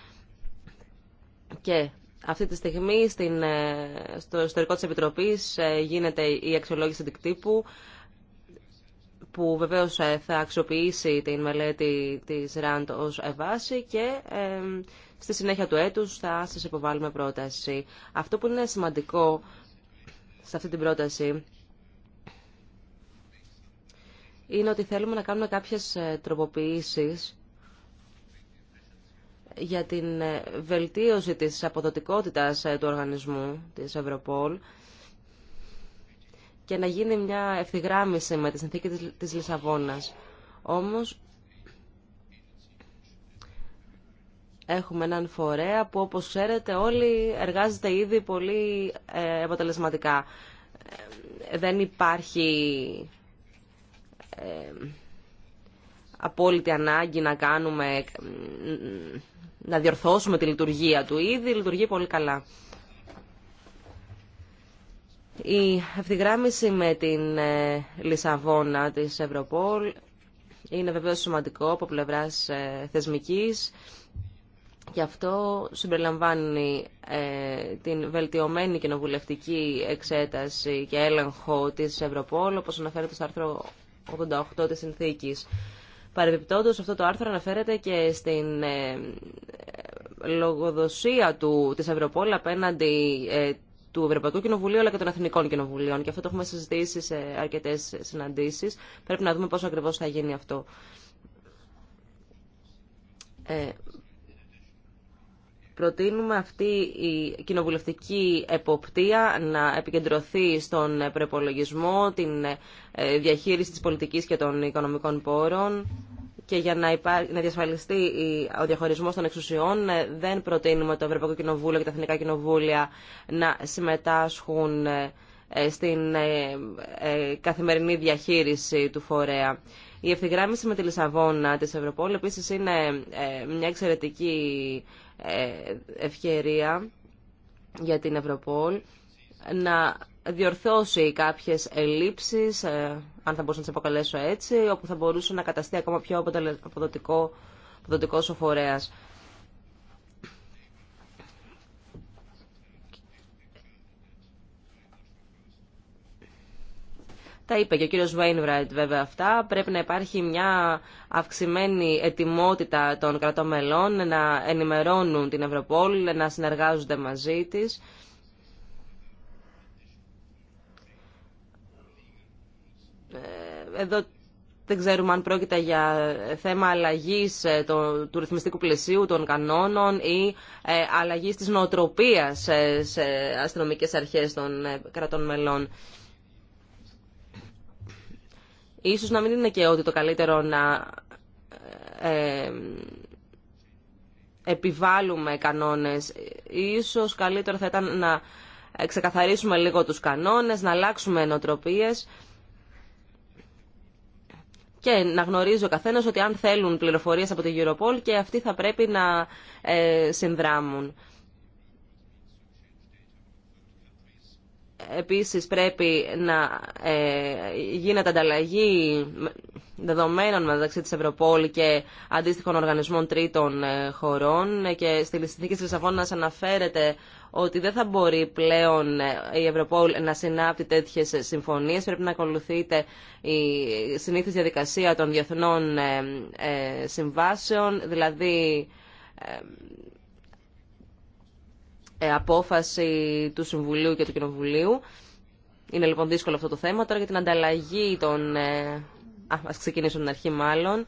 S4: Και αυτή τη στιγμή στην, ε, στο ιστορικό της Επιτροπής ε, γίνεται η αξιολόγηση αντικτύπου που βεβαίως ε, θα αξιοποιήσει την μελέτη της ΡΑΝΤ ως βάση και στη συνέχεια του έτους θα σας υποβάλουμε πρόταση. Αυτό που είναι σημαντικό σε αυτή την πρόταση είναι ότι θέλουμε να κάνουμε κάποιες τροποποιήσεις για την ε, βελτίωση της αποδοτικότητας ε, του οργανισμού της Ευρωπόλ και να γίνει μια ευθυγράμμιση με τη συνθήκη της Λισαβόνας. Όμως, έχουμε έναν φορέα που όπως ξέρετε όλοι εργάζεται ήδη πολύ ε, αποτελεσματικά. Δεν υπάρχει απόλυτη ανάγκη να κάνουμε να διορθώσουμε τη λειτουργία του. Ήδη λειτουργεί πολύ καλά. Η ευθυγράμμιση με την ε, Λισαβόνα της Ευρωπόλ είναι βεβαίως σημαντικό από πλευράς ε, θεσμικής και αυτό συμπεριλαμβάνει ε, την βελτιωμένη κοινοβουλευτική εξέταση και έλεγχο της Ευρωπόλ όπως αναφέρεται στο άρθρο 88 της συνθήκης. Παρεμπιπτόντω, αυτό το άρθρο αναφέρεται και στην ε, λογοδοσία του, της Ευρωπόλ απέναντι ε, του Ευρωπαϊκού Κοινοβουλίου αλλά και των Εθνικών Κοινοβουλίων. Και αυτό το έχουμε συζητήσει σε αρκετέ συναντήσει. Πρέπει να δούμε πώ ακριβώ θα γίνει αυτό. Ε, Προτείνουμε αυτή η κοινοβουλευτική εποπτεία να επικεντρωθεί στον προπολογισμό, την ε, διαχείριση της πολιτικής και των οικονομικών πόρων και για να, να διασφαλιστεί ο διαχωρισμός των εξουσιών ε, δεν προτείνουμε το Ευρωπαϊκό Κοινοβούλιο και τα Εθνικά Κοινοβούλια να συμμετάσχουν ε, στην καθημερινή διαχείριση του φορέα. Η ευθυγράμμιση με τη Λισαβόνα της Ευρωπόλου επίσης είναι μια εξαιρετική ε, ευκαιρία για την Ευρωπόλ να διορθώσει κάποιες ελλείψεις, ε, αν θα μπορούσα να τις αποκαλέσω έτσι, όπου θα μπορούσε να καταστεί ακόμα πιο αποδοτικό, αποδοτικός ο φορέας. Τα είπε και ο κύριος Βέινβραϊτ βέβαια αυτά. Πρέπει να υπάρχει μια αυξημένη ετοιμότητα των κρατών μελών να ενημερώνουν την Ευρωπόλ, να συνεργάζονται μαζί της. Ε, εδώ δεν ξέρουμε αν πρόκειται για θέμα αλλαγής ε, του ρυθμιστικού πλαισίου των κανόνων ή ε, αλλαγής της νοοτροπίας σε αστυνομικές αρχές των κρατών μελών. Ίσως να μην είναι και ότι το καλύτερο να ε, ε, επιβάλλουμε κανόνες. Ίσως καλύτερο θα ήταν να ξεκαθαρίσουμε λίγο τους κανόνες, να αλλάξουμε νοοτροπίες και να γνωρίζει ο καθένας ότι αν θέλουν πληροφορίες από την Europol και αυτοί θα πρέπει να ε, συνδράμουν. Επίσης πρέπει να ε, γίνεται ανταλλαγή δεδομένων μεταξύ της Ευρωπόλ και αντίστοιχων οργανισμών τρίτων ε, χωρών και στη τη της Λισαβόνας αναφέρεται ότι δεν θα μπορεί πλέον ε, η Ευρωπόλ να συνάπτει τέτοιες συμφωνίες. Πρέπει να ακολουθείται η συνήθιση διαδικασία των διεθνών συμβάσεων, δηλαδή ε, απόφαση του Συμβουλίου και του Κοινοβουλίου. Είναι λοιπόν δύσκολο αυτό το θέμα. Τώρα για την ανταλλαγή των... Ε, α, ας ξεκινήσω την αρχή μάλλον.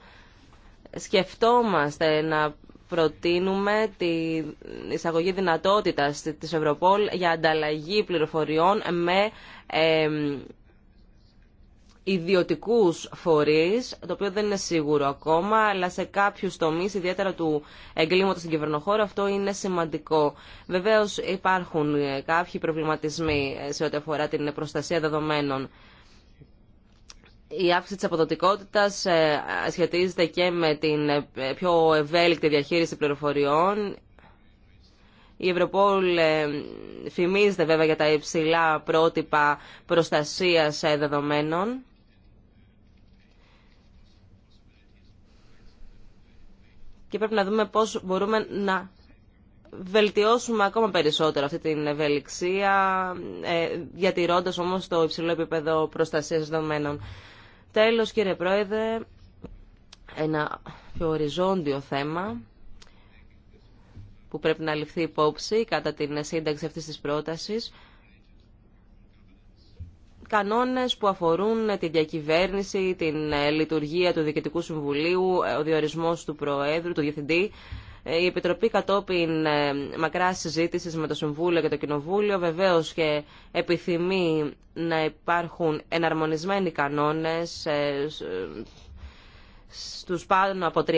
S4: Σκεφτόμαστε να προτείνουμε την εισαγωγή δυνατότητας της Ευρωπόλ για ανταλλαγή πληροφοριών με ε, ιδιωτικούς φορείς, το οποίο δεν είναι σίγουρο ακόμα, αλλά σε κάποιους τομείς, ιδιαίτερα του εγκλήματος στην κυβερνοχώρα, αυτό είναι σημαντικό. Βεβαίως υπάρχουν ε, κάποιοι προβληματισμοί ε, σε ό,τι αφορά την προστασία δεδομένων. Η αύξηση της αποδοτικότητας ε, σχετίζεται και με την πιο ευέλικτη διαχείριση πληροφοριών. Η Ευρωπόλ φημίζεται βέβαια για τα υψηλά πρότυπα προστασίας δεδομένων. και πρέπει να δούμε πώς μπορούμε να βελτιώσουμε ακόμα περισσότερο αυτή την ευελιξία, ε, διατηρώντας όμως το υψηλό επίπεδο προστασίας δεδομένων. Τέλος, κύριε Πρόεδρε, ένα πιο οριζόντιο θέμα που πρέπει να ληφθεί υπόψη κατά την σύνταξη αυτής της πρότασης κανόνες που αφορούν τη διακυβέρνηση, την ε, λειτουργία του Διοικητικού Συμβουλίου, ε, ο διορισμός του Προέδρου, του Διευθυντή. Ε, η Επιτροπή κατόπιν μακράς συζήτησης με το Συμβούλιο και το Κοινοβούλιο βεβαίως και επιθυμεί να υπάρχουν εναρμονισμένοι κανόνες στους πάνω από 30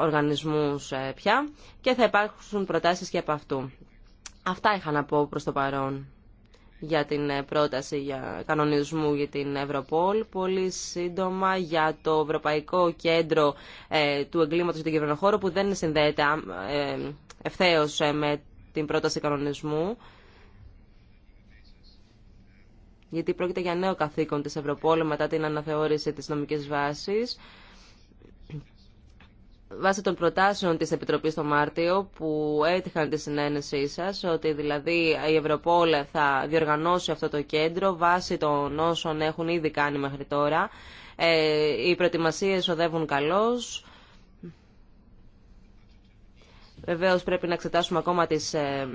S4: οργανισμούς πια και θα υπάρχουν προτάσεις και από αυτού. Αυτά είχα να πω προς το παρόν για την ε, πρόταση για κανονισμού για την Ευρωπόλ. Πολύ σύντομα για το Ευρωπαϊκό Κέντρο ε, του Εγκλήματος για τον Κυβερνοχώρο που δεν συνδέεται ε, ευθέως με την πρόταση κανονισμού γιατί πρόκειται για νέο καθήκον της Ευρωπόλ μετά την αναθεώρηση της νομικής βάσης βάσει των προτάσεων της Επιτροπής το Μάρτιο που έτυχαν τη συνένεσή σας ότι δηλαδή η Ευρωπόλ θα διοργανώσει αυτό το κέντρο βάσει των όσων έχουν ήδη κάνει μέχρι τώρα. Ε, οι προετοιμασίες οδεύουν καλώς. Βεβαίως πρέπει να εξετάσουμε ακόμα τις ε,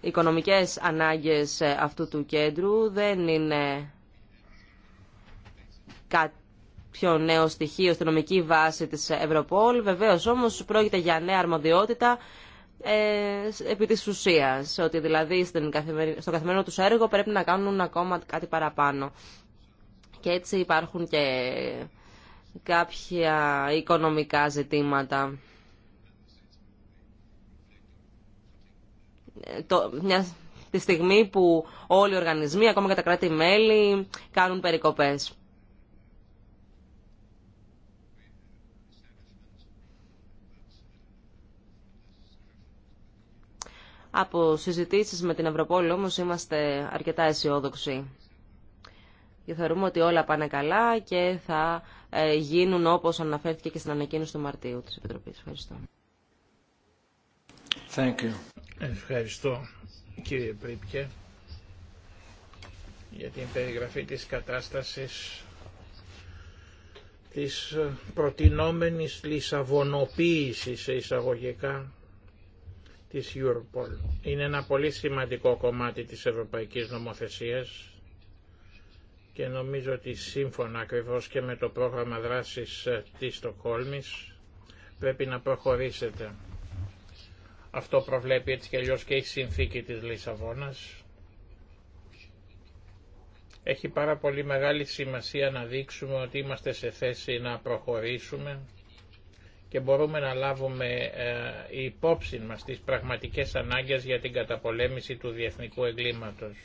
S4: οικονομικές ανάγκες ε, αυτού του κέντρου. Δεν είναι κάτι πιο νέο στοιχείο στην νομική βάση της Ευρωπόλ. Βεβαίως όμως πρόκειται για νέα αρμοδιότητα ε, επί της ουσίας, ότι δηλαδή στην καθημερι... στο καθημερινό τους έργο πρέπει να κάνουν ακόμα κάτι παραπάνω. Και έτσι υπάρχουν και κάποια οικονομικά ζητήματα. Ε, το, μια, τη στιγμή που όλοι οι οργανισμοί, ακόμα και τα κράτη-μέλη, κάνουν περικοπές. Από συζητήσεις με την Ευρωπόλη όμως είμαστε αρκετά αισιόδοξοι. Και θεωρούμε ότι όλα πάνε καλά και θα ε, γίνουν όπως αναφέρθηκε και στην ανακοίνωση του Μαρτίου της Επιτροπής. Ευχαριστώ.
S1: Thank you. Ευχαριστώ κύριε Πρίπκε για την περιγραφή της κατάστασης της προτινόμενης λισαβονοποίησης εισαγωγικά της Είναι ένα πολύ σημαντικό κομμάτι της ευρωπαϊκής νομοθεσίας και νομίζω ότι σύμφωνα ακριβώ και με το πρόγραμμα δράσης ε, της Στοκόλμης πρέπει να προχωρήσετε. Αυτό προβλέπει έτσι και αλλιώς και η συνθήκη της Λισαβόνας. Έχει πάρα πολύ μεγάλη σημασία να δείξουμε ότι είμαστε σε θέση να προχωρήσουμε και μπορούμε να λάβουμε ε, υπόψη μας τις πραγματικές ανάγκες για την καταπολέμηση του διεθνικού εγκλήματος.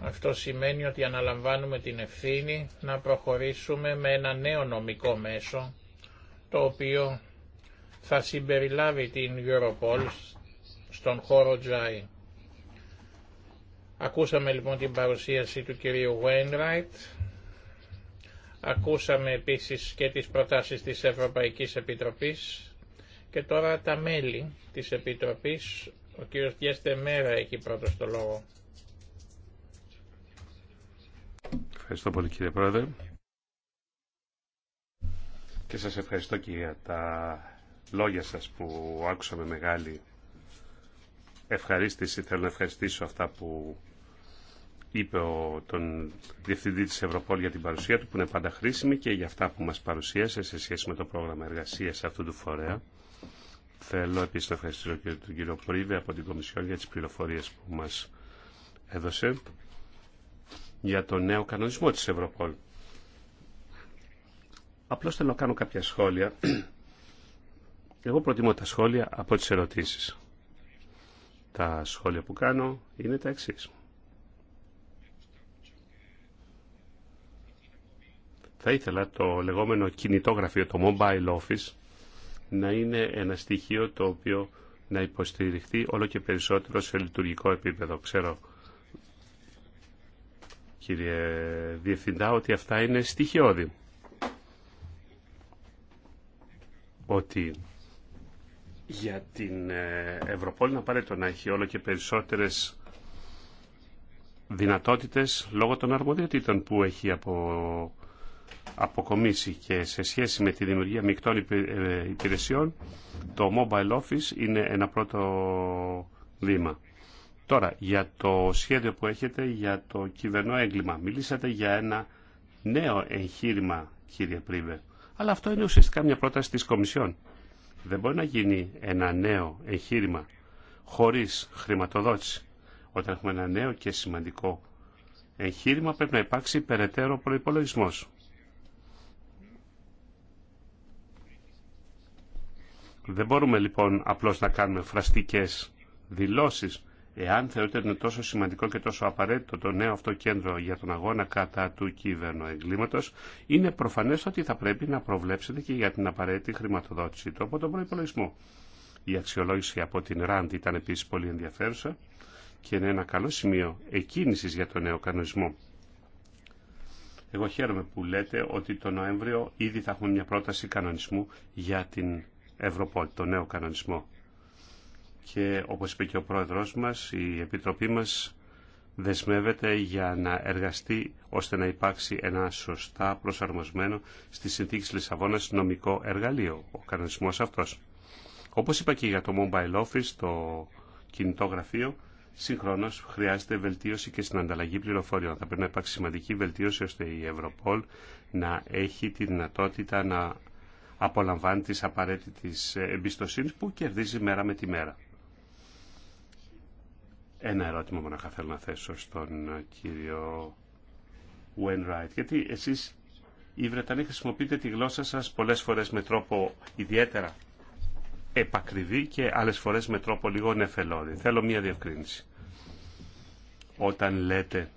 S1: Αυτό σημαίνει ότι αναλαμβάνουμε την ευθύνη να προχωρήσουμε με ένα νέο νομικό μέσο, το οποίο θα συμπεριλάβει την Europol στον χώρο Τζάι. Ακούσαμε λοιπόν την παρουσίαση του κυρίου Wainwright Ακούσαμε επίσης και τις προτάσεις της Ευρωπαϊκής Επιτροπής και τώρα τα μέλη της Επιτροπής. Ο κύριος Διέστε Μέρα έχει πρώτο το λόγο.
S2: Ευχαριστώ πολύ κύριε Πρόεδρε. Και σας ευχαριστώ και για τα λόγια σας που άκουσα με μεγάλη ευχαρίστηση. Θέλω να ευχαριστήσω αυτά που είπε ο, τον Διευθυντή της Ευρωπόλ για την παρουσία του που είναι πάντα χρήσιμη και για αυτά που μας παρουσίασε σε σχέση με το πρόγραμμα εργασίας αυτού του φορέα. Θέλω επίσης να ευχαριστήσω και τον κύριο Πρίβε από την Κομισιόν για τις πληροφορίες που μας έδωσε για τον νέο κανονισμό της Ευρωπόλ. Απλώς θέλω να κάνω κάποια σχόλια. Εγώ προτιμώ τα σχόλια από τις ερωτήσεις. Τα σχόλια που κάνω είναι τα εξής. Θα ήθελα το λεγόμενο κινητό γραφείο, το mobile office, να είναι ένα στοιχείο το οποίο να υποστηριχθεί όλο και περισσότερο σε λειτουργικό επίπεδο. Ξέρω, κύριε Διευθυντά, ότι αυτά είναι στοιχειώδη. Ότι για την ε, Ευρωπόλη να πάρει το να έχει όλο και περισσότερες δυνατότητες λόγω των αρμοδιοτήτων που έχει από αποκομίσει και σε σχέση με τη δημιουργία μεικτών ε, υπηρεσιών το Mobile Office είναι ένα πρώτο βήμα. Τώρα, για το σχέδιο που έχετε για το κυβερνό έγκλημα. Μιλήσατε για ένα νέο εγχείρημα, κύριε Πρίβε. Αλλά αυτό είναι ουσιαστικά μια πρόταση της Κομισιόν. Δεν μπορεί να γίνει ένα νέο εγχείρημα χωρίς χρηματοδότηση. Όταν έχουμε ένα νέο και σημαντικό εγχείρημα πρέπει να υπάρξει περαιτέρω προϋπολογισμός. Δεν μπορούμε λοιπόν απλώς να κάνουμε φραστικές δηλώσεις. Εάν θεωρείται είναι τόσο σημαντικό και τόσο απαραίτητο το νέο αυτό κέντρο για τον αγώνα κατά του κύβερνο εγκλήματος. είναι προφανές ότι θα πρέπει να προβλέψετε και για την απαραίτητη χρηματοδότηση του από τον προϋπολογισμό. Η αξιολόγηση από την ΡΑΝΤ ήταν επίσης πολύ ενδιαφέρουσα και είναι ένα καλό σημείο εκκίνησης για τον νέο κανονισμό. Εγώ χαίρομαι που λέτε ότι το Νοέμβριο ήδη θα έχουμε μια πρόταση κανονισμού για την Ευρωπόλ, το νέο κανονισμό. Και όπως είπε και ο πρόεδρος μας, η Επιτροπή μας δεσμεύεται για να εργαστεί ώστε να υπάρξει ένα σωστά προσαρμοσμένο στις συνθήκη Λισαβόνας νομικό εργαλείο, ο κανονισμός αυτός. Όπως είπα και για το mobile office, το κινητό γραφείο, Συγχρόνω, χρειάζεται βελτίωση και στην ανταλλαγή πληροφοριών. Θα πρέπει να υπάρξει σημαντική βελτίωση ώστε η Ευρωπόλ να έχει τη δυνατότητα να απολαμβάνει τις απαραίτητες εμπιστοσύνης που κερδίζει μέρα με τη μέρα. Ένα ερώτημα θα θέλω να θέσω στον κύριο Wainwright, γιατί εσείς οι Βρετανοί χρησιμοποιείτε τη γλώσσα σας πολλές φορές με τρόπο ιδιαίτερα επακριβή και άλλες φορές με τρόπο λίγο νεφελώδη. Θέλω μία διευκρίνηση. Όταν λέτε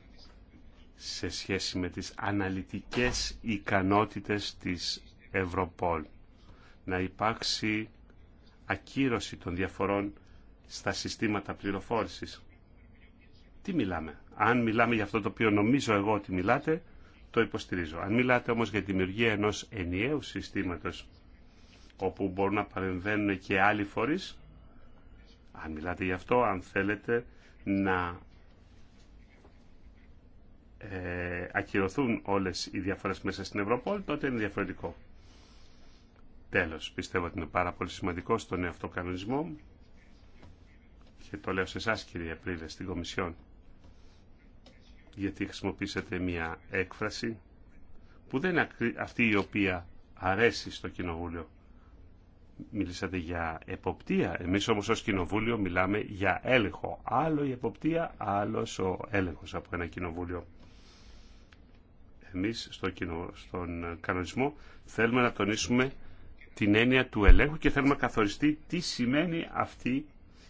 S2: σε σχέση με τις αναλυτικές ικανότητες της Ευρωπόλ να υπάρξει ακύρωση των διαφορών στα συστήματα πληροφόρησης. Τι μιλάμε. Αν μιλάμε για αυτό το οποίο νομίζω εγώ ότι μιλάτε, το υποστηρίζω. Αν μιλάτε όμως για τη δημιουργία ενός ενιαίου συστήματος, όπου μπορούν να παρεμβαίνουν και άλλοι φορείς, αν μιλάτε γι' αυτό, αν θέλετε να ε, ακυρωθούν όλες οι διαφορές μέσα στην Ευρωπόλη, τότε είναι διαφορετικό. Τέλος, πιστεύω ότι είναι πάρα πολύ σημαντικό στον εαυτό κανονισμό και το λέω σε εσά κύριε Πρίλε στην Κομισιόν γιατί χρησιμοποίησατε μια έκφραση που δεν είναι αυτή η οποία αρέσει στο Κοινοβούλιο. Μιλήσατε για εποπτεία. Εμείς όμως ως Κοινοβούλιο μιλάμε για έλεγχο. Άλλο η εποπτεία, άλλος ο έλεγχος από ένα Κοινοβούλιο. Εμείς στο στον κανονισμό θέλουμε να τονίσουμε την έννοια του ελέγχου και θέλουμε να καθοριστεί τι σημαίνει αυτή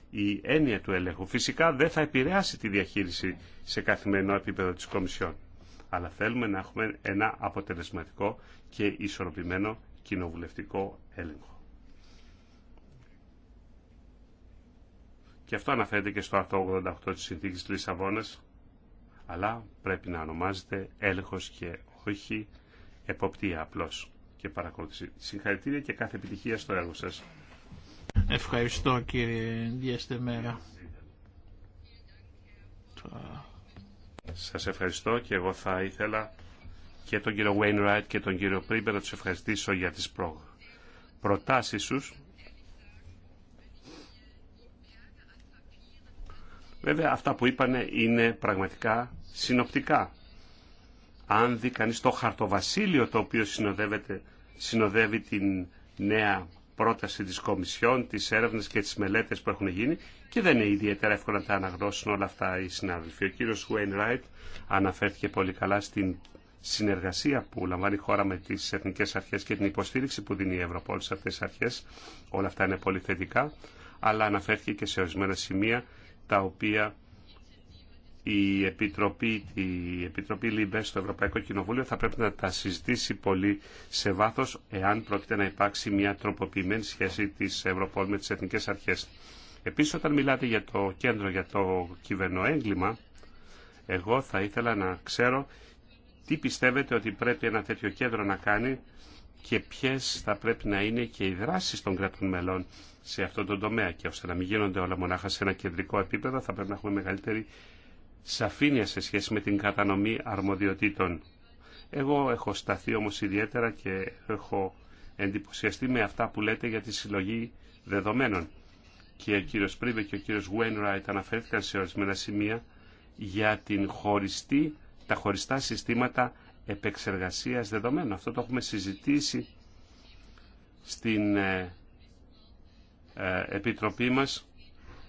S2: η έννοια του ελέγχου. Φυσικά δεν θα επηρεάσει τη διαχείριση σε καθημερινό επίπεδο της Κομισιόν. Αλλά θέλουμε να έχουμε ένα αποτελεσματικό και ισορροπημένο κοινοβουλευτικό έλεγχο. Και αυτό αναφέρεται και στο άρθρο 88 της Συνθήκης της Λισαβόνας, αλλά πρέπει να ονομάζεται έλεγχος και όχι εποπτεία απλώς και παρακολούθηση. Συγχαρητήρια και κάθε επιτυχία στο έργο σας.
S1: Ευχαριστώ κύριε Διαστεμέρα.
S2: Σας ευχαριστώ και εγώ θα ήθελα και τον κύριο Wainwright και τον κύριο Πρίμπερ να τους ευχαριστήσω για τις προ... προτάσεις τους. Βέβαια αυτά που είπανε είναι πραγματικά συνοπτικά. Αν δει κανείς το χαρτοβασίλειο το οποίο συνοδεύεται συνοδεύει την νέα πρόταση της Κομισιόν, τις έρευνες και τις μελέτες που έχουν γίνει και δεν είναι ιδιαίτερα εύκολο να τα αναγνώσουν όλα αυτά οι συνάδελφοι. Ο κύριος Ράιτ αναφέρθηκε πολύ καλά στην συνεργασία που λαμβάνει η χώρα με τις εθνικές αρχές και την υποστήριξη που δίνει η Ευρωπόλη σε αυτές τις αρχές. Όλα αυτά είναι πολύ θετικά, αλλά αναφέρθηκε και σε ορισμένα σημεία τα οποία η Επιτροπή, η Επιτροπή ΛΥΜΠΕ στο Ευρωπαϊκό Κοινοβούλιο θα πρέπει να τα συζητήσει πολύ σε βάθος εάν πρόκειται να υπάρξει μια τροποποιημένη σχέση της Ευρωπόλ με τις εθνικές αρχές. Επίσης όταν μιλάτε για το κέντρο, για το κυβερνοέγκλημα, εγώ θα ήθελα να ξέρω τι πιστεύετε ότι πρέπει ένα τέτοιο κέντρο να κάνει και ποιε θα πρέπει να είναι και οι δράσει των κρατών μελών σε αυτό τον τομέα. Και ώστε να μην γίνονται όλα μονάχα σε ένα κεντρικό επίπεδο, θα πρέπει να έχουμε μεγαλύτερη σαφήνεια σε σχέση με την κατανομή αρμοδιοτήτων. Εγώ έχω σταθεί όμως ιδιαίτερα και έχω εντυπωσιαστεί με αυτά που λέτε για τη συλλογή δεδομένων. Και ο κύριος Πρίβε και ο κύριος Wainwright αναφέρθηκαν σε ορισμένα σημεία για την χωριστή, τα χωριστά συστήματα επεξεργασίας δεδομένων. Αυτό το έχουμε συζητήσει στην ε, ε, Επιτροπή μας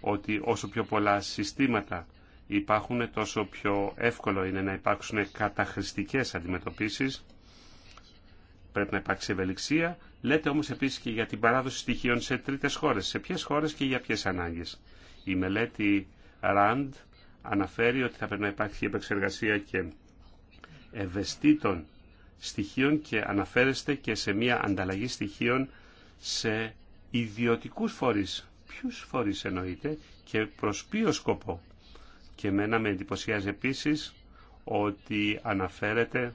S2: ότι όσο πιο πολλά συστήματα υπάρχουν, τόσο πιο εύκολο είναι να υπάρξουν καταχρηστικές αντιμετωπίσεις. Πρέπει να υπάρξει ευελιξία. Λέτε όμως επίσης και για την παράδοση στοιχείων σε τρίτες χώρες. Σε ποιες χώρες και για ποιες ανάγκες. Η μελέτη RAND αναφέρει ότι θα πρέπει να υπάρχει επεξεργασία και ευαισθητών στοιχείων και αναφέρεστε και σε μια ανταλλαγή στοιχείων σε ιδιωτικούς φορείς. Ποιους φορείς εννοείται και προς ποιο σκοπό. Και εμένα με εντυπωσιάζει επίσης ότι αναφέρεται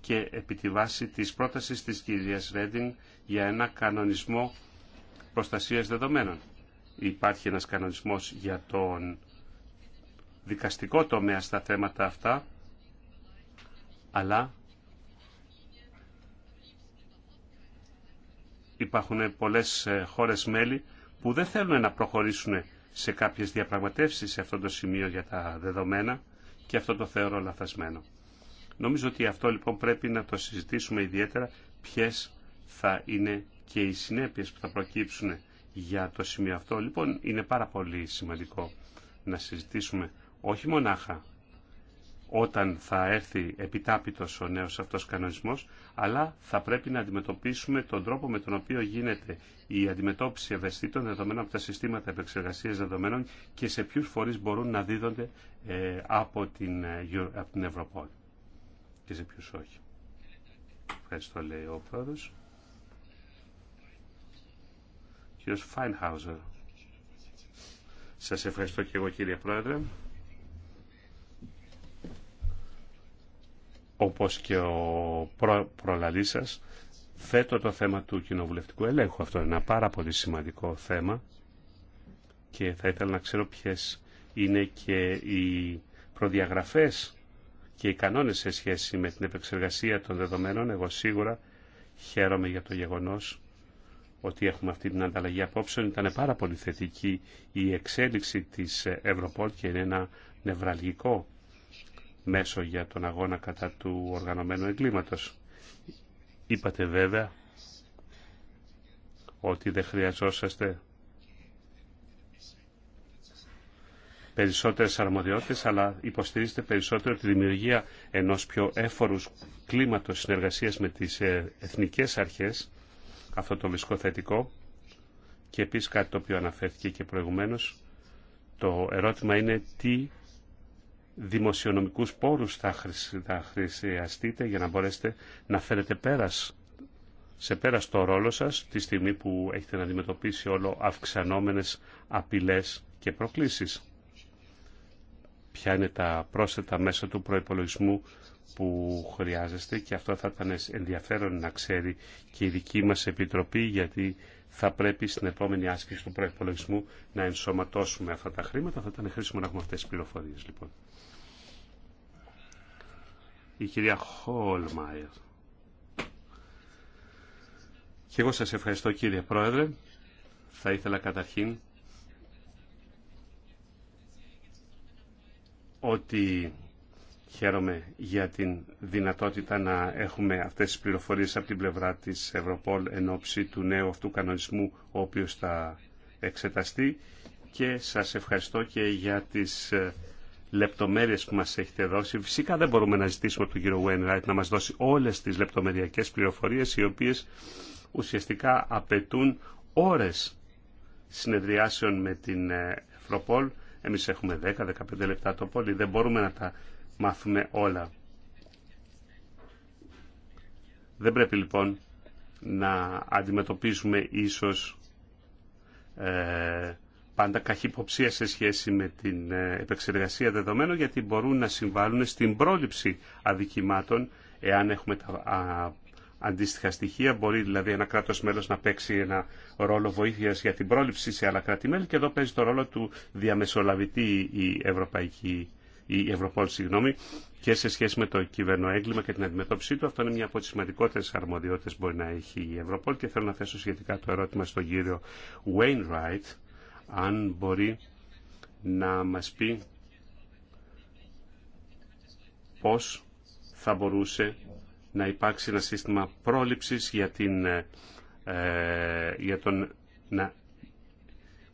S2: και επί τη βάση της πρότασης της κυρίας Ρέντινγκ για ένα κανονισμό προστασίας δεδομένων. Υπάρχει ένας κανονισμός για τον δικαστικό τομέα στα θέματα αυτά, αλλά υπάρχουν πολλές ε, χώρες μέλη που δεν θέλουν να προχωρήσουν σε κάποιες διαπραγματεύσεις σε αυτό το σημείο για τα δεδομένα και αυτό το θεωρώ λαθασμένο. Νομίζω ότι αυτό λοιπόν πρέπει να το συζητήσουμε ιδιαίτερα ποιε θα είναι και οι συνέπειες που θα προκύψουν για το σημείο αυτό. Λοιπόν, είναι πάρα πολύ σημαντικό να συζητήσουμε όχι μονάχα όταν θα έρθει επιτάπητος ο νέος αυτός κανονισμός, αλλά θα πρέπει να αντιμετωπίσουμε τον τρόπο με τον οποίο γίνεται η αντιμετώπιση ευαισθητών δεδομένων από τα συστήματα επεξεργασίας δεδομένων και σε ποιους φορείς μπορούν να δίδονται ε, από την, ε, από την Ευρωπόλ και σε ποιους όχι. Ευχαριστώ, λέει ο πρόεδρος. Κύριος Φάινχάουζερ. Σας ευχαριστώ και εγώ κύριε Πρόεδρε. όπως και ο προ, προλαλής σας, θέτω το θέμα του κοινοβουλευτικού ελέγχου. Αυτό είναι ένα πάρα πολύ σημαντικό θέμα και θα ήθελα να ξέρω ποιες είναι και οι προδιαγραφές και οι κανόνες σε σχέση με την επεξεργασία των δεδομένων. Εγώ σίγουρα χαίρομαι για το γεγονός ότι έχουμε αυτή την ανταλλαγή απόψεων. Ήταν πάρα πολύ θετική η εξέλιξη της Ευρωπόλ και είναι ένα νευραλγικό μέσο για τον αγώνα κατά του οργανωμένου εγκλήματος. Είπατε βέβαια ότι δεν χρειαζόσαστε περισσότερες αρμοδιότητες, αλλά υποστηρίζετε περισσότερο τη δημιουργία ενός πιο έφορου κλίματος συνεργασίας με τις ε, εθνικές αρχές. Αυτό το βρισκό Και επίσης κάτι το οποίο αναφέρθηκε και προηγουμένως, το ερώτημα είναι τι δημοσιονομικούς πόρους θα, χρησιαστείτε για να μπορέσετε να φέρετε πέρας, σε πέρας το ρόλο σας τη στιγμή που έχετε να αντιμετωπίσει όλο αυξανόμενες απειλές και προκλήσεις. Ποια είναι τα πρόσθετα μέσα του προϋπολογισμού που χρειάζεστε και αυτό θα ήταν ενδιαφέρον να ξέρει και η δική μας Επιτροπή γιατί θα πρέπει στην επόμενη άσκηση του προϋπολογισμού να ενσωματώσουμε αυτά τα χρήματα. Θα ήταν χρήσιμο να έχουμε αυτές τις πληροφορίες λοιπόν η κυρία Χόλμαϊρ. Και εγώ σας ευχαριστώ κύριε Πρόεδρε. Θα ήθελα καταρχήν ότι χαίρομαι για την δυνατότητα να έχουμε αυτές τις πληροφορίες από την πλευρά της Ευρωπόλ εν ώψη του νέου αυτού κανονισμού ο οποίος θα εξεταστεί και σας ευχαριστώ και για τις ε, Λεπτομέρειε που μας έχετε δώσει. Φυσικά δεν μπορούμε να ζητήσουμε από τον κύριο Wainwright να μας δώσει όλες τις λεπτομεριακέ πληροφορίες οι οποίες ουσιαστικά απαιτούν ώρες συνεδριάσεων με την ε, Ευρωπόλ. Εμείς έχουμε 10-15 λεπτά το πόλι. δεν μπορούμε να τα μάθουμε όλα. Δεν πρέπει λοιπόν να αντιμετωπίσουμε ίσως ε, πάντα καχυποψία σε σχέση με την ε, επεξεργασία δεδομένων γιατί μπορούν να συμβάλλουν στην πρόληψη αδικημάτων εάν έχουμε τα αντίστοιχα στοιχεία. Μπορεί δηλαδή ένα κράτος μέλος να παίξει ένα ρόλο βοήθειας για την πρόληψη σε άλλα κράτη-μέλη και εδώ παίζει το ρόλο του διαμεσολαβητή η Ευρωπαϊκή η Ευρωπόλ, συγγνώμη, και σε σχέση με το κυβερνοέγκλημα και την αντιμετώπιση του. Αυτό είναι μια από τι σημαντικότερε αρμοδιότητε που μπορεί να έχει η Ευρωπόλ και θέλω να θέσω σχετικά το ερώτημα στον κύριο Wainwright αν μπορεί να μας πει πώς θα μπορούσε να υπάρξει ένα σύστημα πρόληψης για, την, ε, για τον,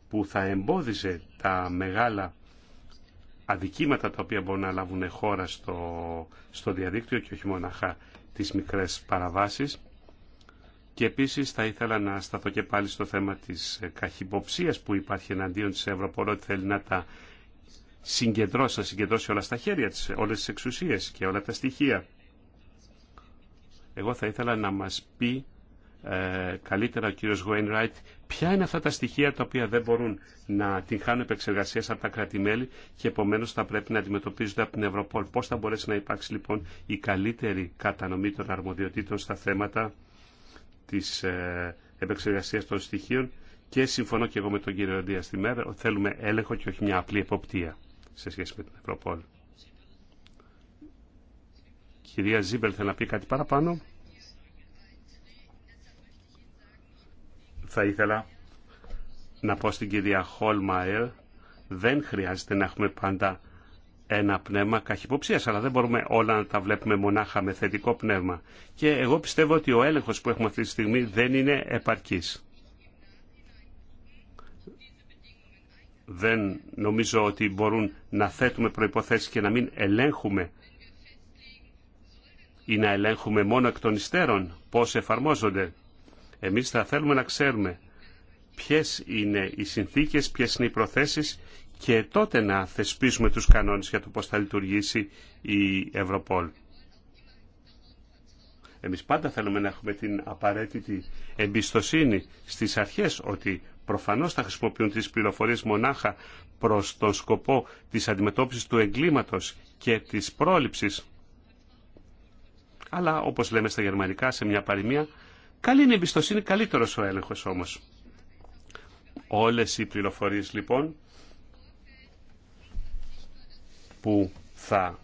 S2: που θα εμπόδιζε τα μεγάλα αδικήματα τα οποία μπορούν να λάβουν χώρα στο, στο διαδίκτυο και όχι μοναχά τις μικρές παραβάσεις. Και επίση θα ήθελα να σταθώ και πάλι στο θέμα τη ε, καχυποψία που υπάρχει εναντίον τη Ευρωπόλ ότι θέλει να τα συγκεντρώσει, να συγκεντρώσει όλα στα χέρια της, όλες τις εξουσίες και όλα τα στοιχεία. Εγώ θα ήθελα να μα πει ε, καλύτερα ο κύριος Ράιτ ποια είναι αυτά τα στοιχεία τα οποία δεν μπορούν να την χάνουν επεξεργασία από τα κρατη και επομένως θα πρέπει να αντιμετωπίζονται από την Ευρωπόλ. Πώς θα μπορέσει να υπάρξει λοιπόν η καλύτερη κατανομή των αρμοδιοτήτων στα θέματα της ε, επεξεργασίας των στοιχείων και συμφωνώ και εγώ με τον κύριο Δία στη μέρα ότι θέλουμε έλεγχο και όχι μια απλή εποπτεία σε σχέση με την Ευρωπόλ. Κυρία Ζίμπελ θέλει να πει κάτι παραπάνω. Θα ήθελα να πω στην κυρία Χόλμαερ δεν χρειάζεται να έχουμε πάντα ένα πνεύμα καχυποψίας, αλλά δεν μπορούμε όλα να τα βλέπουμε μονάχα με θετικό πνεύμα. Και εγώ πιστεύω ότι ο έλεγχος που έχουμε αυτή τη στιγμή δεν είναι επαρκής. Δεν νομίζω ότι μπορούν να θέτουμε προϋποθέσεις και να μην ελέγχουμε ή να ελέγχουμε μόνο εκ των υστέρων πώς εφαρμόζονται. Εμείς θα θέλουμε να ξέρουμε ποιες είναι οι συνθήκες, ποιες είναι οι προθέσεις και τότε να θεσπίσουμε τους κανόνες για το πώς θα λειτουργήσει η Ευρωπόλ. Εμείς πάντα θέλουμε να έχουμε την απαραίτητη εμπιστοσύνη στις αρχές ότι προφανώς θα χρησιμοποιούν τις πληροφορίες μονάχα προς τον σκοπό της αντιμετώπισης του εγκλήματος και της πρόληψης. Αλλά όπως λέμε στα γερμανικά σε μια παροιμία, καλή είναι η εμπιστοσύνη, καλύτερος ο έλεγχος όμως. Όλες οι πληροφορίες λοιπόν που θα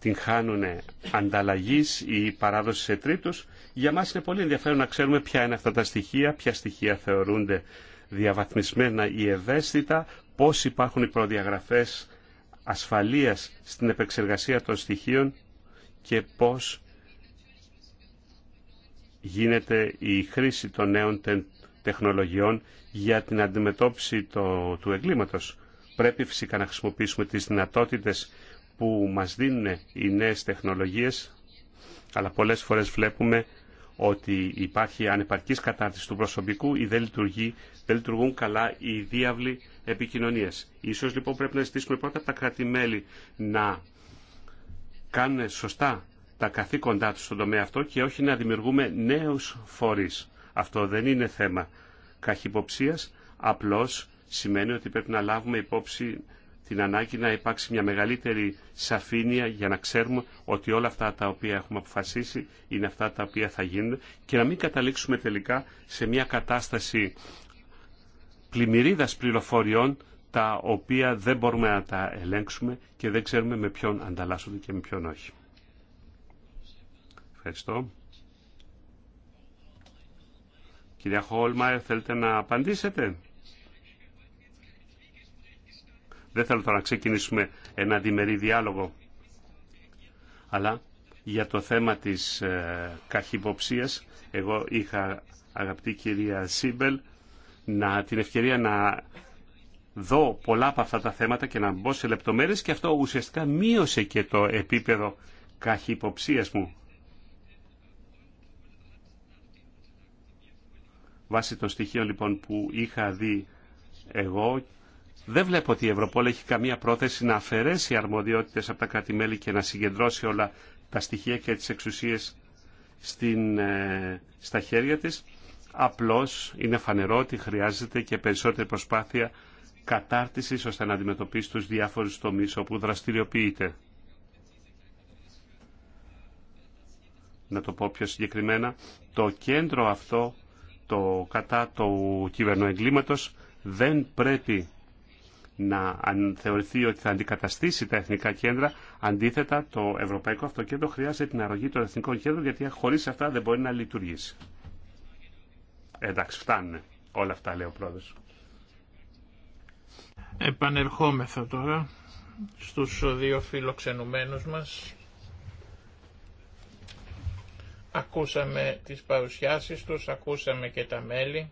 S2: την χάνουν ανταλλαγή ή παράδοση σε τρίτους. Για μας είναι πολύ ενδιαφέρον να ξέρουμε ποια είναι αυτά τα στοιχεία, ποια στοιχεία θεωρούνται διαβαθμισμένα ή ευαίσθητα, πώς υπάρχουν οι προδιαγραφές ασφαλείας στην επεξεργασία των στοιχείων και πώς γίνεται η χρήση των νέων τεχνολογιών για την αντιμετώπιση του εγκλήματος. Πρέπει φυσικά να χρησιμοποιήσουμε τις δυνατότητες που μας δίνουν οι νέες τεχνολογίες, αλλά πολλές φορές βλέπουμε ότι υπάρχει ανεπαρκής κατάρτιση του προσωπικού ή δεν, λειτουργεί, δεν λειτουργούν καλά οι διάβλοι επικοινωνίες. Ίσως λοιπόν πρέπει να ζητήσουμε πρώτα τα κρατη να κάνουν σωστά τα καθήκοντά τους στον τομέα αυτό και όχι να δημιουργούμε νέους φορείς. Αυτό δεν είναι θέμα καχυποψίας, απλώς σημαίνει ότι πρέπει να λάβουμε υπόψη την ανάγκη να υπάρξει μια μεγαλύτερη σαφήνεια για να ξέρουμε ότι όλα αυτά τα οποία έχουμε αποφασίσει είναι αυτά τα οποία θα γίνουν και να μην καταλήξουμε τελικά σε μια κατάσταση πλημμυρίδας πληροφοριών τα οποία δεν μπορούμε να τα ελέγξουμε και δεν ξέρουμε με ποιον ανταλλάσσονται και με ποιον όχι. Ευχαριστώ. Κυρία Χόλμαερ, θέλετε να απαντήσετε. Δεν θέλω τώρα να ξεκινήσουμε ένα διμερή διάλογο, αλλά για το θέμα της ε, καχυποψίας, εγώ είχα αγαπητή κυρία Σίμπελ να, την ευκαιρία να δω πολλά από αυτά τα θέματα και να μπω σε λεπτομέρειες και αυτό ουσιαστικά μείωσε και το επίπεδο καχυποψίας μου. Βάσει των στοιχείων λοιπόν που είχα δει εγώ δεν βλέπω ότι η Ευρωπόλ έχει καμία πρόθεση να αφαιρέσει αρμοδιότητες από τα κράτη-μέλη και να συγκεντρώσει όλα τα στοιχεία και τις εξουσίες στην, ε, στα χέρια της. Απλώς είναι φανερό ότι χρειάζεται και περισσότερη προσπάθεια κατάρτισης ώστε να αντιμετωπίσει τους διάφορους τομείς όπου δραστηριοποιείται. Να το πω πιο συγκεκριμένα, το κέντρο αυτό το κατά του κυβερνοεγκλήματος δεν πρέπει να θεωρηθεί ότι θα αντικαταστήσει τα εθνικά κέντρα. Αντίθετα, το Ευρωπαϊκό Αυτοκέντρο χρειάζεται την αρρωγή των εθνικών κέντρων, γιατί χωρί αυτά δεν μπορεί να λειτουργήσει. Εντάξει, φτάνουν όλα αυτά, λέει ο πρόεδρος.
S1: Επανερχόμεθα τώρα στους δύο φιλοξενουμένους μας. Ακούσαμε τις παρουσιάσεις τους, ακούσαμε και τα μέλη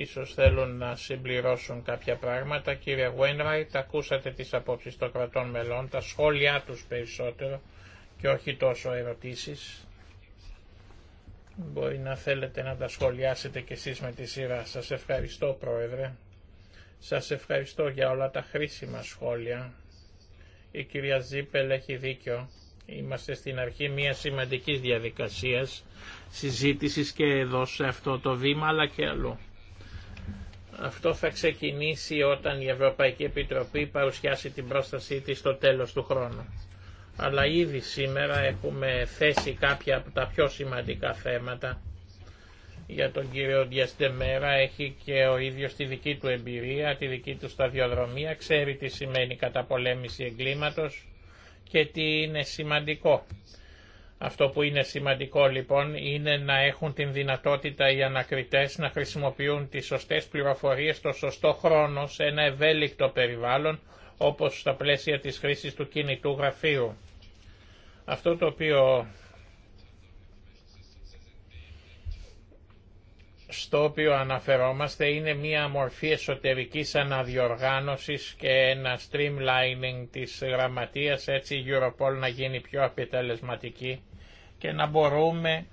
S1: ίσως θέλουν να συμπληρώσουν κάποια πράγματα. Κύριε Γουένραϊτ, ακούσατε τις απόψεις των κρατών μελών, τα σχόλιά τους περισσότερο και όχι τόσο ερωτήσεις. Μπορεί να θέλετε να τα σχολιάσετε κι εσείς με τη σειρά. Σας ευχαριστώ Πρόεδρε. Σας ευχαριστώ για όλα τα χρήσιμα σχόλια. Η κυρία Ζήπελ έχει δίκιο. Είμαστε στην αρχή μια σημαντικής διαδικασίας συζήτησης και εδώ σε αυτό το βήμα αλλά και αλλού. Αυτό θα ξεκινήσει όταν η Ευρωπαϊκή Επιτροπή παρουσιάσει την πρόστασή της στο τέλος του χρόνου. Αλλά ήδη σήμερα έχουμε θέσει κάποια από τα πιο σημαντικά θέματα για τον κύριο Διαστεμέρα έχει και ο ίδιος τη δική του εμπειρία, τη δική του σταδιοδρομία, ξέρει τι σημαίνει καταπολέμηση εγκλήματος και τι είναι σημαντικό. Αυτό που είναι σημαντικό λοιπόν είναι να έχουν την δυνατότητα οι ανακριτές να χρησιμοποιούν τις σωστές πληροφορίες στο σωστό χρόνο σε ένα ευέλικτο περιβάλλον όπως στα πλαίσια της χρήσης του κινητού γραφείου. Αυτό το οποίο στο οποίο αναφερόμαστε είναι μία μορφή εσωτερικής αναδιοργάνωσης και ένα streamlining της γραμματείας έτσι η Europol να γίνει πιο αποτελεσματική και να μπορούμε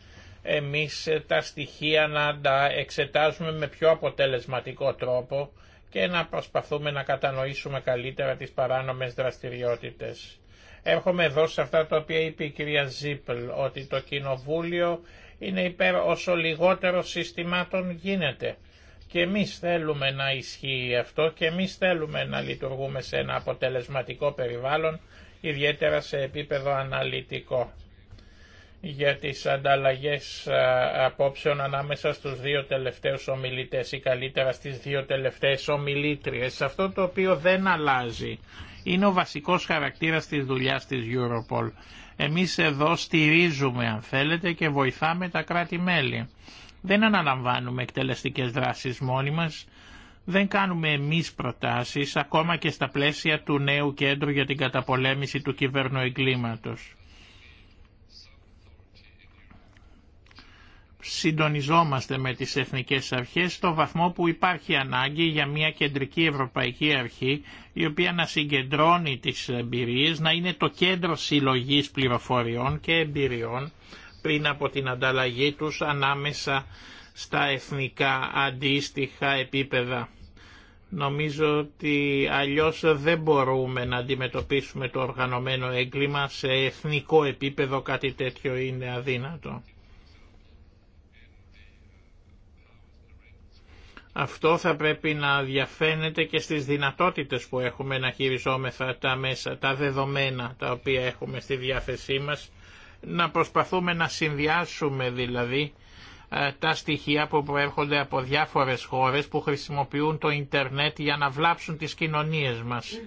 S1: εμείς τα στοιχεία να τα εξετάζουμε με πιο αποτελεσματικό τρόπο και να προσπαθούμε να κατανοήσουμε καλύτερα τις παράνομες δραστηριότητες. Έρχομαι εδώ σε αυτά τα οποία είπε η κυρία Ζίπλ, ότι το Κοινοβούλιο είναι υπέρ όσο λιγότερο συστημάτων γίνεται. Και εμείς θέλουμε να ισχύει αυτό και εμείς θέλουμε να λειτουργούμε σε ένα αποτελεσματικό περιβάλλον, ιδιαίτερα σε επίπεδο αναλυτικό για τις ανταλλαγές απόψεων ανάμεσα στους δύο τελευταίους ομιλητές ή καλύτερα στις δύο τελευταίες ομιλήτριες. Αυτό το οποίο δεν αλλάζει είναι ο βασικός χαρακτήρας της δουλειάς της Europol. Εμείς εδώ στηρίζουμε αν θέλετε και βοηθάμε τα κράτη-μέλη. Δεν αναλαμβάνουμε εκτελεστικές δράσεις μόνοι μας, δεν κάνουμε εμείς προτάσεις ακόμα και στα πλαίσια του νέου κέντρου για την καταπολέμηση του κυβερνοεγκλήματος. συντονιζόμαστε με τις εθνικές αρχές στο βαθμό που υπάρχει ανάγκη για μια κεντρική ευρωπαϊκή αρχή η οποία να συγκεντρώνει τις εμπειρίες, να είναι το κέντρο συλλογής πληροφοριών και εμπειριών πριν από την ανταλλαγή τους ανάμεσα στα εθνικά αντίστοιχα επίπεδα. Νομίζω ότι αλλιώς δεν μπορούμε να αντιμετωπίσουμε το οργανωμένο έγκλημα σε εθνικό επίπεδο κάτι τέτοιο είναι αδύνατο. Αυτό θα πρέπει να διαφαίνεται και στις δυνατότητες που έχουμε να χειριζόμεθα τα μέσα, τα δεδομένα τα οποία έχουμε στη διάθεσή μας, να προσπαθούμε να συνδυάσουμε δηλαδή ε, τα στοιχεία που προέρχονται από διάφορες χώρες που χρησιμοποιούν το ίντερνετ για να βλάψουν τις κοινωνίες μας.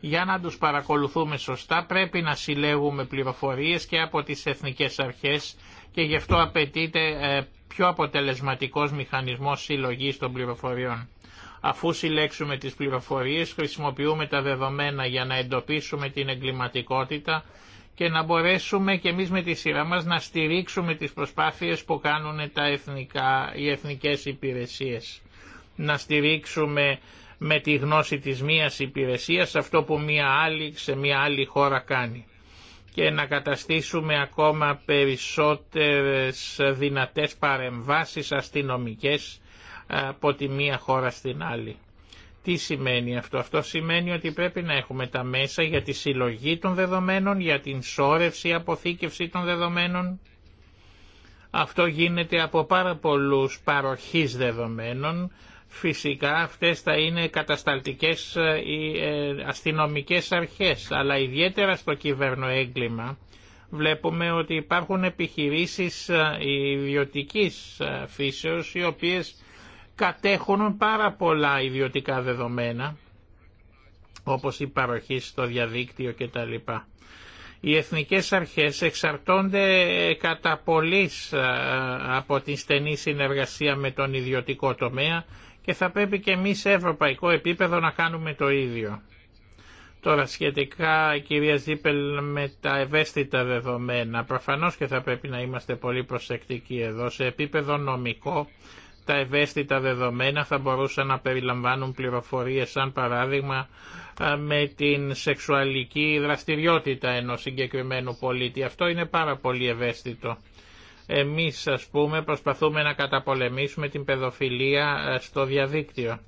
S1: Για να τους παρακολουθούμε σωστά πρέπει να συλλέγουμε πληροφορίες και από τις εθνικές αρχές και γι' αυτό απαιτείται ε, πιο αποτελεσματικός μηχανισμός συλλογής των πληροφοριών. Αφού συλλέξουμε τις πληροφορίες χρησιμοποιούμε τα δεδομένα για να εντοπίσουμε την εγκληματικότητα και να μπορέσουμε και εμείς με τη σειρά μας να στηρίξουμε τις προσπάθειες που κάνουν τα εθνικά, οι εθνικές υπηρεσίες. Να στηρίξουμε με τη γνώση της μίας υπηρεσίας αυτό που μία άλλη, σε μία άλλη χώρα κάνει και να καταστήσουμε ακόμα περισσότερες δυνατές παρεμβάσεις αστυνομικές από τη μία χώρα στην άλλη. Τι σημαίνει αυτό. Αυτό σημαίνει ότι πρέπει να έχουμε τα μέσα για τη συλλογή των δεδομένων, για την σόρευση, αποθήκευση των δεδομένων. Αυτό γίνεται από πάρα πολλούς παροχής δεδομένων Φυσικά αυτές θα είναι κατασταλτικές η ε, ε, αστυνομικές αρχές, αλλά ιδιαίτερα στο κυβέρνο έγκλημα βλέπουμε ότι υπάρχουν επιχειρήσεις ε, ιδιωτικής φύσεως οι οποίες κατέχουν πάρα πολλά ιδιωτικά δεδομένα όπως η παροχή στο διαδίκτυο κτλ. Οι εθνικές αρχές εξαρτώνται κατά πολύ από τη στενή συνεργασία με τον ιδιωτικό τομέα και θα πρέπει και εμείς σε ευρωπαϊκό επίπεδο να κάνουμε το ίδιο. Τώρα σχετικά κυρία Ζήπελ με τα ευαίσθητα δεδομένα, προφανώς και θα πρέπει να είμαστε πολύ προσεκτικοί εδώ σε επίπεδο νομικό τα ευαίσθητα δεδομένα θα μπορούσαν να περιλαμβάνουν πληροφορίες σαν παράδειγμα με την σεξουαλική δραστηριότητα ενός συγκεκριμένου πολίτη. Αυτό είναι πάρα πολύ ευαίσθητο. Εμείς ας πούμε προσπαθούμε να καταπολεμήσουμε την παιδοφιλία ε, στο διαδίκτυο.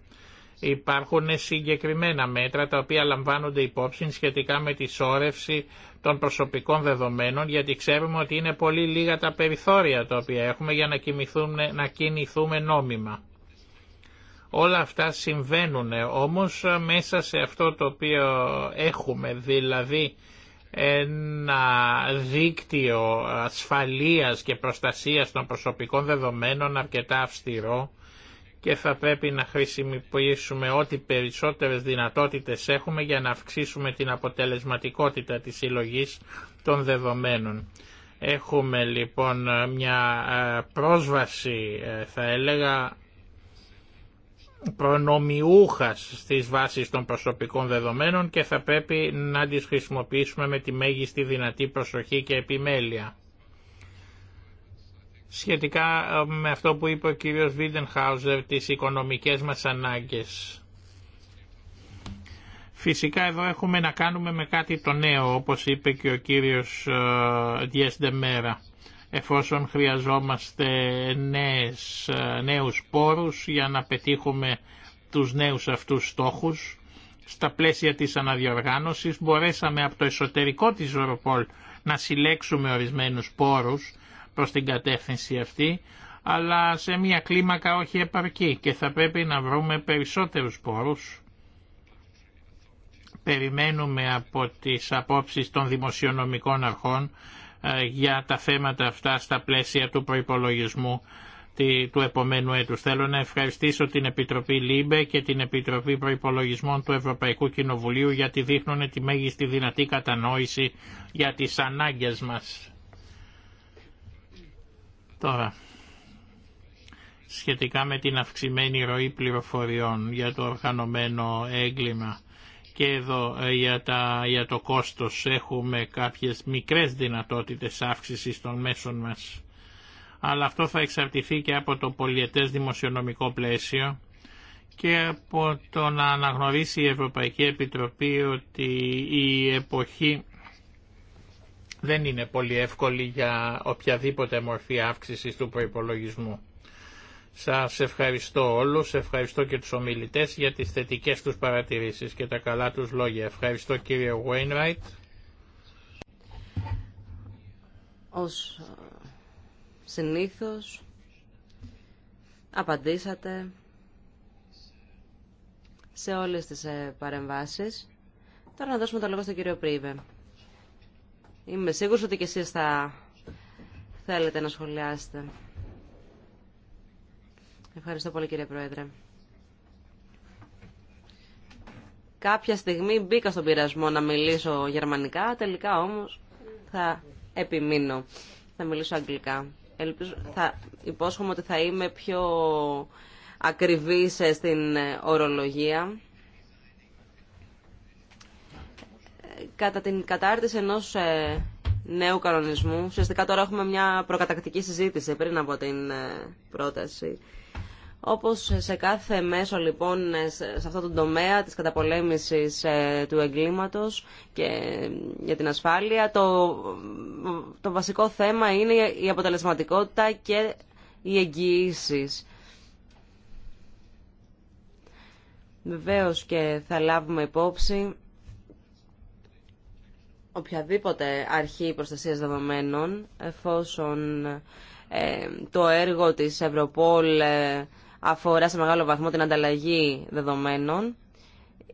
S1: Υπάρχουν συγκεκριμένα μέτρα τα οποία λαμβάνονται υπόψη σχετικά με τη σόρευση των προσωπικών δεδομένων γιατί ξέρουμε ότι είναι πολύ λίγα τα περιθώρια τα οποία έχουμε για να, να κινηθούμε νόμιμα. Όλα αυτά συμβαίνουν όμως μέσα σε αυτό το οποίο έχουμε δηλαδή ένα δίκτυο ασφαλείας και προστασίας των προσωπικών δεδομένων αρκετά αυστηρό και θα πρέπει να χρησιμοποιήσουμε ό,τι περισσότερες δυνατότητες έχουμε για να αυξήσουμε την αποτελεσματικότητα της συλλογή των δεδομένων. Έχουμε λοιπόν μια ε, πρόσβαση ε, θα έλεγα προνομιούχας στις βάσεις των προσωπικών δεδομένων και θα πρέπει να τις χρησιμοποιήσουμε με τη μέγιστη δυνατή προσοχή και επιμέλεια. Σχετικά ε, με αυτό που είπε ο κύριος Βίντενχάουζερ, τις οικονομικές μας ανάγκες. Φυσικά εδώ έχουμε να κάνουμε με κάτι το νέο, όπως είπε και ο κύριος ε, Διέσντε Μέρα εφόσον χρειαζόμαστε νέες, ε, νέους πόρους για να πετύχουμε τους νέους αυτούς στόχους. Στα πλαίσια της αναδιοργάνωσης μπορέσαμε από το εσωτερικό της Ευρωπολ να συλλέξουμε ορισμένους πόρους προς την κατεύθυνση αυτή, αλλά σε μια κλίμακα όχι επαρκή και θα πρέπει να βρούμε περισσότερους πόρους. Περιμένουμε από τις απόψεις των δημοσιονομικών αρχών ε, για τα θέματα αυτά στα πλαίσια του προϋπολογισμού του επομένου έτους. Θέλω να ευχαριστήσω την Επιτροπή ΛΥΜΠΕ και την Επιτροπή Προϋπολογισμών του Ευρωπαϊκού Κοινοβουλίου γιατί δείχνουν τη μέγιστη δυνατή κατανόηση για τις ανάγκες μας. Τώρα, σχετικά με την αυξημένη ροή πληροφοριών για το οργανωμένο έγκλημα και εδώ ε, για, τα, για το κόστος έχουμε κάποιες μικρές δυνατότητες αύξησης των μέσων μας. Αλλά αυτό θα εξαρτηθεί και από το πολιετές δημοσιονομικό πλαίσιο και από το να αναγνωρίσει η Ευρωπαϊκή Επιτροπή ότι η εποχή δεν είναι πολύ εύκολη για οποιαδήποτε μορφή αύξησης του προϋπολογισμού. Σας ευχαριστώ όλους, ευχαριστώ και τους ομιλητές για τις θετικές τους παρατηρήσεις και τα καλά τους λόγια. Ευχαριστώ κύριε Wainwright.
S4: Ως ε, συνήθως απαντήσατε σε όλες τις ε, παρεμβάσεις. Τώρα να δώσουμε το λόγο στον κύριο Πρίβε. Είμαι σίγουρος ότι και εσείς θα θέλετε να σχολιάσετε. Ευχαριστώ πολύ κύριε Πρόεδρε. Κάποια στιγμή μπήκα στον πειρασμό να μιλήσω γερμανικά, τελικά όμως θα επιμείνω. Θα μιλήσω αγγλικά. Ελπίζω, θα υπόσχομαι ότι θα είμαι πιο ακριβής στην ορολογία. Κατά την κατάρτιση ενός ε, νέου κανονισμού, ουσιαστικά τώρα έχουμε μια προκατακτική συζήτηση πριν από την ε, πρόταση όπως σε κάθε μέσο λοιπόν σε αυτό τον τομέα της καταπολέμησης ε, του εγκλήματος και ε, για την ασφάλεια, το, το βασικό θέμα είναι η αποτελεσματικότητα και οι εγγυήσει. Βεβαίω και θα λάβουμε υπόψη οποιαδήποτε αρχή προστασίας δεδομένων εφόσον ε, το έργο της Ευρωπόλ αφορά σε μεγάλο βαθμό την ανταλλαγή δεδομένων.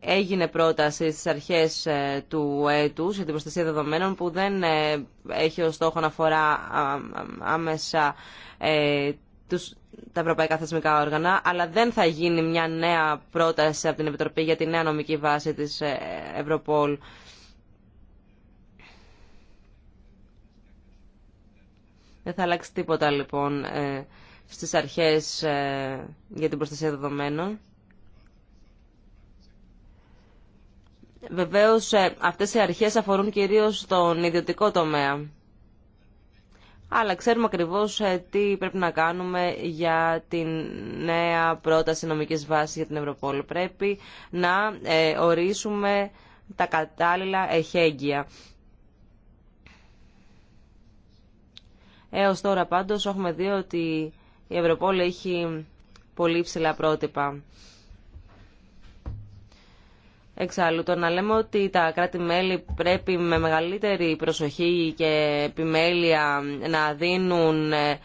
S4: Έγινε πρόταση στις αρχές ε, του έτους για την προστασία δεδομένων που δεν ε, έχει ως στόχο να αφορά άμεσα ε, τους, τα ευρωπαϊκά θεσμικά όργανα, αλλά δεν θα γίνει μια νέα πρόταση από την Επιτροπή για τη νέα νομική βάση της Ευρωπόλ. Δεν θα αλλάξει τίποτα λοιπόν στις αρχές ε, για την προστασία δεδομένων. Βεβαίως ε, αυτές οι αρχές αφορούν κυρίως τον ιδιωτικό τομέα. Αλλά ξέρουμε ακριβώς ε, τι πρέπει να κάνουμε για την νέα πρόταση νομικής βάσης για την Ευρωπόλη. Πρέπει να ορίσουμε τα κατάλληλα εχέγγυα. Έως τώρα πάντως έχουμε δει ότι η Ευρωπόλ έχει πολύ ψηλά πρότυπα. Εξάλλου, το να λέμε ότι τα κράτη-μέλη πρέπει με μεγαλύτερη προσοχή και επιμέλεια να δίνουν ε,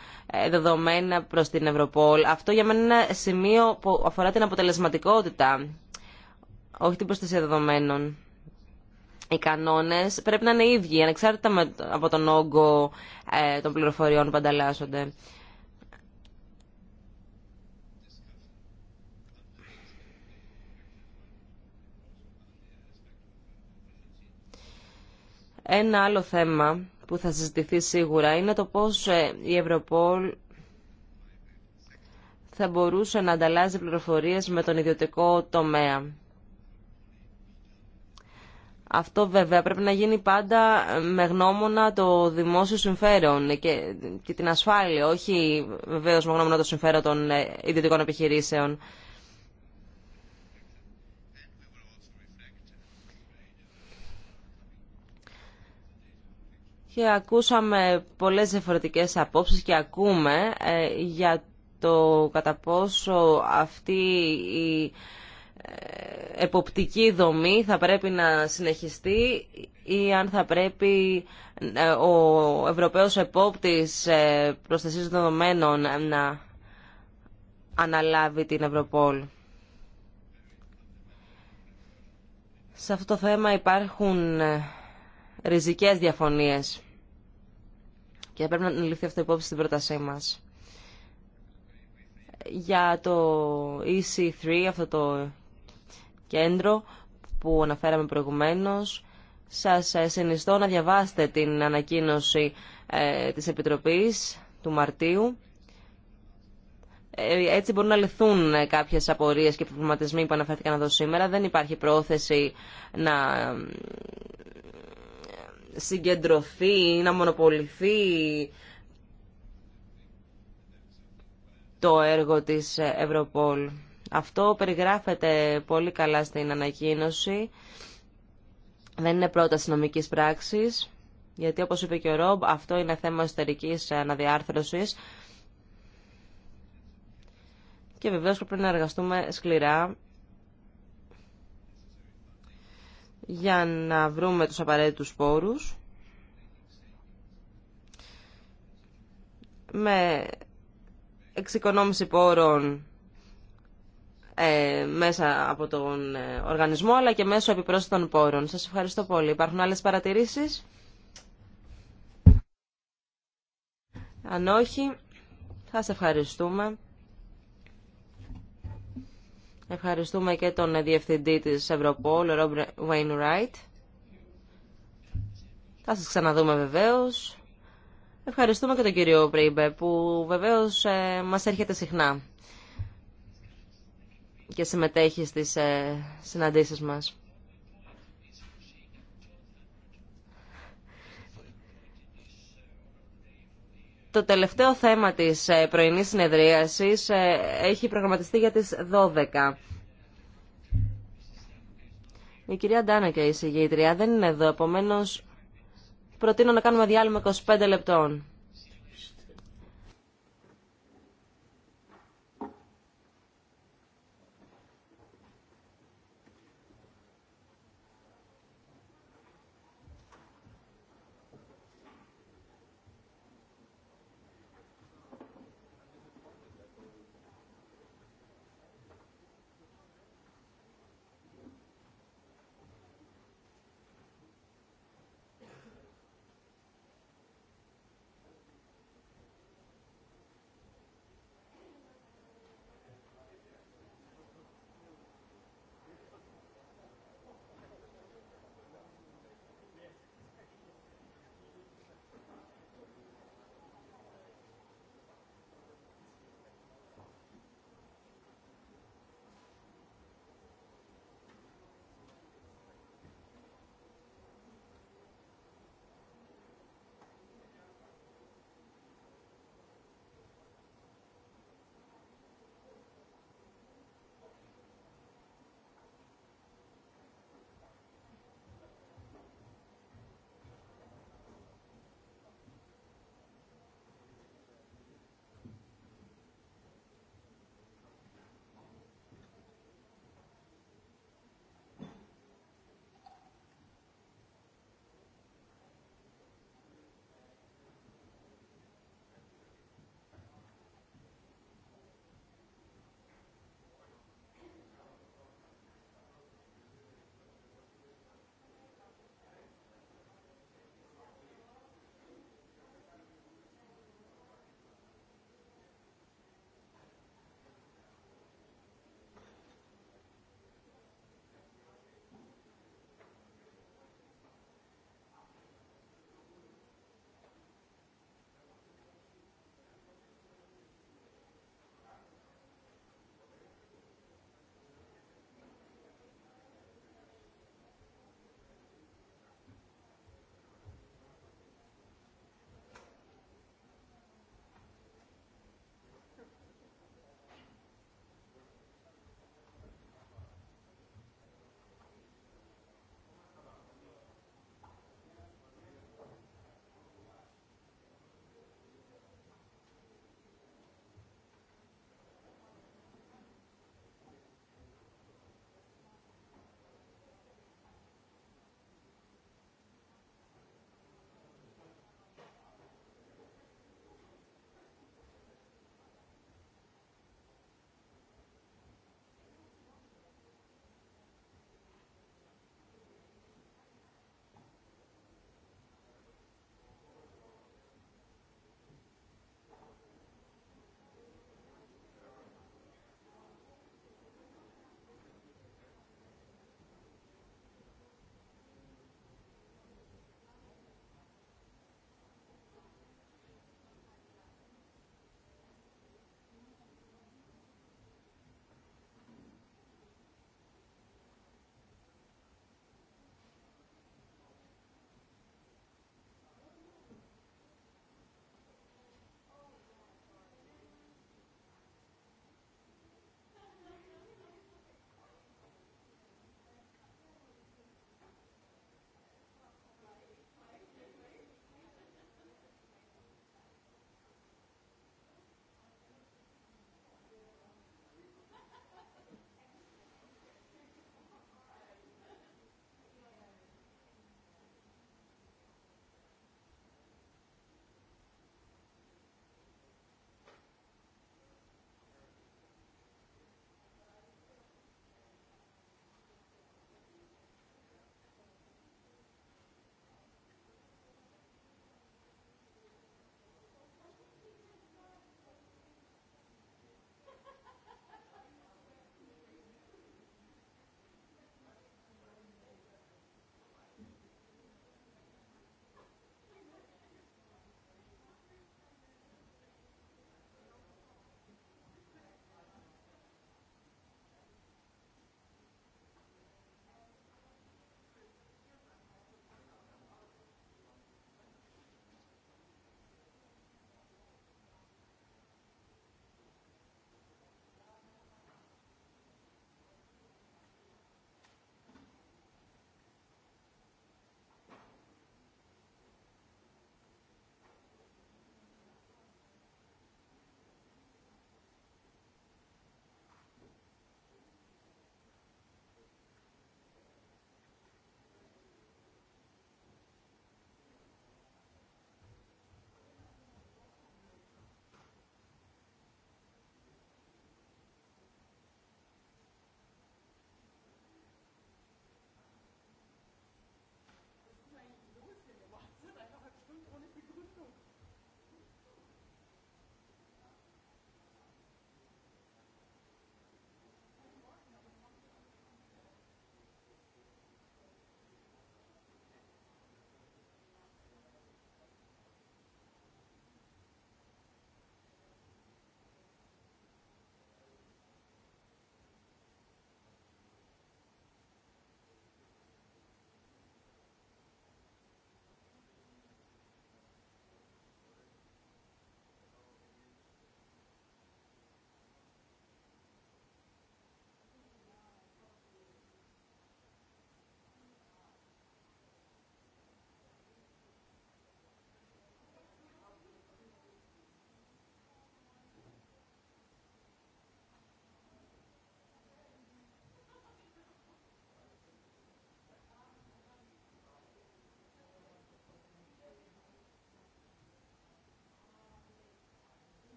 S4: δεδομένα προς την Ευρωπόλ, αυτό για μένα είναι ένα σημείο που αφορά την αποτελεσματικότητα, όχι την προστασία δεδομένων. Οι κανόνες πρέπει να είναι ίδιοι, ανεξάρτητα από τον όγκο ε, των πληροφοριών που ανταλλάσσονται. Ένα άλλο θέμα που θα συζητηθεί σίγουρα είναι το πώς ε, η Ευρωπόλ θα μπορούσε να ανταλλάζει πληροφορίες με τον ιδιωτικό τομέα. Αυτό βέβαια πρέπει να γίνει πάντα ε, με γνώμονα το δημόσιο συμφέρον και, και την ασφάλεια, όχι βεβαίως με γνώμονα το συμφέρον των ε, ιδιωτικών επιχειρήσεων. και ακούσαμε πολλές διαφορετικές απόψεις και ακούμε ε, για το κατά πόσο αυτή η ε, εποπτική δομή θα πρέπει να συνεχιστεί ή αν θα πρέπει ε, ο Ευρωπαίος Επόπτης Προστασίας Δεδομένων να αναλάβει την Ευρωπόλ. Σε αυτό το θέμα υπάρχουν ριζικές διαφωνίες. Και πρέπει να ληφθεί αυτό υπόψη στην πρότασή μα. Για το EC3, αυτό το κέντρο που αναφέραμε προηγουμένως, σας ε, συνιστώ να διαβάσετε την ανακοίνωση ε, της Επιτροπής του Μαρτίου. Ε, έτσι μπορούν να λυθούν κάποιες απορίες και προβληματισμοί που αναφέρθηκαν εδώ σήμερα. Δεν υπάρχει πρόθεση να συγκεντρωθεί, να μονοποληθεί το έργο της Ευρωπόλ. Αυτό περιγράφεται πολύ καλά στην ανακοίνωση. Δεν είναι πρόταση νομικής πράξη, γιατί όπως είπε και ο Ρόμπ, αυτό είναι θέμα εσωτερικής αναδιάρθρωσης. Και βεβαίως πρέπει να εργαστούμε σκληρά για να βρούμε τους απαραίτητους πόρους με εξοικονόμηση πόρων ε, μέσα από τον ε, οργανισμό αλλά και μέσω επιπρόσθετων πόρων. Σας ευχαριστώ πολύ. Υπάρχουν άλλες παρατηρήσεις? Αν όχι, θα σε ευχαριστούμε. Ευχαριστούμε και τον Διευθυντή της Ευρωπόλ, Ρόμπ Wainwright. Θα σας ξαναδούμε βεβαίως. Ευχαριστούμε και τον κύριο Πρίμπε που βεβαίως ε, μας έρχεται συχνά και συμμετέχει στις ε, συναντήσεις μας. Το τελευταίο θέμα της ε, πρωινή συνεδρίασης ε, έχει προγραμματιστεί για τις 12. Η κυρία Ντάνα και η συγγήτρια δεν είναι εδώ, επομένως προτείνω να κάνουμε διάλειμμα 25 λεπτών.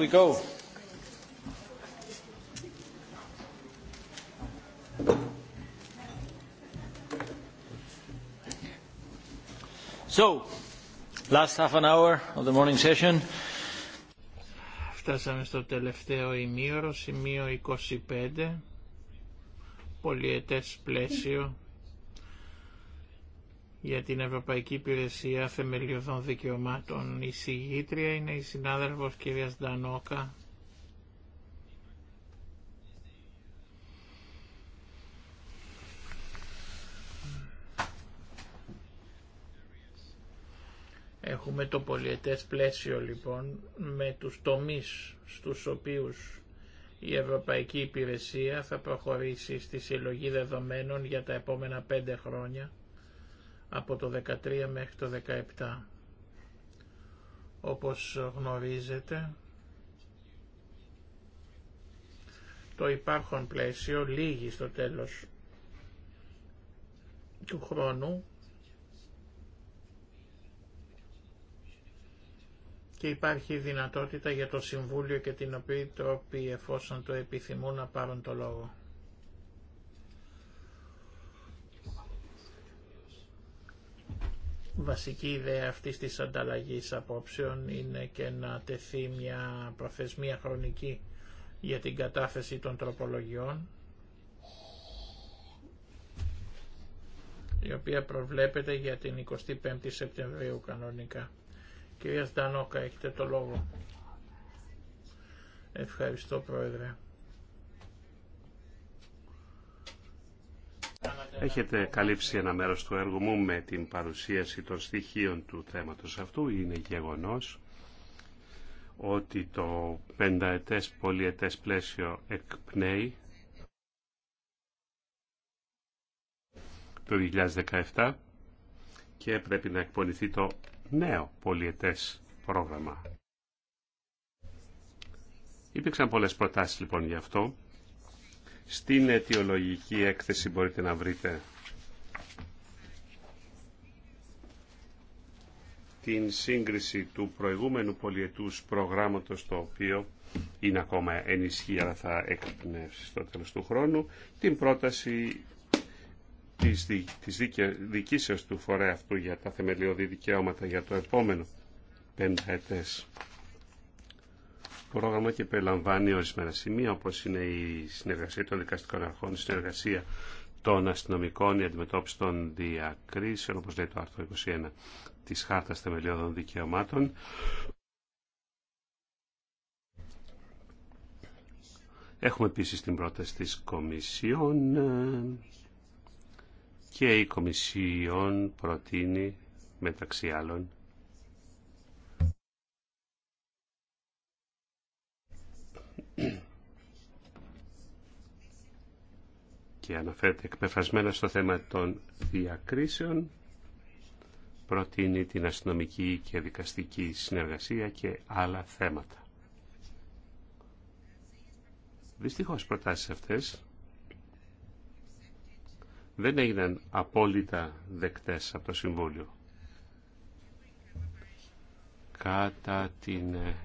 S3: we go.
S1: Φτάσαμε στο τελευταίο ημίωρο, σημείο 25, πολιετές πλαίσιο για την Ευρωπαϊκή Υπηρεσία Θεμελιωδών Δικαιωμάτων. Η συγγήτρια είναι η συνάδελφος κυρία Ντανόκα. Έχουμε το πολιετές πλαίσιο λοιπόν με τους τομείς στους οποίους η Ευρωπαϊκή Υπηρεσία θα προχωρήσει στη συλλογή δεδομένων για τα επόμενα πέντε χρόνια από το 13 μέχρι το 17. Όπως γνωρίζετε, το υπάρχον πλαίσιο λύγει στο τέλος του χρόνου και υπάρχει δυνατότητα για το Συμβούλιο και την οποία τρόποι εφόσον το επιθυμούν να πάρουν το λόγο. βασική ιδέα αυτής της ανταλλαγής απόψεων είναι και να τεθεί μια προθεσμία χρονική για την κατάθεση των τροπολογιών η οποία προβλέπεται για την 25η Σεπτεμβρίου κανονικά. Κυρία Στανόκα, έχετε το λόγο. Ευχαριστώ Πρόεδρε.
S2: Έχετε καλύψει ένα μέρος του έργου μου με την παρουσίαση των στοιχείων του θέματος αυτού. Είναι γεγονός ότι το πενταετές πολυετές πλαίσιο εκπνέει το 2017 και πρέπει να εκπονηθεί το νέο πολυετές πρόγραμμα. Υπήρξαν πολλές προτάσεις λοιπόν γι' αυτό στην αιτιολογική έκθεση μπορείτε να βρείτε την σύγκριση του προηγούμενου πολιετούς προγράμματος το οποίο είναι ακόμα ενισχύει αλλά θα εκπνεύσει στο τέλος του χρόνου την πρόταση της, της του φορέα αυτού για τα θεμελιώδη δικαιώματα για το επόμενο πενταετές πρόγραμμα και περιλαμβάνει ορισμένα σημεία όπως είναι η συνεργασία των δικαστικών αρχών, η συνεργασία των αστυνομικών, η αντιμετώπιση των διακρίσεων, όπως λέει το άρθρο 21 της Χάρτας Θεμελιώδων Δικαιωμάτων. Έχουμε επίσης την πρόταση της Κομισιόν και η Κομισιόν προτείνει μεταξύ άλλων και αναφέρεται εκπεφασμένα στο θέμα των διακρίσεων προτείνει την αστυνομική και δικαστική συνεργασία και άλλα θέματα. Δυστυχώς προτάσεις αυτές δεν έγιναν απόλυτα δεκτές από το Συμβούλιο. Κατά την ε,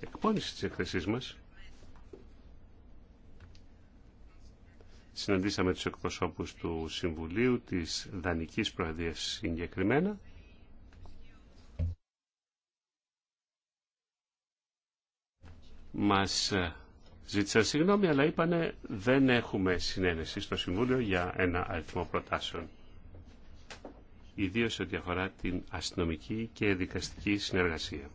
S2: εκπόνηση της εκθεσής μας Συναντήσαμε τους εκπροσώπους του Συμβουλίου, της Δανικής Προεδρίας συγκεκριμένα. Μας ε, ζήτησαν συγγνώμη, αλλά είπανε δεν έχουμε συνένεση στο Συμβούλιο για ένα αριθμό προτάσεων. Ιδίως ό,τι αφορά την αστυνομική και δικαστική συνεργασία.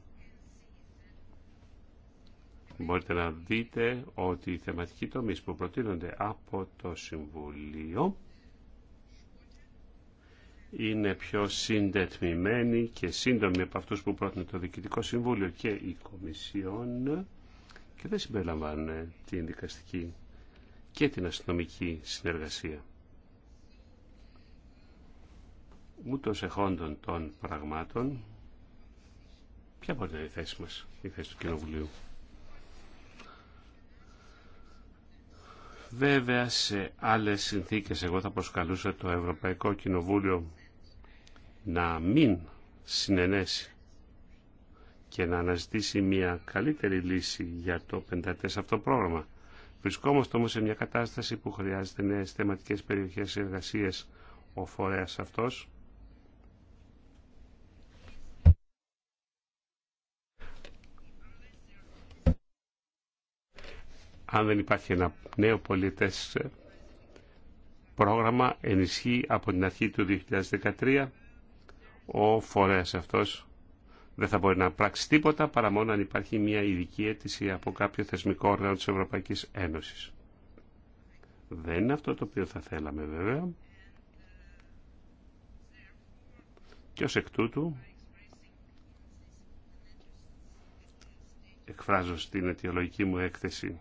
S2: Μπορείτε να δείτε ότι οι θεματικοί τομείς που προτείνονται από το Συμβουλίο είναι πιο συντετμημένοι και σύντομοι από αυτούς που πρότεινε το Διοικητικό Συμβούλιο και η Κομισιόν και δεν συμπεριλαμβάνουν την δικαστική και την αστυνομική συνεργασία. Ούτως εχόντων των πραγμάτων, ποια μπορεί να είναι η θέση μας, η θέση του Κοινοβουλίου. Βέβαια σε άλλες συνθήκες εγώ θα προσκαλούσα το Ευρωπαϊκό Κοινοβούλιο να μην συνενέσει και να αναζητήσει μια καλύτερη λύση για το 54 αυτό πρόγραμμα. Βρισκόμαστε όμως σε μια κατάσταση που χρειάζεται νέες θεματικές περιοχές εργασίες ο φορέας αυτός αν δεν υπάρχει ένα νέο πολίτες ε, πρόγραμμα ενισχύει από την αρχή του 2013 ο φορέας αυτός δεν θα μπορεί να πράξει τίποτα παρά μόνο αν υπάρχει μια ειδική αίτηση από κάποιο θεσμικό όργανο της Ευρωπαϊκής Ένωσης. Δεν είναι αυτό το οποίο θα θέλαμε βέβαια. Και ως εκ τούτου εκφράζω στην αιτιολογική μου έκθεση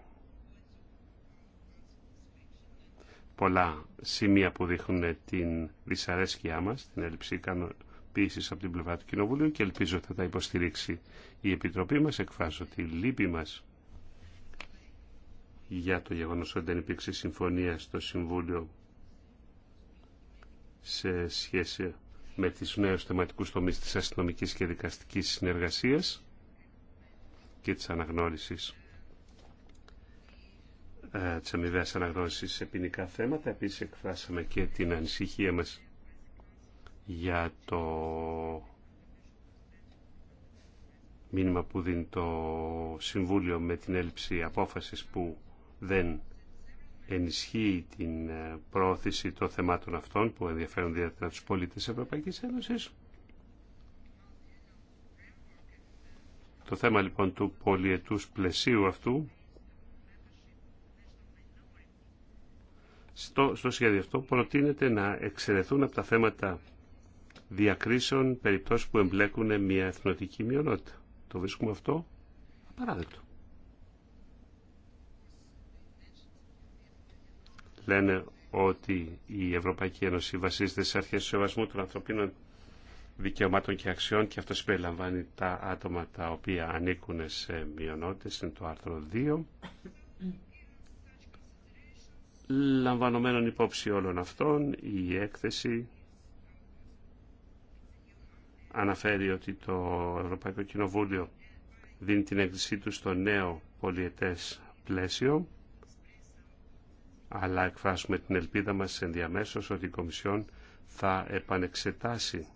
S2: πολλά σημεία που δείχνουν την δυσαρέσκειά μας, την έλλειψη ικανοποίησης από την πλευρά του Κοινοβουλίου και ελπίζω θα τα υποστηρίξει η Επιτροπή μας. Εκφράζω τη λύπη μας για το γεγονός ότι δεν υπήρξε συμφωνία στο Συμβούλιο σε σχέση με τις νέες θεματικούς τομείς της αστυνομικής και δικαστικής συνεργασίας και της αναγνώρισης ε, της αμοιβαίας σε ποινικά θέματα. Επίσης εκφράσαμε και την ανησυχία μας για το μήνυμα που δίνει το Συμβούλιο με την έλλειψη απόφασης που δεν ενισχύει την ε, πρόθεση των θεμάτων αυτών που ενδιαφέρουν ιδιαίτερα τους πολίτες της Ευρωπαϊκής Ένωσης. Το θέμα λοιπόν του πολιετούς πλαισίου αυτού στο, στο σχέδιο αυτό προτείνεται να εξαιρεθούν από τα θέματα διακρίσεων περιπτώσεις που εμπλέκουν μια εθνοτική μειονότητα. Το βρίσκουμε αυτό απαράδεκτο. Λένε ότι η Ευρωπαϊκή Ένωση βασίζεται στις αρχές του σεβασμού των ανθρωπίνων δικαιωμάτων και αξιών και αυτό συμπεριλαμβάνει τα άτομα τα οποία ανήκουν σε μειονότητες, είναι το άρθρο 2 λαμβανωμένων υπόψη όλων αυτών, η έκθεση αναφέρει ότι το Ευρωπαϊκό Κοινοβούλιο δίνει την έκθεσή του στο νέο πολιετές πλαίσιο, αλλά εκφράσουμε την ελπίδα μας ενδιαμέσως ότι η Κομισιόν θα επανεξετάσει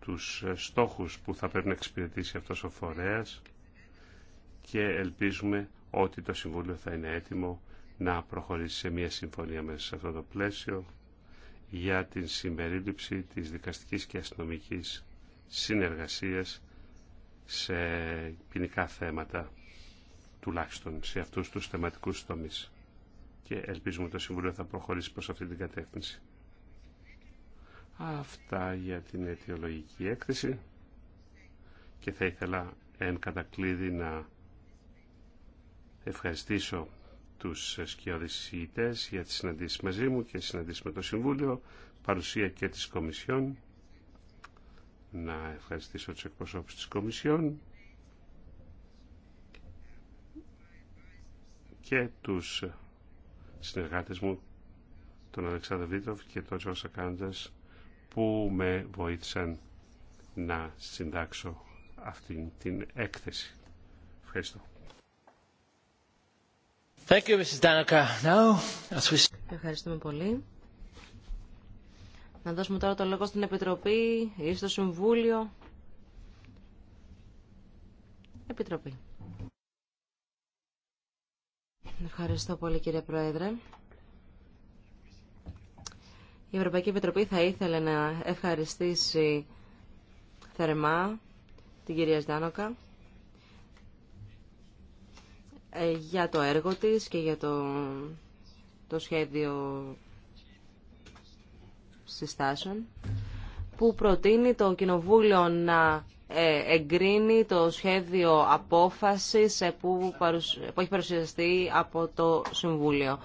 S2: τους στόχους που θα πρέπει να εξυπηρετήσει αυτός ο φορέας και ελπίζουμε ότι το Συμβούλιο θα είναι έτοιμο να προχωρήσει σε μια συμφωνία μέσα σε αυτό το πλαίσιο για την συμπερίληψη της δικαστικής και αστυνομικής συνεργασίας σε ποινικά θέματα τουλάχιστον σε αυτούς τους θεματικούς τομείς. Και ελπίζουμε το Συμβουλίο θα προχωρήσει προς αυτή την κατεύθυνση. Αυτά για την αιτιολογική έκθεση και θα ήθελα εν κατακλείδη να ευχαριστήσω τους σκιοδησίτες για τις συναντήσεις μαζί μου και συναντήσεις με το Συμβούλιο, παρουσία και της Κομισιόν. Να ευχαριστήσω τους εκπροσώπους της Κομισιόν και τους συνεργάτες μου, τον Αλεξάνδρου Βίτροφ και τον Τζόσα Κάντας, που με βοήθησαν να συντάξω αυτήν την έκθεση. Ευχαριστώ.
S4: Ευχαριστούμε πολύ. Να δώσουμε τώρα το λόγο στην Επιτροπή ή στο Συμβούλιο. Επιτροπή. Ευχαριστώ πολύ κύριε Πρόεδρε. Η Ευρωπαϊκή Επιτροπή θα ήθελε να ευχαριστήσει θερμά την κυρία Στάνοκα. Ε, για το έργο της και για το, το σχέδιο συστάσεων που προτείνει το Κοινοβούλιο να ε, εγκρίνει το σχέδιο απόφασης ε, που, που έχει παρουσιαστεί από το Συμβούλιο.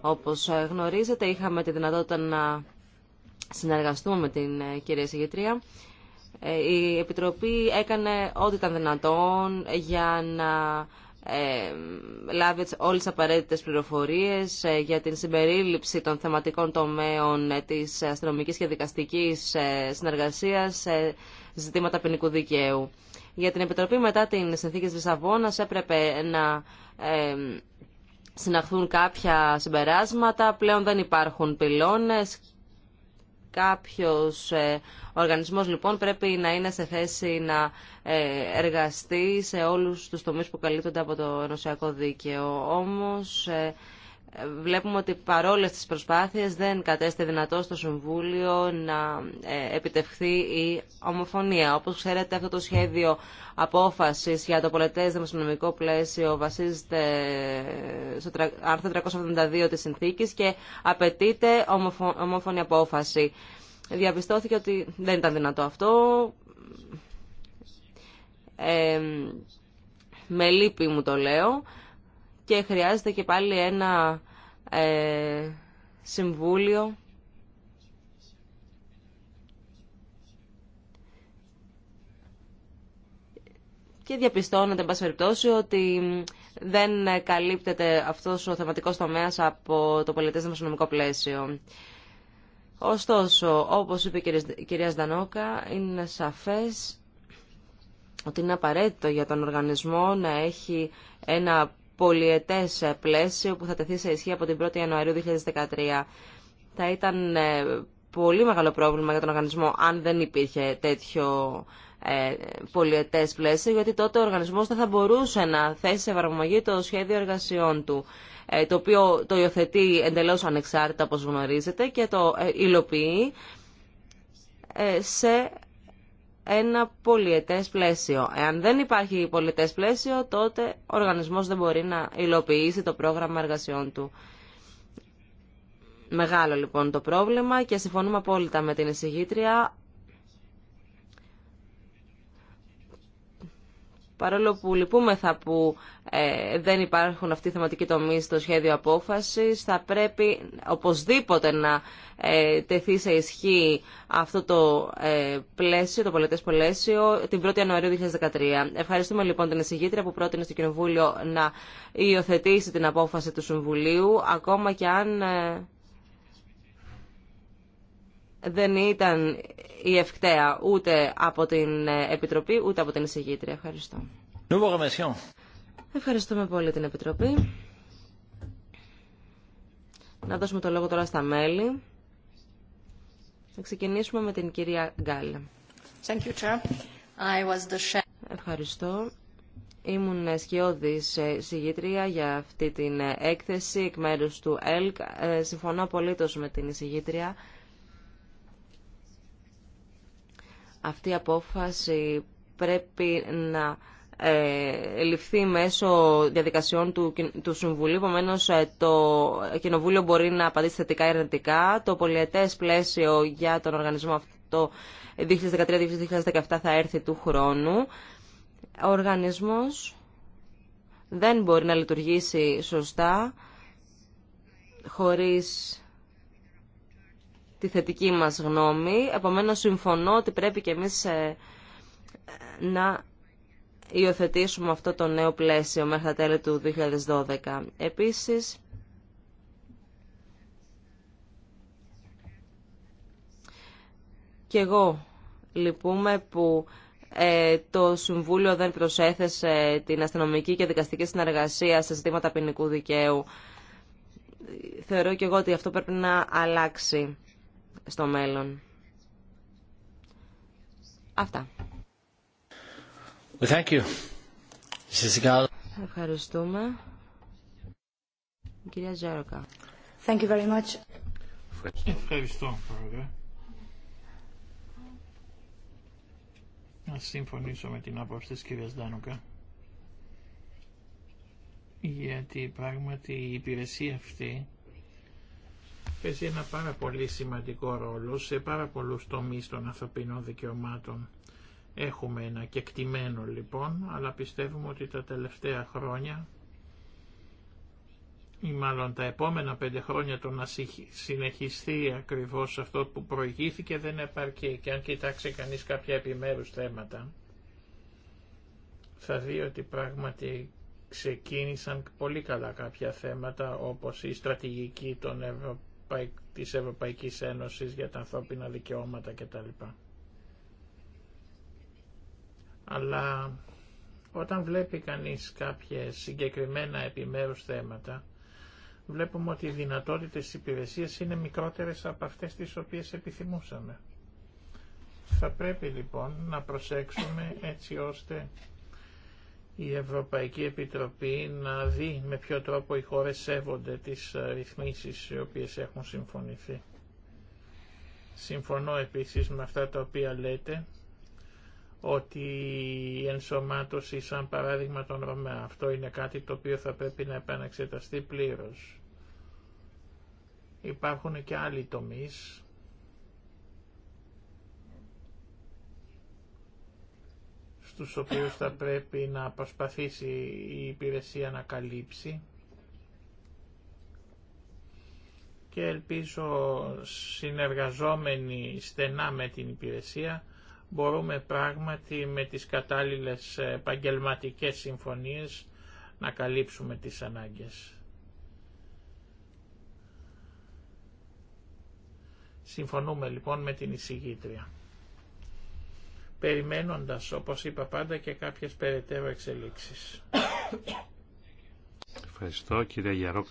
S4: Όπως γνωρίζετε, είχαμε τη δυνατότητα να συνεργαστούμε με την κυρία Συγητρία. Η Επιτροπή έκανε ό,τι ήταν δυνατόν για να ε, λάβει όλες τις απαραίτητες πληροφορίες ε, για την συμπερίληψη των θεματικών τομέων ε, της αστυνομική και δικαστικής συνεργασίας ζητήματα ποινικού δικαίου. Για την Επιτροπή μετά την συνθήκη τη Λισαβόνα, έπρεπε να συναχθούν κάποια συμπεράσματα. Πλέον δεν υπάρχουν πυλώνες Κάποιος ε, οργανισμός λοιπόν πρέπει να είναι σε θέση να ε, εργαστεί σε όλους τους τομείς που καλύπτονται από το ενωσιακό δίκαιο. Όμως ε, βλέπουμε ότι παρόλες τις προσπάθειες δεν κατέστη δυνατό στο Συμβούλιο να ε, επιτευχθεί η ομοφωνία. Όπως ξέρετε αυτό το σχέδιο απόφασης για το πολιτές δημοσιονομικό πλαίσιο βασίζεται στο άρθρο 372 της συνθήκης και απαιτείται ομοφωνή απόφαση. Διαπιστώθηκε ότι δεν ήταν δυνατό αυτό. Ε, με λύπη μου το λέω και χρειάζεται και πάλι ένα ε, συμβούλιο και διαπιστώνεται, εν πάση περιπτώσει, ότι δεν καλύπτεται αυτός ο θεματικός τομέας από το πολιτές δημοσιονομικό πλαίσιο. Ωστόσο, όπως είπε η κυρία Στανόκα, είναι σαφές ότι είναι απαραίτητο για τον οργανισμό να έχει ένα Πολιετέ πλαίσιο που θα τεθεί σε ισχύ από την 1η Ιανουαρίου 2013. Θα ήταν ε, πολύ μεγάλο πρόβλημα για τον οργανισμό αν δεν υπήρχε τέτοιο ε, πολιετές πλαίσιο, γιατί τότε ο οργανισμός δεν θα μπορούσε να θέσει σε εφαρμογή το σχέδιο εργασιών του, ε, το οποίο το υιοθετεί εντελώς ανεξάρτητα, όπω γνωρίζετε, και το υλοποιεί σε ένα πολιετές πλαίσιο. Εάν δεν υπάρχει πολιετές πλαίσιο, τότε ο οργανισμός δεν μπορεί να υλοποιήσει το πρόγραμμα εργασιών του. Μεγάλο λοιπόν το πρόβλημα και συμφωνούμε απόλυτα με την εισηγήτρια Παρόλο που λυπούμεθα που ε, δεν υπάρχουν αυτοί οι θεματικοί τομείς στο σχέδιο απόφασης, θα πρέπει οπωσδήποτε να ε, τεθεί σε ισχύ αυτό το ε, πλαίσιο, το πολιτές πλαίσιο, την 1η Ιανουαρίου 2013. Ευχαριστούμε λοιπόν την εισηγήτρια που πρότεινε στο Κοινοβούλιο να υιοθετήσει την απόφαση του Συμβουλίου, ακόμα και αν ε, δεν ήταν η ευκταία ούτε από την Επιτροπή ούτε από την εισηγήτρια. Ευχαριστώ. Ευχαριστούμε πολύ την Επιτροπή. Να δώσουμε το λόγο τώρα στα μέλη. Να ξεκινήσουμε με την κυρία Γκάλ. Thank you, Chair. I was the... Ευχαριστώ. Ήμουν σκιώδη συγγήτρια για αυτή την έκθεση εκ μέρους του ΕΛΚ. Ε, συμφωνώ πολύ με την συγγήτρια Αυτή η απόφαση πρέπει να ε, ληφθεί μέσω διαδικασιών του, του Συμβουλίου. Επομένω, ε, το Κοινοβούλιο μπορεί να απαντήσει θετικά ή αρνητικά. Το πολιετέ πλαίσιο για τον οργανισμό αυτό 2013-2017 θα έρθει του χρόνου. Ο οργανισμός δεν μπορεί να λειτουργήσει σωστά χωρίς τη θετική μας γνώμη. Επομένως, συμφωνώ ότι πρέπει και εμείς ε, ε, να υιοθετήσουμε αυτό το νέο πλαίσιο μέχρι τα τέλη του 2012. Επίσης, και εγώ λυπούμε που ε, το Συμβούλιο δεν προσέθεσε την αστυνομική και δικαστική συνεργασία σε ζητήματα ποινικού δικαίου. Θεωρώ και εγώ ότι αυτό πρέπει να αλλάξει στο μέλλον. Αυτά. Thank you. Ευχαριστούμε. Κυρία Ζέροκα. Thank you very much.
S1: Ευχαριστώ, Να συμφωνήσω με την άποψη της κυρίας Ντάνουκα. Γιατί πράγματι η υπηρεσία αυτή παίζει ένα πάρα πολύ σημαντικό ρόλο σε πάρα πολλούς τομείς των ανθρωπίνων δικαιωμάτων. Έχουμε ένα κεκτημένο λοιπόν, αλλά πιστεύουμε ότι τα τελευταία χρόνια ή μάλλον τα επόμενα πέντε χρόνια το να συνεχιστεί ακριβώς αυτό που προηγήθηκε δεν επαρκεί και αν κοιτάξει κανείς κάποια επιμέρους θέματα θα δει ότι πράγματι ξεκίνησαν πολύ καλά κάποια θέματα όπως η στρατηγική των Ευρωπαϊκών Τη της Ευρωπαϊκής Ένωσης για τα ανθρώπινα δικαιώματα κτλ. Αλλά όταν βλέπει κανείς κάποια συγκεκριμένα επιμέρους θέματα, βλέπουμε ότι οι δυνατότητες της υπηρεσίας είναι μικρότερες από αυτές τις οποίες επιθυμούσαμε. Θα πρέπει λοιπόν να προσέξουμε έτσι ώστε η Ευρωπαϊκή Επιτροπή να δει με ποιο τρόπο οι χώρες σέβονται τις ε, ρυθμίσεις οι οποίες έχουν συμφωνηθεί. Συμφωνώ επίσης με αυτά τα οποία λέτε ότι η ενσωμάτωση σαν παράδειγμα των Ρωμαίων αυτό είναι κάτι το οποίο θα πρέπει να επαναξεταστεί πλήρως. Υπάρχουν και άλλοι τομείς τους οποίους θα πρέπει να προσπαθήσει η υπηρεσία να καλύψει και ελπίζω συνεργαζόμενοι στενά με την υπηρεσία μπορούμε πράγματι με τις κατάλληλες επαγγελματικέ συμφωνίες να καλύψουμε τις ανάγκες. Συμφωνούμε λοιπόν με την εισηγήτρια περιμένοντας όπως είπα πάντα και κάποιες περαιτέρω εξελίξεις.
S2: Ευχαριστώ κύριε Γιαρόκ.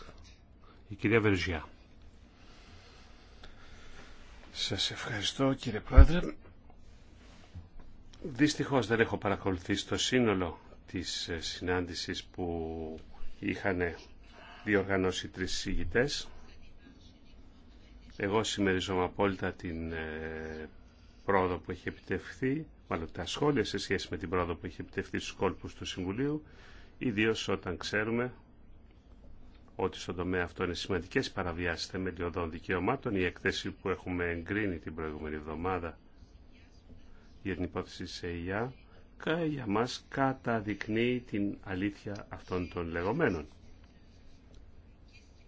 S2: Η κυρία Βεργιά. Σας ευχαριστώ κύριε Πρόεδρε. Δυστυχώς δεν έχω παρακολουθήσει το σύνολο της ε, συνάντησης που είχαν διοργανώσει τρεις συγητές. Εγώ συμμεριζόμαι απόλυτα την ε, πρόοδο που έχει επιτευχθεί μάλλον τα σχόλια σε σχέση με την πρόοδο που έχει επιτευχθεί στους κόλπους του Συμβουλίου, ιδίω όταν ξέρουμε ότι στον τομέα αυτό είναι σημαντικέ παραβιάσεις θεμελιωδών δικαιωμάτων. Η έκθεση που έχουμε εγκρίνει την προηγούμενη εβδομάδα για την υπόθεση και για μα καταδεικνύει την αλήθεια αυτών των λεγόμενων.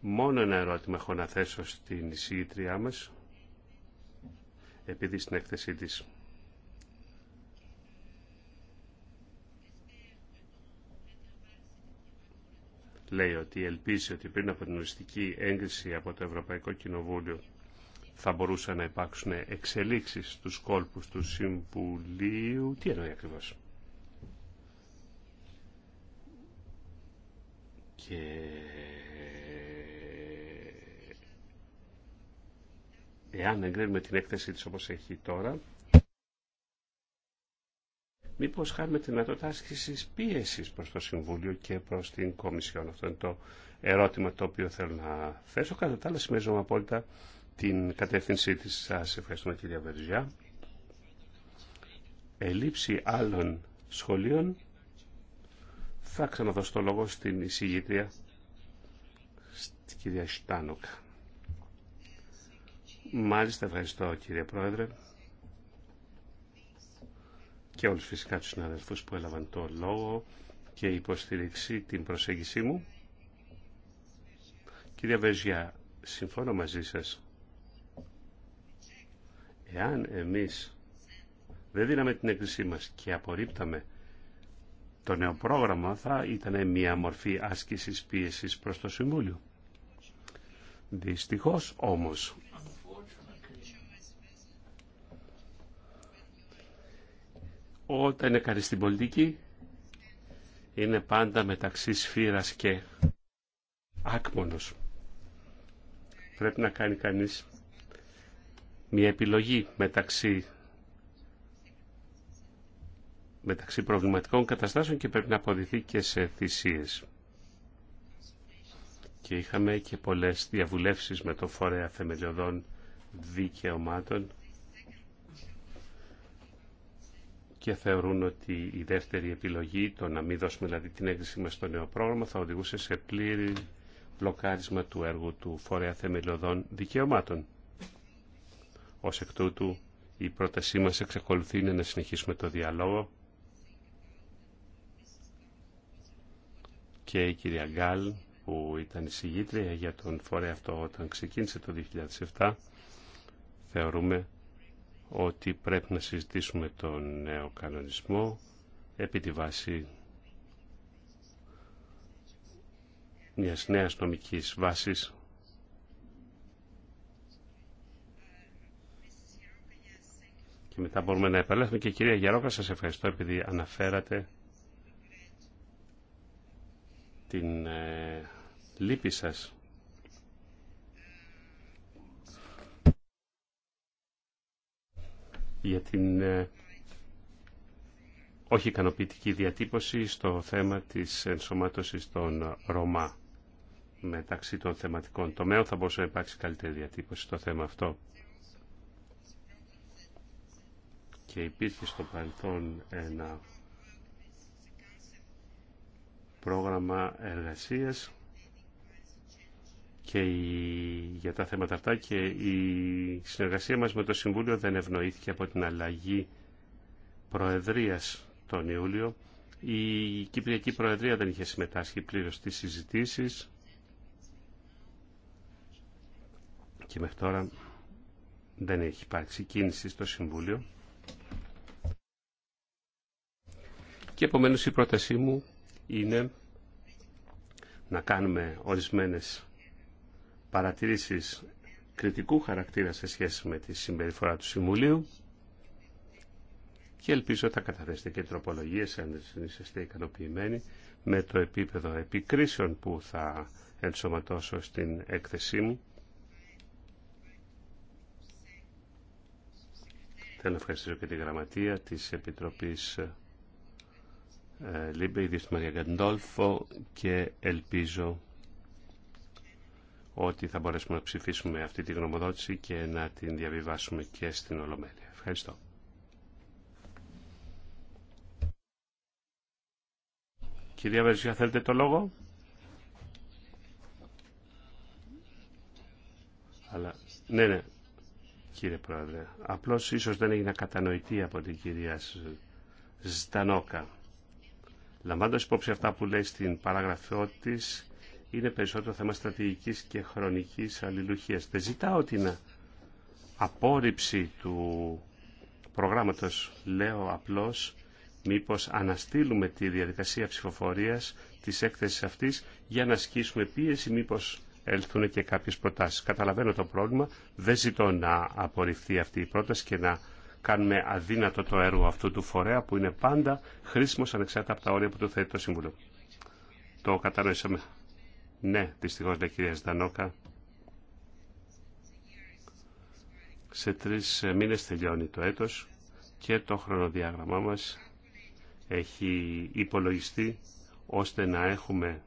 S2: Μόνο ένα ερώτημα έχω να θέσω στην εισηγήτριά μα, επειδή στην έκθεσή της λέει ότι ελπίζει ότι πριν από την οριστική έγκριση από το Ευρωπαϊκό Κοινοβούλιο θα μπορούσαν να υπάρξουν εξελίξεις στους κόλπους του Συμβουλίου. Τι εννοεί ακριβώς. Εάν εγκρίνουμε την έκθεση της όπως έχει τώρα, μήπως χάνουμε τη δυνατότητα άσκησης πίεσης προς το Συμβούλιο και προς την Κομισιόν. Αυτό είναι το ερώτημα το οποίο θέλω να θέσω. Κατά τα άλλα συμμεριζόμαι απόλυτα την κατεύθυνσή της. Σας ευχαριστούμε κυρία Βερζιά. Ελήψη άλλων σχολείων. Θα ξαναδώσω το λόγο στην εισηγήτρια, στην κυρία Στάνοκα. Μάλιστα, ευχαριστώ κύριε Πρόεδρε και όλους φυσικά τους συναδελφούς που έλαβαν το λόγο και υποστηρίξη την προσέγγιση μου. Κυρία Βεζιά, συμφώνω μαζί σας. Εάν εμείς δεν δίναμε την έκκλησή μας και απορρίπταμε το νέο πρόγραμμα θα ήταν μια μορφή άσκησης πίεσης προς το Συμβούλιο. Δυστυχώς όμως Όταν είναι κανείς στην πολιτική, είναι πάντα μεταξύ σφύρας και άκμονος. Πρέπει να κάνει κανείς μια επιλογή μεταξύ μεταξύ προβληματικών καταστάσεων και πρέπει να αποδηθεί και σε θυσίες. Και είχαμε και πολλές διαβουλεύσεις με το Φορέα Θεμελιωδών Δικαιωμάτων και θεωρούν ότι η δεύτερη επιλογή, το να μην δώσουμε δηλαδή την έγκριση μας στο νέο πρόγραμμα, θα οδηγούσε σε πλήρη μπλοκάρισμα του έργου του Φορέα Θεμελιωδών Δικαιωμάτων. Ως εκ τούτου, η πρότασή μας εξακολουθεί να συνεχίσουμε το διαλόγο και η κυρία Γκάλ που ήταν συγγήτρια για τον φορέα αυτό όταν ξεκίνησε το 2007 θεωρούμε ότι πρέπει να συζητήσουμε τον νέο κανονισμό επί τη βάση μιας νέας νομικής βάσης και μετά μπορούμε να επαλέθουμε και κυρία Γερόκα σας ευχαριστώ επειδή αναφέρατε την ε, λύπη σας για την ε, όχι ικανοποιητική διατύπωση στο θέμα της ενσωμάτωσης των Ρωμά. Μεταξύ των θεματικών τομέων θα μπορούσε να υπάρξει καλύτερη διατύπωση στο θέμα αυτό. Και υπήρχε στο παρελθόν ένα πρόγραμμα εργασίας και για τα θέματα αυτά και η συνεργασία μας με το Συμβούλιο δεν ευνοήθηκε από την αλλαγή Προεδρίας τον Ιούλιο. Η Κυπριακή Προεδρία δεν είχε συμμετάσχει πλήρως στις συζητήσεις και μέχρι τώρα δεν έχει υπάρξει κίνηση στο Συμβούλιο. Και επομένως η πρότασή μου είναι να κάνουμε ορισμένες παρατηρήσεις κριτικού χαρακτήρα σε σχέση με τη συμπεριφορά του Συμβουλίου και ελπίζω θα καταθέσετε και τροπολογίες αν δεν είστε ικανοποιημένοι με το επίπεδο επικρίσεων που θα ενσωματώσω στην έκθεσή μου. Θέλω να ευχαριστήσω και τη γραμματεία της Επιτροπής ε, Λίμπε, η Μαρία και ελπίζω ότι θα μπορέσουμε να ψηφίσουμε αυτή τη γνωμοδότηση και να την διαβιβάσουμε και στην Ολομέλεια. Ευχαριστώ. Κυρία Βερζιά, θέλετε το λόγο. Αλλά, ναι, ναι, κύριε Πρόεδρε. Απλώς ίσως δεν έγινα κατανοητή από την κυρία Ζτανόκα. Λαμβάνοντας υπόψη αυτά που λέει στην παραγραφή της, είναι περισσότερο θέμα στρατηγικής και χρονικής αλληλουχίας. Δεν ζητάω την απόρριψη του προγράμματος. Λέω απλώς μήπως αναστείλουμε τη διαδικασία ψηφοφορίας της έκθεσης αυτής για να ασκήσουμε πίεση, μήπως έλθουν και κάποιες προτάσεις. Καταλαβαίνω το πρόβλημα, δεν ζητώ να απορριφθεί αυτή η πρόταση και να κάνουμε αδύνατο το έργο αυτού του φορέα που είναι πάντα χρήσιμο ανεξάρτητα από τα όρια που του θέτει το Συμβουλίο. Το κατανοήσαμε. Ναι, δυστυχώ λέει κυρία Στανόκα. Σε τρεις ε, μήνες τελειώνει το έτος και το χρονοδιάγραμμά μας έχει υπολογιστεί ώστε να έχουμε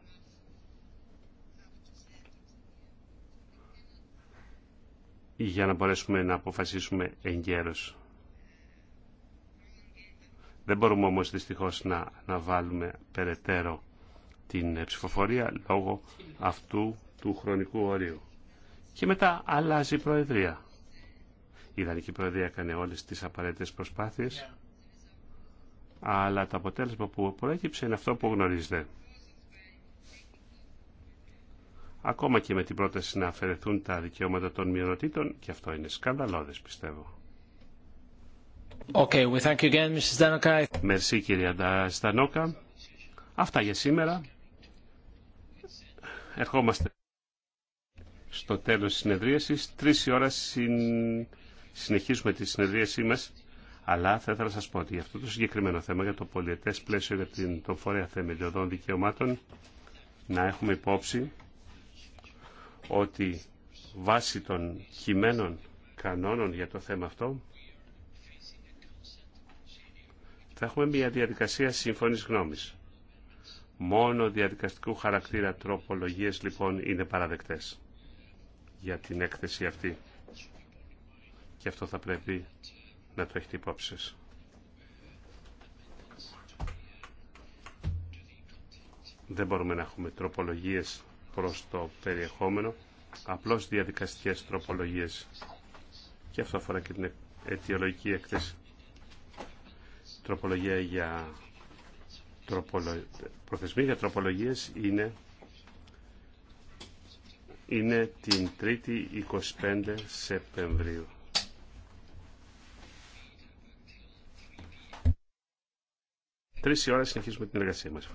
S2: για να μπορέσουμε να αποφασίσουμε εγκαίρως. Δεν μπορούμε όμως δυστυχώς να, να βάλουμε περαιτέρω την ψηφοφορία λόγω αυτού του χρονικού ορίου. Και μετά αλλάζει η Προεδρία. Η Ιδανική Προεδρία έκανε όλες τις απαραίτητες προσπάθειες, αλλά το αποτέλεσμα που προέκυψε είναι αυτό που γνωρίζετε. Ακόμα και με την πρόταση να αφαιρεθούν τα δικαιώματα των μειονοτήτων, και αυτό είναι σκανδαλώδες πιστεύω. Okay, we thank you again, Mrs. Στανόκα. Αυτά για σήμερα. Ερχόμαστε στο τέλος της συνεδρίασης. Τρεις η ώρα συνεχίζουμε τη συνεδρίασή μας. Αλλά θα ήθελα να σας πω ότι για αυτό το συγκεκριμένο θέμα, για το πολιετές πλαίσιο για την, φορέα θεμελιωδών δικαιωμάτων, να έχουμε υπόψη ότι βάσει των χειμένων κανόνων για το θέμα αυτό, θα έχουμε μια διαδικασία σύμφωνης γνώμης. Μόνο διαδικαστικού χαρακτήρα τροπολογίες λοιπόν είναι παραδεκτές για την έκθεση αυτή. Και αυτό θα πρέπει να το έχετε υπόψη Δεν μπορούμε να έχουμε τροπολογίες προς το περιεχόμενο, απλώς διαδικαστικές τροπολογίες. Και αυτό αφορά και την αιτιολογική έκθεση. Τροπολογία για Τροπολο... Προθεσμοί για τροπολογίες είναι, είναι την 3η 25 Σεπτεμβρίου. Τρεις η συνεχίζουμε την εργασία μας.